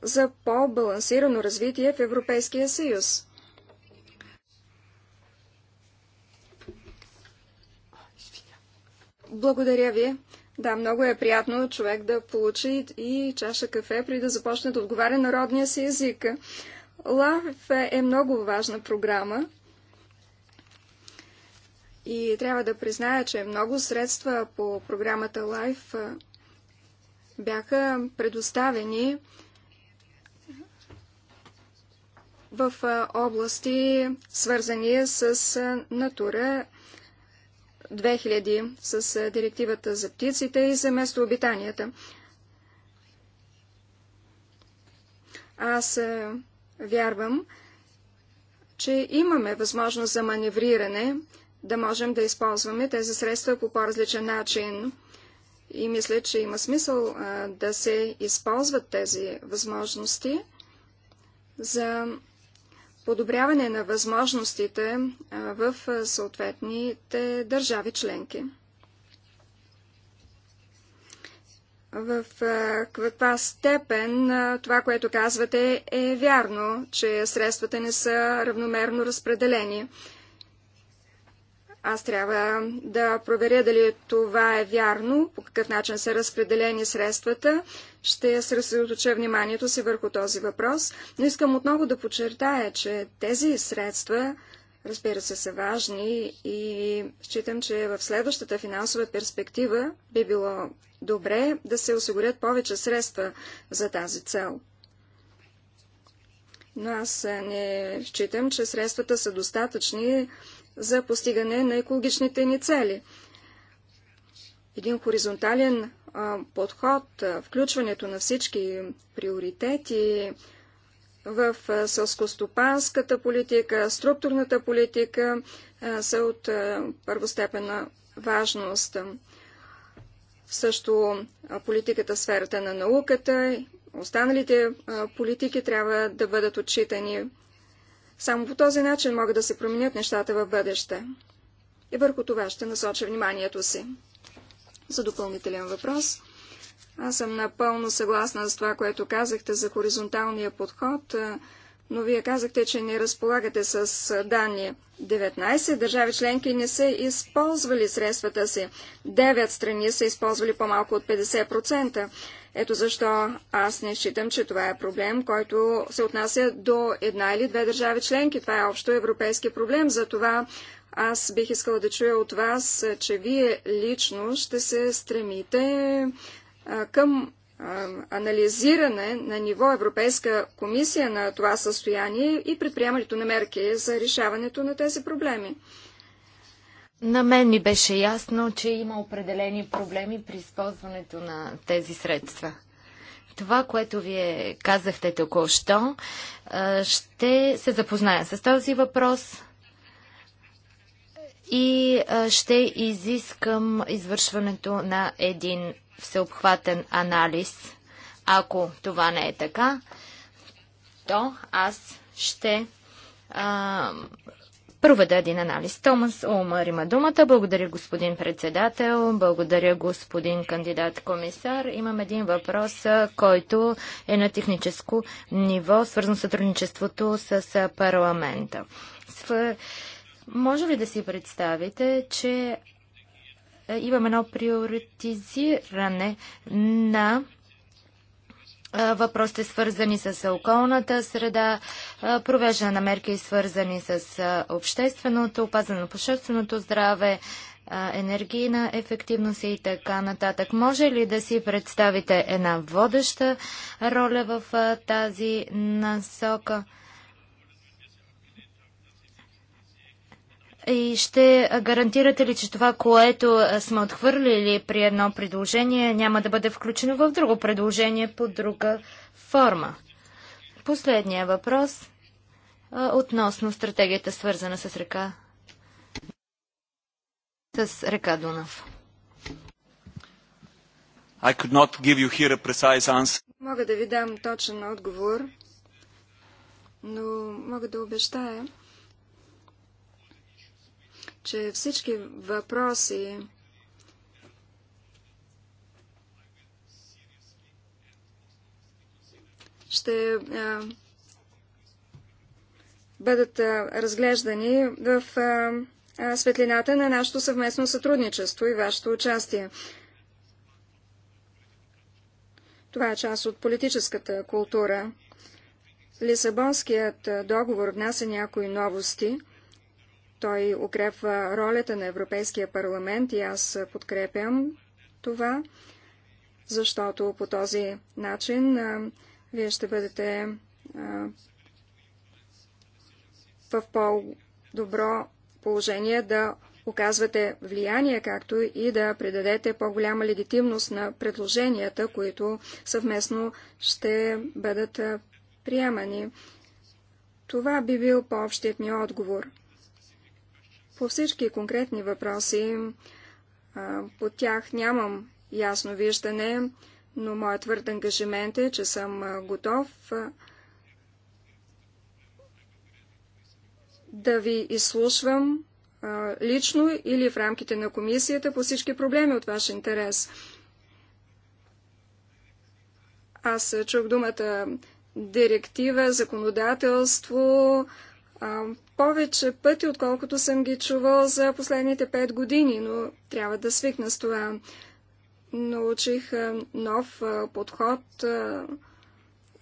за по-балансирано развитие в Европейския съюз. Благодаря ви. Да, много е приятно човек да получи и чаша кафе, преди да започне да отговаря народния си език. ЛАВ е много важна програма. И трябва да призная, че много средства по програмата LIFE бяха предоставени в области, свързани с Натура 2000, с директивата за птиците и за местообитанията. Аз вярвам, че имаме възможност за маневриране, да можем да използваме тези средства по по-различен начин. И мисля, че има смисъл да се използват тези възможности за подобряване на възможностите в съответните държави членки. В каква степен това, което казвате, е вярно, че средствата не са равномерно разпределени. Аз трябва да проверя дали това е вярно, по какъв начин са разпределени средствата. Ще съсредоточа вниманието си върху този въпрос, но искам отново да подчертая, че тези средства, разбира се, са важни и считам, че в следващата финансова перспектива би било добре да се осигурят повече средства за тази цел. Но аз не считам, че средствата са достатъчни за постигане на екологичните ни цели. Един хоризонтален подход, включването на всички приоритети в сълскостопанската политика, структурната политика са от първостепенна важност. Също политиката в сферата на науката, останалите политики трябва да бъдат отчитани само по този начин могат да се променят нещата в бъдеще. И върху това ще насоча вниманието си. За допълнителен въпрос. Аз съм напълно съгласна с това, което казахте за хоризонталния подход, но вие казахте, че не разполагате с данни. 19 държави членки не са използвали средствата си. 9 страни са използвали по-малко от 50%. Ето защо аз не считам, че това е проблем, който се отнася до една или две държави членки. Това е общо европейски проблем. Затова аз бих искала да чуя от вас, че вие лично ще се стремите към анализиране на ниво Европейска комисия на това състояние и предприемането на мерки за решаването на тези проблеми. На мен ми беше ясно, че има определени проблеми при използването на тези средства. Това, което вие казахте току-що, ще се запозная с този въпрос и ще изискам извършването на един всеобхватен анализ. Ако това не е така, то аз ще проведа един анализ. Томас Олмър има думата. Благодаря, господин председател. Благодаря, господин кандидат комисар. Имам един въпрос, който е на техническо ниво, свързан с сътрудничеството с парламента. Може ли да си представите, че имам едно приоритизиране на въпросите свързани с околната среда, провеждане на мерки свързани с общественото, опазване на общественото здраве, енергийна ефективност и така нататък. Може ли да си представите една водеща роля в тази насока? И ще гарантирате ли, че това, което сме отхвърлили при едно предложение, няма да бъде включено в друго предложение по друга форма? Последния въпрос относно стратегията, свързана с река с река Дунав. I could not give you here a precise answer. Мога да ви дам точен отговор, но мога да обещая, че всички въпроси, ще бъдат разглеждани в светлината на нашето съвместно сътрудничество и вашето участие. Това е част от политическата култура. Лисабонският договор внася някои новости – той укрепва ролята на Европейския парламент и аз подкрепям това, защото по този начин а, вие ще бъдете а, в по-добро положение да оказвате влияние, както и да придадете по-голяма легитимност на предложенията, които съвместно ще бъдат приемани. Това би бил по-общият ми отговор по всички конкретни въпроси. По тях нямам ясно виждане, но моят твърд ангажимент е, че съм готов да ви изслушвам лично или в рамките на комисията по всички проблеми от ваш интерес. Аз чух думата директива, законодателство, повече пъти, отколкото съм ги чувал за последните пет години, но трябва да свикна с това. Научих нов подход,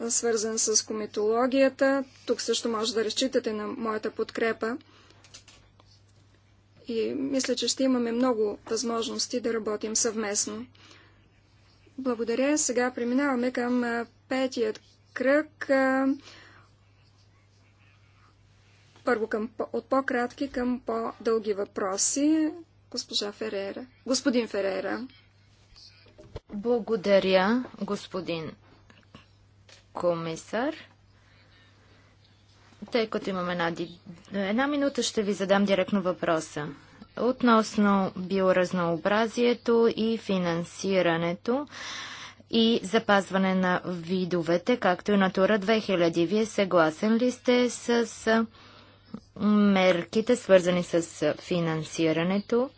свързан с кометологията. Тук също може да разчитате на моята подкрепа. И мисля, че ще имаме много възможности да работим съвместно. Благодаря. Сега преминаваме към петият кръг първо към, от по-кратки към по-дълги въпроси. Госпожа Ферера. Господин Ферера. Благодаря, господин комисар. Тъй като имам една, една минута, ще ви задам директно въпроса. Относно биоразнообразието и финансирането и запазване на видовете, както и Натура 2000. Вие съгласен ли сте с мерките, свързани с финансирането,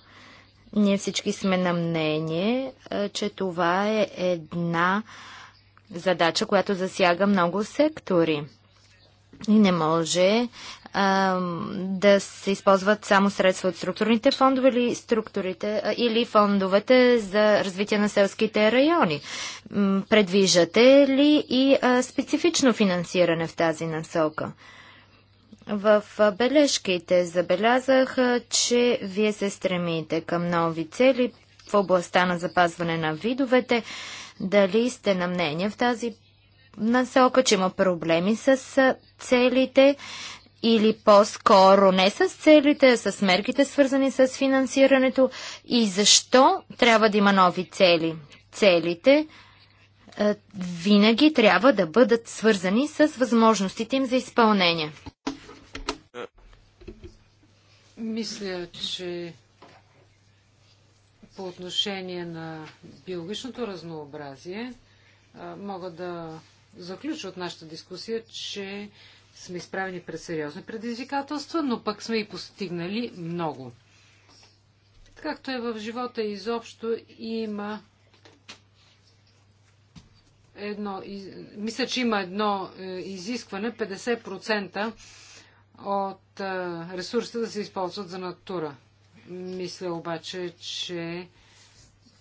ние всички сме на мнение, че това е една задача, която засяга много сектори. И не може а, да се използват само средства от структурните фондове или, структурите, а, или фондовете за развитие на селските райони. Предвиждате ли и а, специфично финансиране в тази насока? В бележките забелязах, че вие се стремите към нови цели в областта на запазване на видовете. Дали сте на мнение в тази насока, че има проблеми с целите или по-скоро не с целите, а с мерките свързани с финансирането и защо трябва да има нови цели? Целите винаги трябва да бъдат свързани с възможностите им за изпълнение. Мисля, че по отношение на биологичното разнообразие мога да заключа от нашата дискусия, че сме изправени пред сериозни предизвикателства, но пък сме и постигнали много. Както е в живота изобщо, има едно, мисля, че има едно е, изискване 50% от ресурсите да се използват за натура. Мисля обаче, че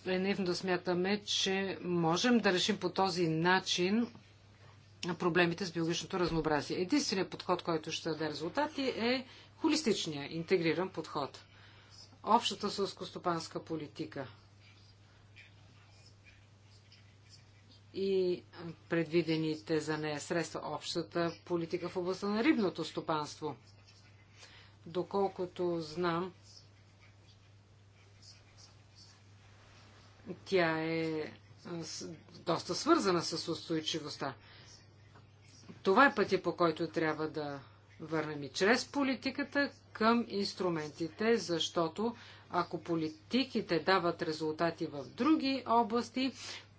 е наивно да смятаме, че можем да решим по този начин проблемите с биологичното разнообразие. Единственият подход, който ще даде резултати е холистичният интегриран подход. Общата сълскостопанска политика – и предвидените за нея средства общата политика в областта на рибното стопанство. Доколкото знам, тя е доста свързана с устойчивостта. Това е пътя, по който трябва да върнем и чрез политиката към инструментите, защото ако политиките дават резултати в други области,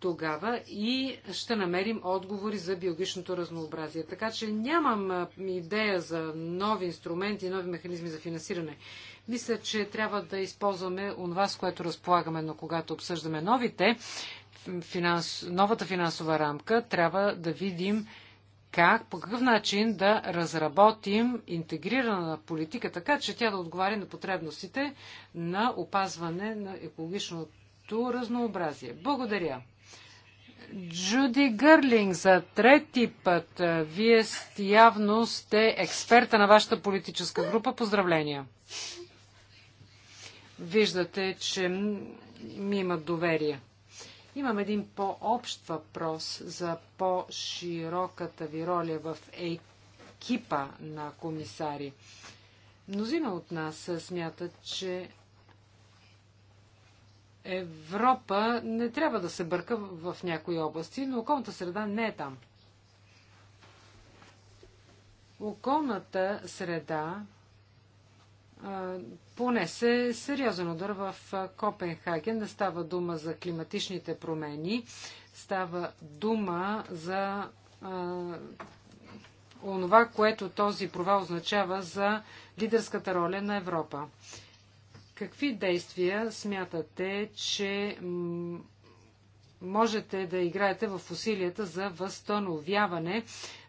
тогава и ще намерим отговори за биологичното разнообразие. Така че нямам идея за нови инструменти, нови механизми за финансиране. Мисля, че трябва да използваме онова, с което разполагаме, но когато обсъждаме новите, финанс, новата финансова рамка, трябва да видим как, по какъв начин да разработим интегрирана политика, така че тя да отговаря на потребностите на опазване на екологичното разнообразие. Благодаря. Джуди Гърлинг, за трети път вие явно сте експерта на вашата политическа група. Поздравления! Виждате, че ми имат доверие. Имам един по-общ въпрос за по-широката ви роля в екипа на комисари. Мнозина от нас смятат, че Европа не трябва да се бърка в някои области, но околната среда не е там. Околната среда понесе сериозен удар в Копенхаген. Не става дума за климатичните промени, става дума за а, онова, което този провал означава за лидерската роля на Европа. Какви действия смятате, че можете да играете в усилията за възстановяване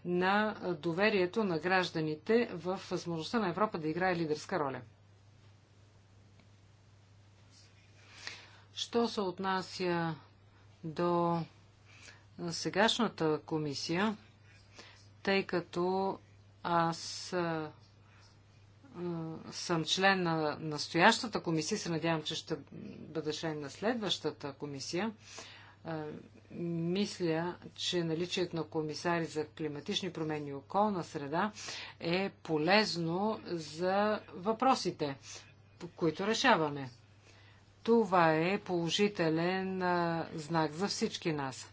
на доверието на гражданите в възможността на Европа да играе лидерска роля? Що се отнася до сегашната комисия, тъй като аз съм член на настоящата комисия, се надявам, че ще бъда член на следващата комисия, мисля, че наличието на комисари за климатични промени и околна среда е полезно за въпросите, които решаваме. Това е положителен знак за всички нас.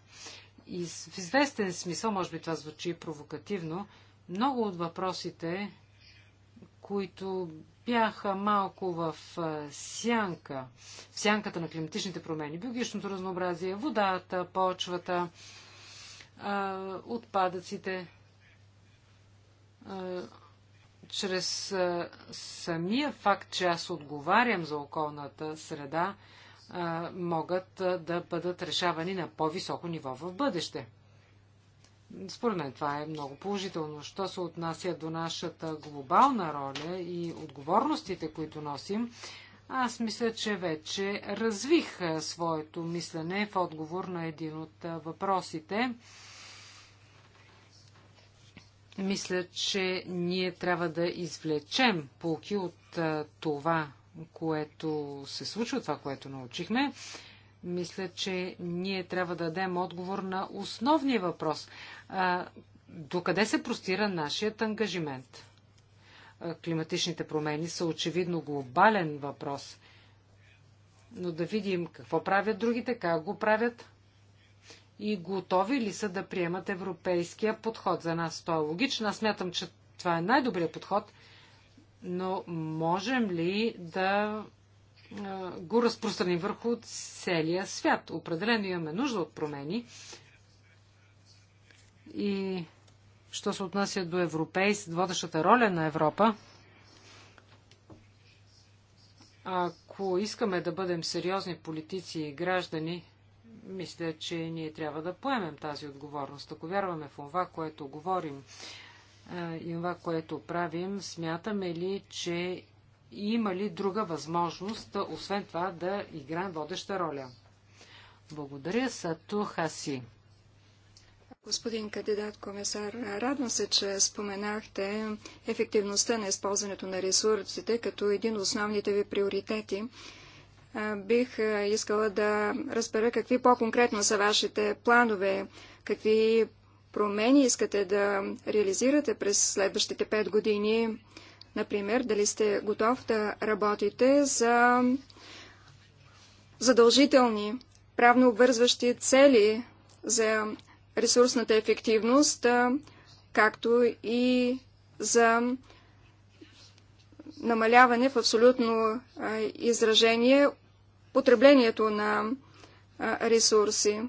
И в известен смисъл, може би това звучи провокативно, много от въпросите, които бяха малко в сянка, в сянката на климатичните промени, биологичното разнообразие, водата, почвата, отпадъците, чрез самия факт, че аз отговарям за околната среда, могат да бъдат решавани на по-високо ниво в бъдеще. Според мен това е много положително. Що се отнася до нашата глобална роля и отговорностите, които носим, аз мисля, че вече развих своето мислене в отговор на един от въпросите. Мисля, че ние трябва да извлечем полки от това, което се случва, това, което научихме. Мисля, че ние трябва да дадем отговор на основния въпрос – докъде се простира нашият ангажимент? Климатичните промени са очевидно глобален въпрос. Но да видим какво правят другите, как го правят и готови ли са да приемат европейския подход. За нас Това е логично. Аз смятам, че това е най-добрият подход, но можем ли да го разпространим върху целия свят? Определено имаме нужда от промени и що се отнася до европейс, водещата роля на Европа, ако искаме да бъдем сериозни политици и граждани, мисля, че ние трябва да поемем тази отговорност. Ако вярваме в това, което говорим и това, което правим, смятаме ли, че има ли друга възможност, освен това, да играем водеща роля? Благодаря, Сато Хаси. Господин кандидат комисар, радвам се, че споменахте ефективността на използването на ресурсите като един от основните ви приоритети. Бих искала да разбера какви по-конкретно са вашите планове, какви промени искате да реализирате през следващите пет години. Например, дали сте готов да работите за задължителни правно обвързващи цели за ресурсната ефективност, както и за намаляване в абсолютно изражение потреблението на ресурси,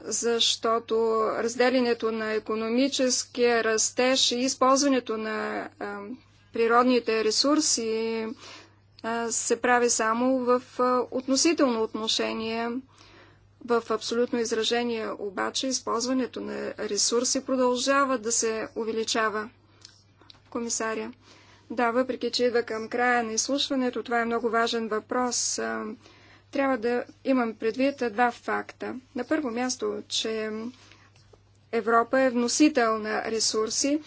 защото разделянето на економическия растеж и използването на природните ресурси се прави само в относително отношение в абсолютно изражение обаче използването на ресурси продължава да се увеличава. Комисаря. Да, въпреки че идва към края на изслушването, това е много важен въпрос. Трябва да имам предвид два факта. На първо място, че Европа е вносител на ресурси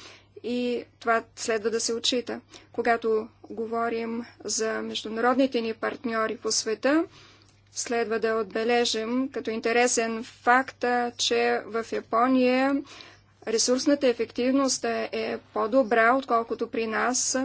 и това следва да се отчита. Когато говорим за международните ни партньори по света, Следва да отбележим като интересен факт, че в Япония ресурсната ефективност е по-добра, отколкото при нас.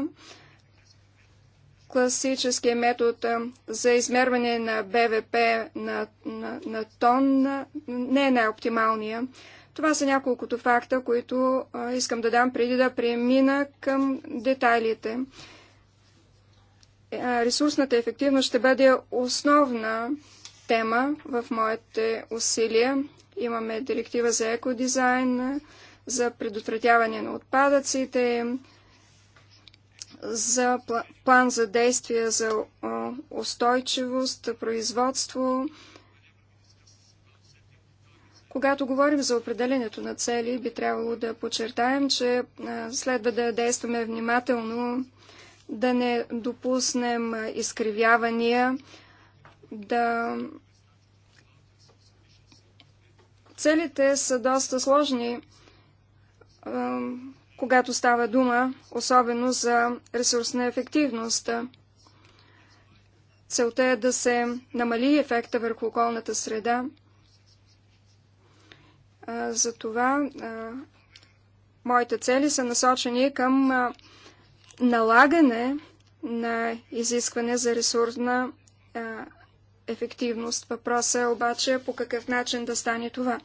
Класическият метод за измерване на БВП на, на, на тон не е най-оптималния. Това са няколкото факта, които искам да дам преди да премина към детайлите. Е, ресурсната ефективност ще бъде основна тема в моите усилия. Имаме директива за екодизайн, за предотвратяване на отпадъците, за план за действие за устойчивост, производство. Когато говорим за определенето на цели, би трябвало да подчертаем, че следва да действаме внимателно да не допуснем изкривявания, да... Целите са доста сложни, когато става дума, особено за ресурсна ефективност. Целта е да се намали ефекта върху околната среда. Затова моите цели са насочени към налагане на изискване за ресурсна а, ефективност. Въпросът е обаче по какъв начин да стане това.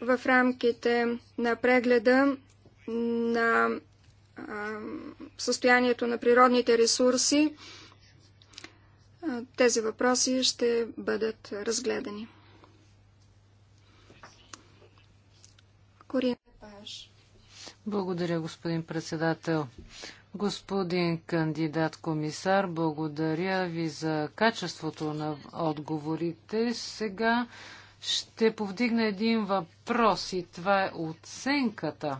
В рамките на прегледа на а, състоянието на природните ресурси а, тези въпроси ще бъдат разгледани. Корина. Благодаря, господин председател. Господин кандидат комисар, благодаря ви за качеството на отговорите. Сега ще повдигна един въпрос и това е оценката,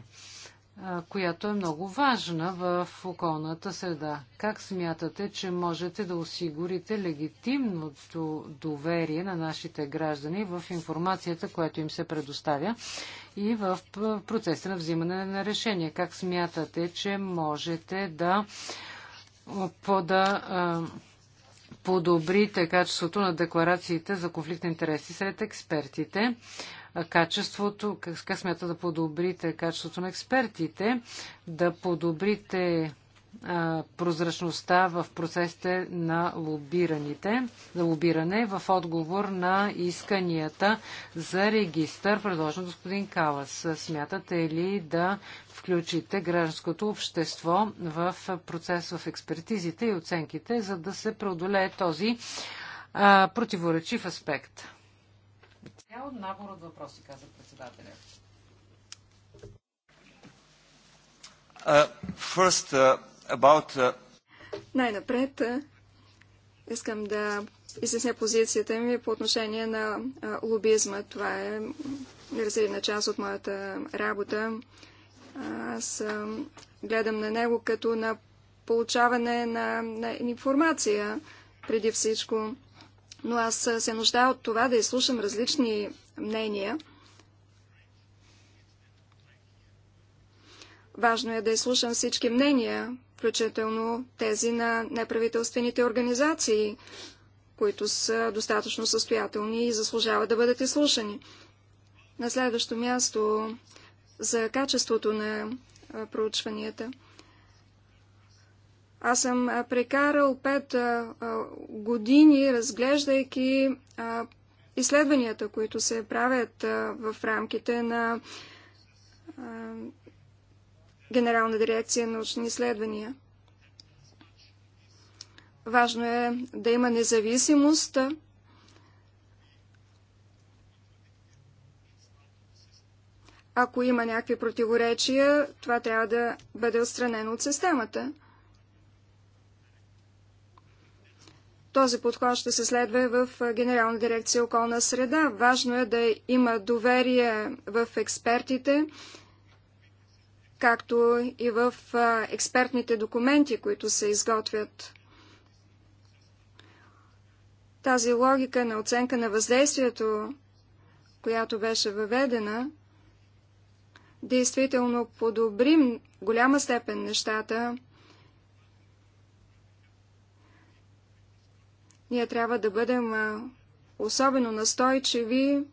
която е много важна в околната среда. Как смятате, че можете да осигурите легитимното доверие на нашите граждани в информацията, която им се предоставя? и в процеса на взимане на решение. Как смятате, че можете да, пода подобрите качеството на декларациите за конфликт на интереси сред експертите? качеството, как, как смята да подобрите качеството на експертите, да подобрите прозрачността в процесите на лобираните, за лобиране в отговор на исканията за регистър, предложен господин Калас. Смятате ли да включите гражданското общество в процес в експертизите и оценките, за да се преодолее този а, противоречив аспект? Цял е набор от въпроси, каза председателя. Uh, first, uh about... Uh, Най-напред е, искам да изясня позицията ми по отношение на лобизма. Това е неразделена част от моята работа. Аз гледам на него като на получаване на, на информация преди всичко. Но аз се нуждая от това да изслушам различни мнения. Важно е да изслушам всички мнения включително тези на неправителствените организации, които са достатъчно състоятелни и заслужават да бъдат изслушани. На следващо място за качеството на проучванията. Аз съм прекарал пет години, разглеждайки изследванията, които се правят в рамките на Генерална дирекция научни изследвания. Важно е да има независимост. Ако има някакви противоречия, това трябва да бъде отстранено от системата. Този подход ще се следва в Генерална дирекция околна среда. Важно е да има доверие в експертите, както и в експертните документи, които се изготвят. Тази логика на оценка на въздействието, която беше въведена, действително подобрим голяма степен нещата. Ние трябва да бъдем особено настойчиви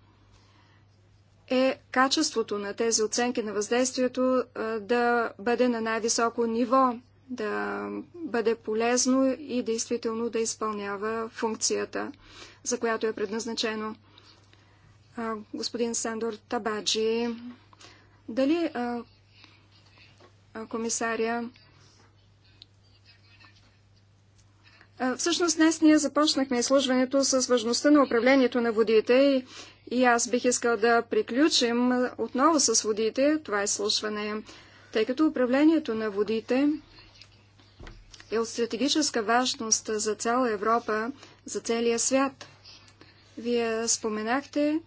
е качеството на тези оценки на въздействието да бъде на най-високо ниво, да бъде полезно и действително да изпълнява функцията, за която е предназначено. Господин Сандор Табаджи, дали комисаря Всъщност днес ние започнахме изслужването с важността на управлението на водите и, и аз бих искал да приключим отново с водите това изслушване, тъй като управлението на водите е от стратегическа важност за цяла Европа, за целия свят. Вие споменахте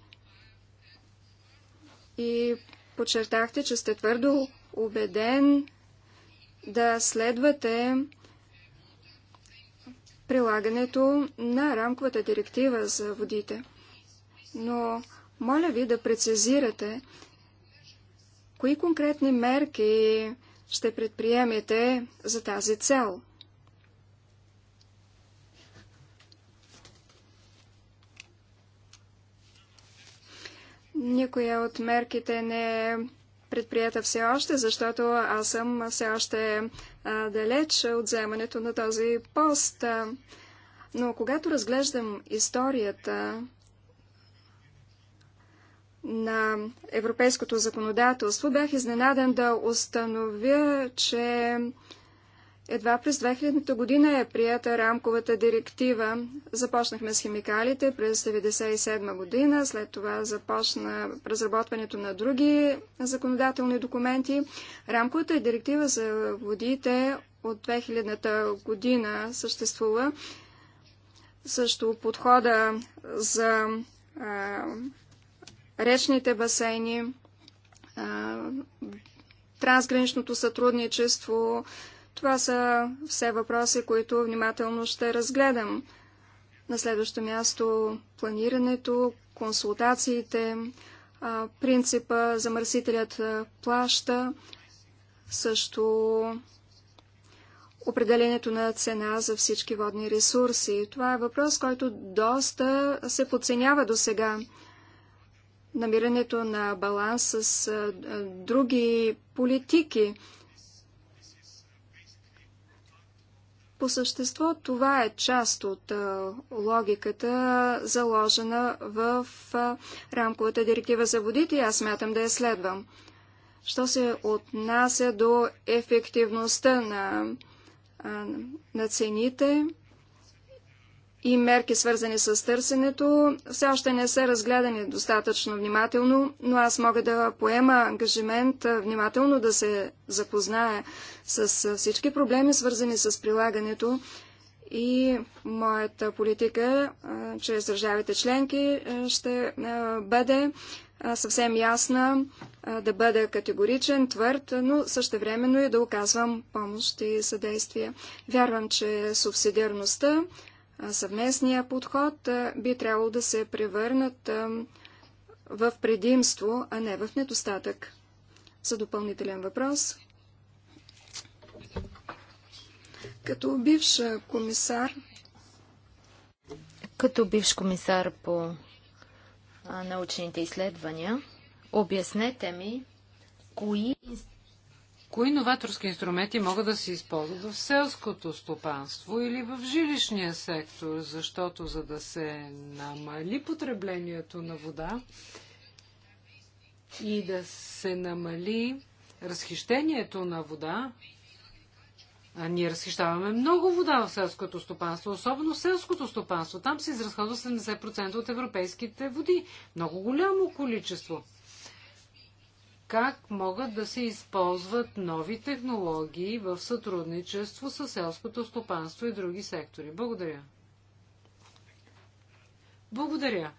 и подчертахте, че сте твърдо убеден да следвате прилагането на рамковата директива за водите. Но моля ви да прецизирате кои конкретни мерки ще предприемете за тази цел. Никоя от мерките не е предприята все още, защото аз съм все още далеч от вземането на този пост. Но когато разглеждам историята на европейското законодателство, бях изненадан да установя, че едва през 2000 година е прията рамковата директива. Започнахме с химикалите през 1997 година, след това започна разработването на други законодателни документи. Рамковата директива за водите от 2000 година съществува. Също подхода за а, речните басейни, а, трансграничното сътрудничество, това са все въпроси, които внимателно ще разгледам. На следващо място планирането, консултациите, принципа замърсителят плаща, също определението на цена за всички водни ресурси. Това е въпрос, който доста се подценява до сега. Намирането на баланс с други политики – По същество това е част от а, логиката, заложена в а, рамковата директива за водите и аз смятам да я следвам. Що се отнася до ефективността на, а, на цените, и мерки, свързани с търсенето, все още не са разгледани достатъчно внимателно, но аз мога да поема ангажимент внимателно да се запозная с всички проблеми, свързани с прилагането и моята политика чрез държавите членки ще бъде съвсем ясна, да бъда категоричен, твърд, но същевременно и да оказвам помощ и съдействие. Вярвам, че субсидиарността съвместния подход би трябвало да се превърнат в предимство, а не в недостатък. За допълнителен въпрос. Като бивш комисар, като бивш комисар по научните изследвания, обяснете ми, кои Кои новаторски инструменти могат да се използват в селското стопанство или в жилищния сектор, защото за да се намали потреблението на вода и да се намали разхищението на вода, а ние разхищаваме много вода в селското стопанство, особено в селското стопанство. Там се изразходва 70% от европейските води. Много голямо количество как могат да се използват нови технологии в сътрудничество с селското стопанство и други сектори. Благодаря. Благодаря.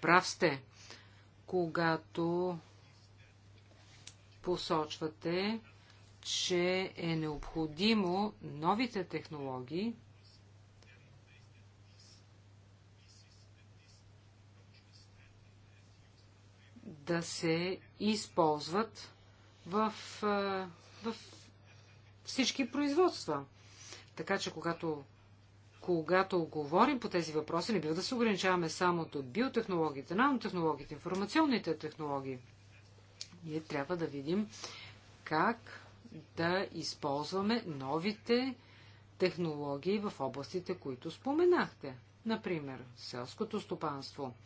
Прав сте, когато посочвате, че е необходимо новите технологии да се използват в, в всички производства. Така че, когато, когато говорим по тези въпроси, не бива да се ограничаваме само до биотехнологиите, нанотехнологиите, информационните технологии. Ние трябва да видим как да използваме новите технологии в областите, които споменахте. Например, селското стопанство –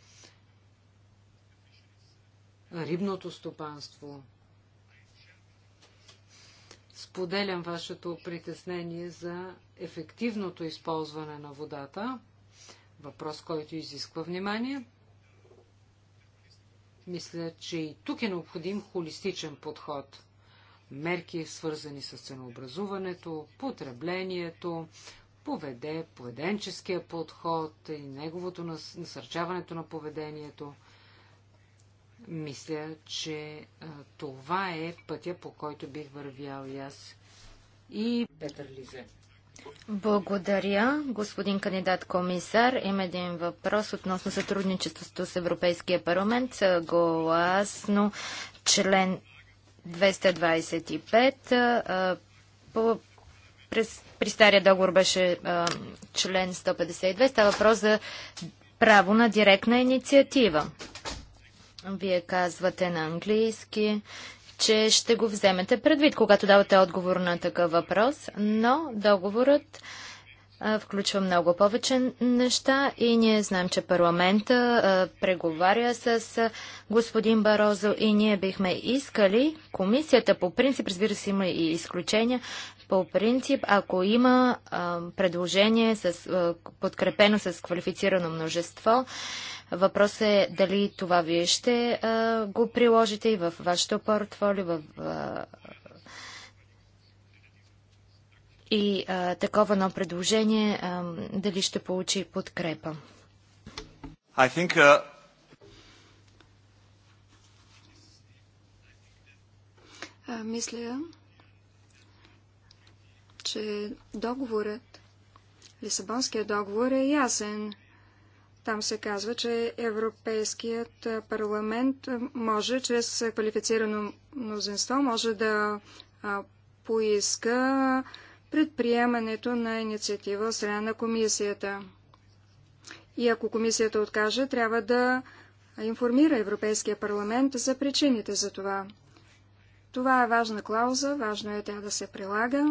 рибното стопанство. Споделям вашето притеснение за ефективното използване на водата. Въпрос, който изисква внимание. Мисля, че и тук е необходим холистичен подход. Мерки, свързани с ценообразуването, потреблението, поведе, поведенческия подход и неговото насърчаването на поведението – мисля, че това е пътя, по който бих вървял и аз. И Петър Лизе. Благодаря, господин кандидат комисар. Има един въпрос относно сътрудничеството с Европейския парламент. Гласно член 225. По, през, при стария договор беше а, член 152. Става въпрос за право на директна инициатива. Вие казвате на английски, че ще го вземете предвид, когато давате отговор на такъв въпрос, но договорът включва много повече неща и ние знаем, че парламента преговаря с господин Барозо и ние бихме искали комисията по принцип, разбира се има и изключения, по принцип, ако има предложение с, подкрепено с квалифицирано множество, въпросът е дали това вие ще го приложите и в вашето портфолио, в и а, такова едно предложение а, дали ще получи подкрепа. I think, uh... а, мисля, че договорът, Лисабонският договор е ясен. Там се казва, че Европейският парламент може чрез квалифицирано мнозинство може да поиска предприемането на инициатива от страна на комисията. И ако комисията откаже, трябва да информира Европейския парламент за причините за това. Това е важна клауза, важно е тя да се прилага.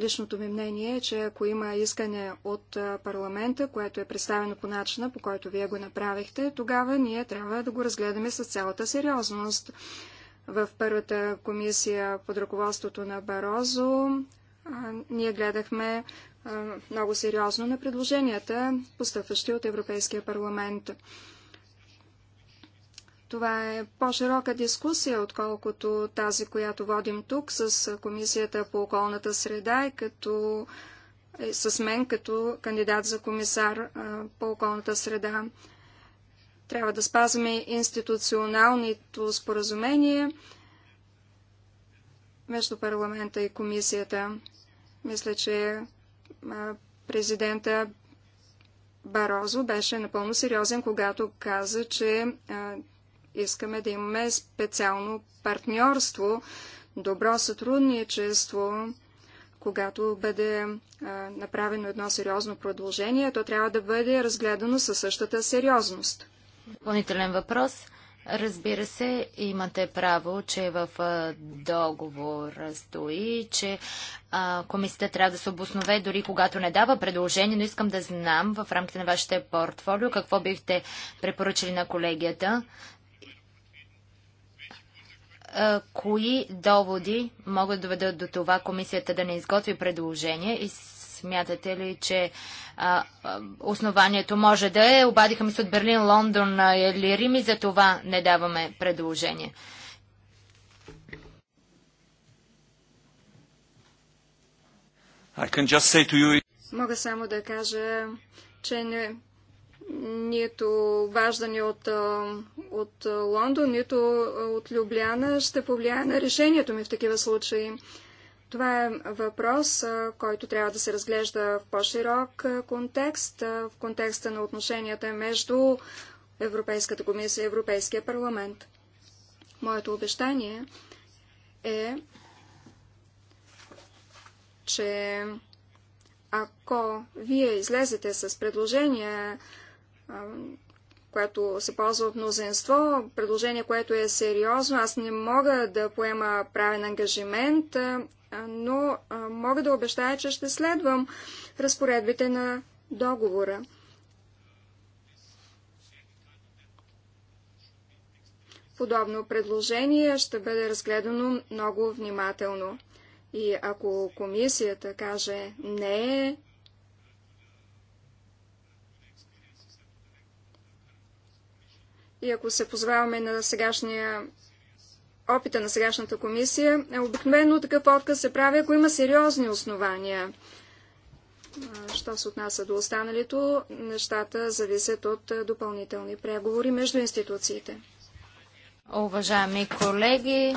Личното ми мнение е, че ако има искане от парламента, което е представено по начина, по който вие го направихте, тогава ние трябва да го разгледаме с цялата сериозност. В първата комисия под ръководството на Барозо ние гледахме много сериозно на предложенията, постъпващи от Европейския парламент. Това е по-широка дискусия, отколкото тази, която водим тук с Комисията по околната среда и като, е, с мен като кандидат за комисар по околната среда. Трябва да спазваме институционалното споразумение, между парламента и комисията. Мисля, че президента Барозо беше напълно сериозен, когато каза, че искаме да имаме специално партньорство, добро сътрудничество. Когато бъде направено едно сериозно продължение, то трябва да бъде разгледано със същата сериозност. Допълнителен въпрос. Разбира се, имате право, че в договор стои, че а, комисията трябва да се обоснове дори когато не дава предложение, но искам да знам в рамките на вашето портфолио какво бихте препоръчали на колегията. А, кои доводи могат да доведат до това комисията да не изготви предложение и Смятате ли, че а, основанието може да е? Обадиха ми се от Берлин, Лондон или Рим и за това не даваме предложение. You... Мога само да кажа, че не, нито обаждане от, от Лондон, нито от Любляна ще повлияе на решението ми в такива случаи. Това е въпрос, който трябва да се разглежда в по-широк контекст, в контекста на отношенията между Европейската комисия и Европейския парламент. Моето обещание е, че ако вие излезете с предложение, което се ползва от мнозинство, предложение, което е сериозно, аз не мога да поема правен ангажимент, но мога да обещая, че ще следвам разпоредбите на договора. Подобно предложение ще бъде разгледано много внимателно. И ако комисията каже не, и ако се позваваме на сегашния опита на сегашната комисия, е обикновено такъв отказ се прави, ако има сериозни основания. Що се отнася до останалито, нещата зависят от допълнителни преговори между институциите. Уважаеми колеги,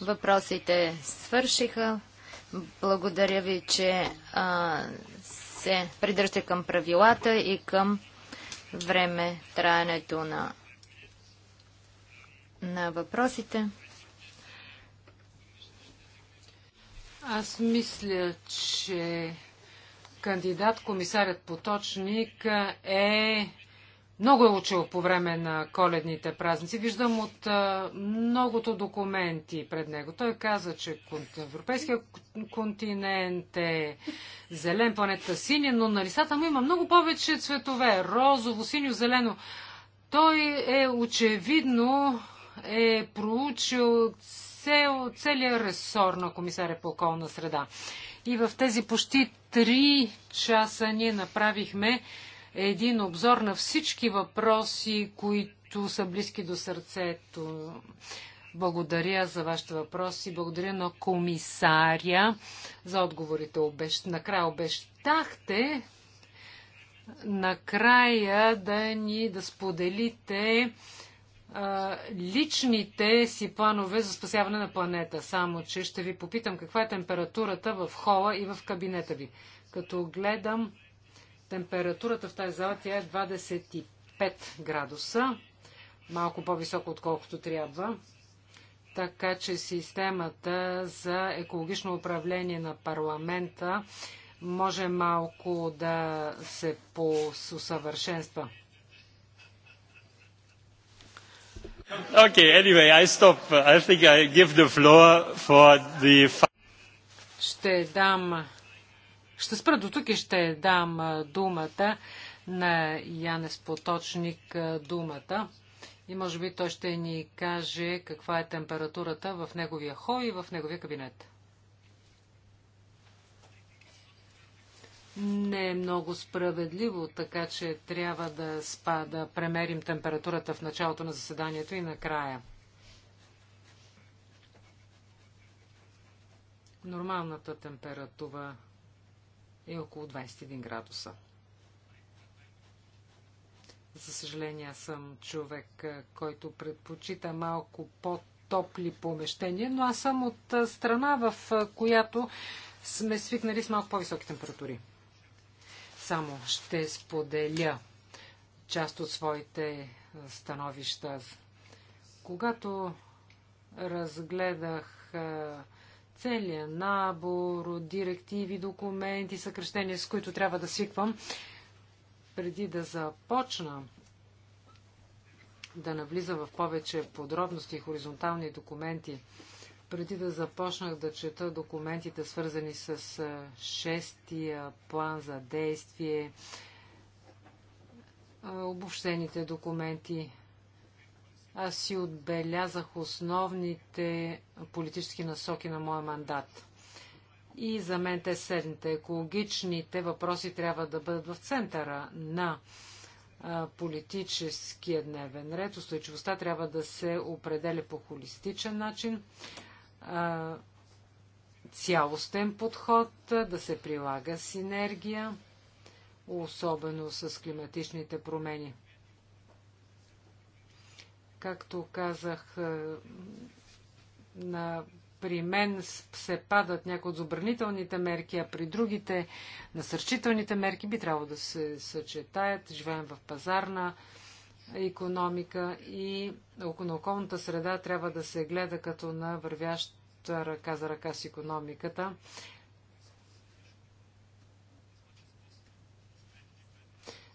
въпросите свършиха. Благодаря ви, че а, се придържате към правилата и към време траенето на, на въпросите. Аз мисля, че кандидат комисарят Поточник е много е учил по време на коледните празници. Виждам от а, многото документи пред него. Той каза, че европейския континент е зелен, планета синя, но на листата му има много повече цветове. Розово, синьо, зелено. Той е очевидно е проучил цел, целият ресор на комисаря по околна среда. И в тези почти три часа ние направихме един обзор на всички въпроси, които са близки до сърцето. Благодаря за вашите въпроси. Благодаря на комисаря за отговорите. Обещ... Накрая обещахте накрая да ни да споделите а, личните си планове за спасяване на планета. Само, че ще ви попитам каква е температурата в хола и в кабинета ви. Като гледам температурата в тази зала, тя е 25 градуса, малко по-високо отколкото трябва. Така че системата за екологично управление на парламента може малко да се посъвършенства. Okay, anyway, I stop. I think I give the floor for the... Ще дам... Ще спра до тук и ще дам думата на Янес Поточник думата. И може би той ще ни каже каква е температурата в неговия хол и в неговия кабинет. не е много справедливо, така че трябва да да премерим температурата в началото на заседанието и накрая. Нормалната температура е около 21 градуса. За съжаление, аз съм човек, който предпочита малко по-топли помещения, но аз съм от страна, в която сме свикнали с малко по-високи температури. Само ще споделя част от своите е, становища. Когато разгледах е, целият набор от директиви, документи, съкрещения, с които трябва да свиквам, преди да започна да навлиза в повече подробности и хоризонтални документи, преди да започнах да чета документите, свързани с шестия план за действие, обобщените документи, аз си отбелязах основните политически насоки на моя мандат. И за мен те следните. Екологичните въпроси трябва да бъдат в центъра на политическия дневен ред. Устойчивостта трябва да се определя по холистичен начин а, цялостен подход, да се прилага синергия, особено с климатичните промени. Както казах, на, при мен се падат някои от забранителните мерки, а при другите насърчителните мерки би трябвало да се съчетаят. Живеем в пазарна економика и околната среда трябва да се гледа като на вървяща ръка за ръка с економиката.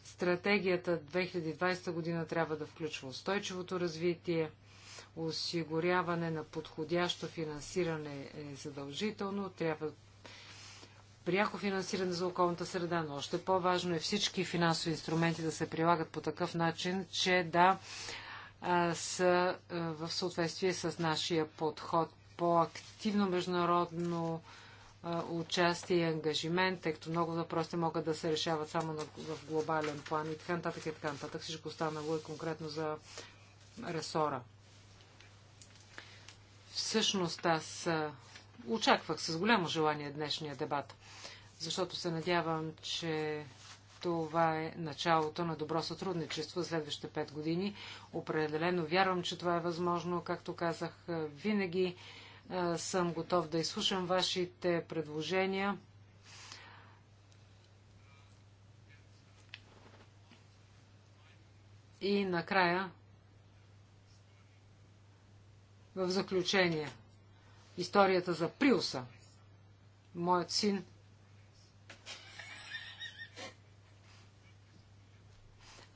Стратегията 2020 година трябва да включва устойчивото развитие, осигуряване на подходящо финансиране е задължително, трябва пряко финансиране за околната среда, но още по-важно е всички финансови инструменти да се прилагат по такъв начин, че да са в съответствие с нашия подход по-активно международно участие и ангажимент, тъй като много въпроси могат да се решават само на, в глобален план и така нататък и така нататък. Всичко останало е конкретно за ресора. Всъщност аз очаквах с голямо желание днешния дебат защото се надявам, че това е началото на добро сътрудничество за следващите 5 години. Определено вярвам, че това е възможно. Както казах, винаги съм готов да изслушам вашите предложения. И накрая, в заключение, историята за Приуса. Моят син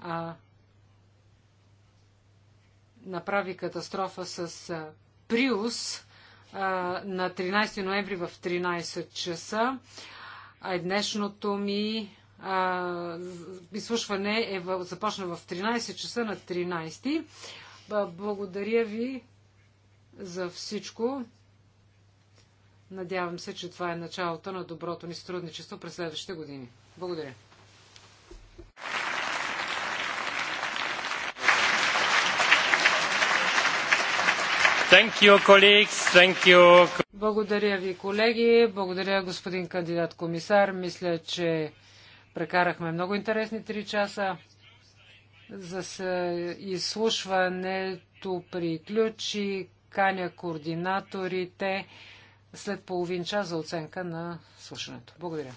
а направи катастрофа с Приус на 13 ноември в 13 часа. А днешното ми а, изслушване е в, започна в 13 часа на 13. Благодаря ви за всичко. Надявам се, че това е началото на доброто ни сътрудничество през следващите години. Благодаря. благодаря ви, колеги. Благодаря, господин кандидат комисар. Мисля, че прекарахме много интересни три часа. За изслушването приключи каня координаторите след половин час за оценка на слушането. Благодаря.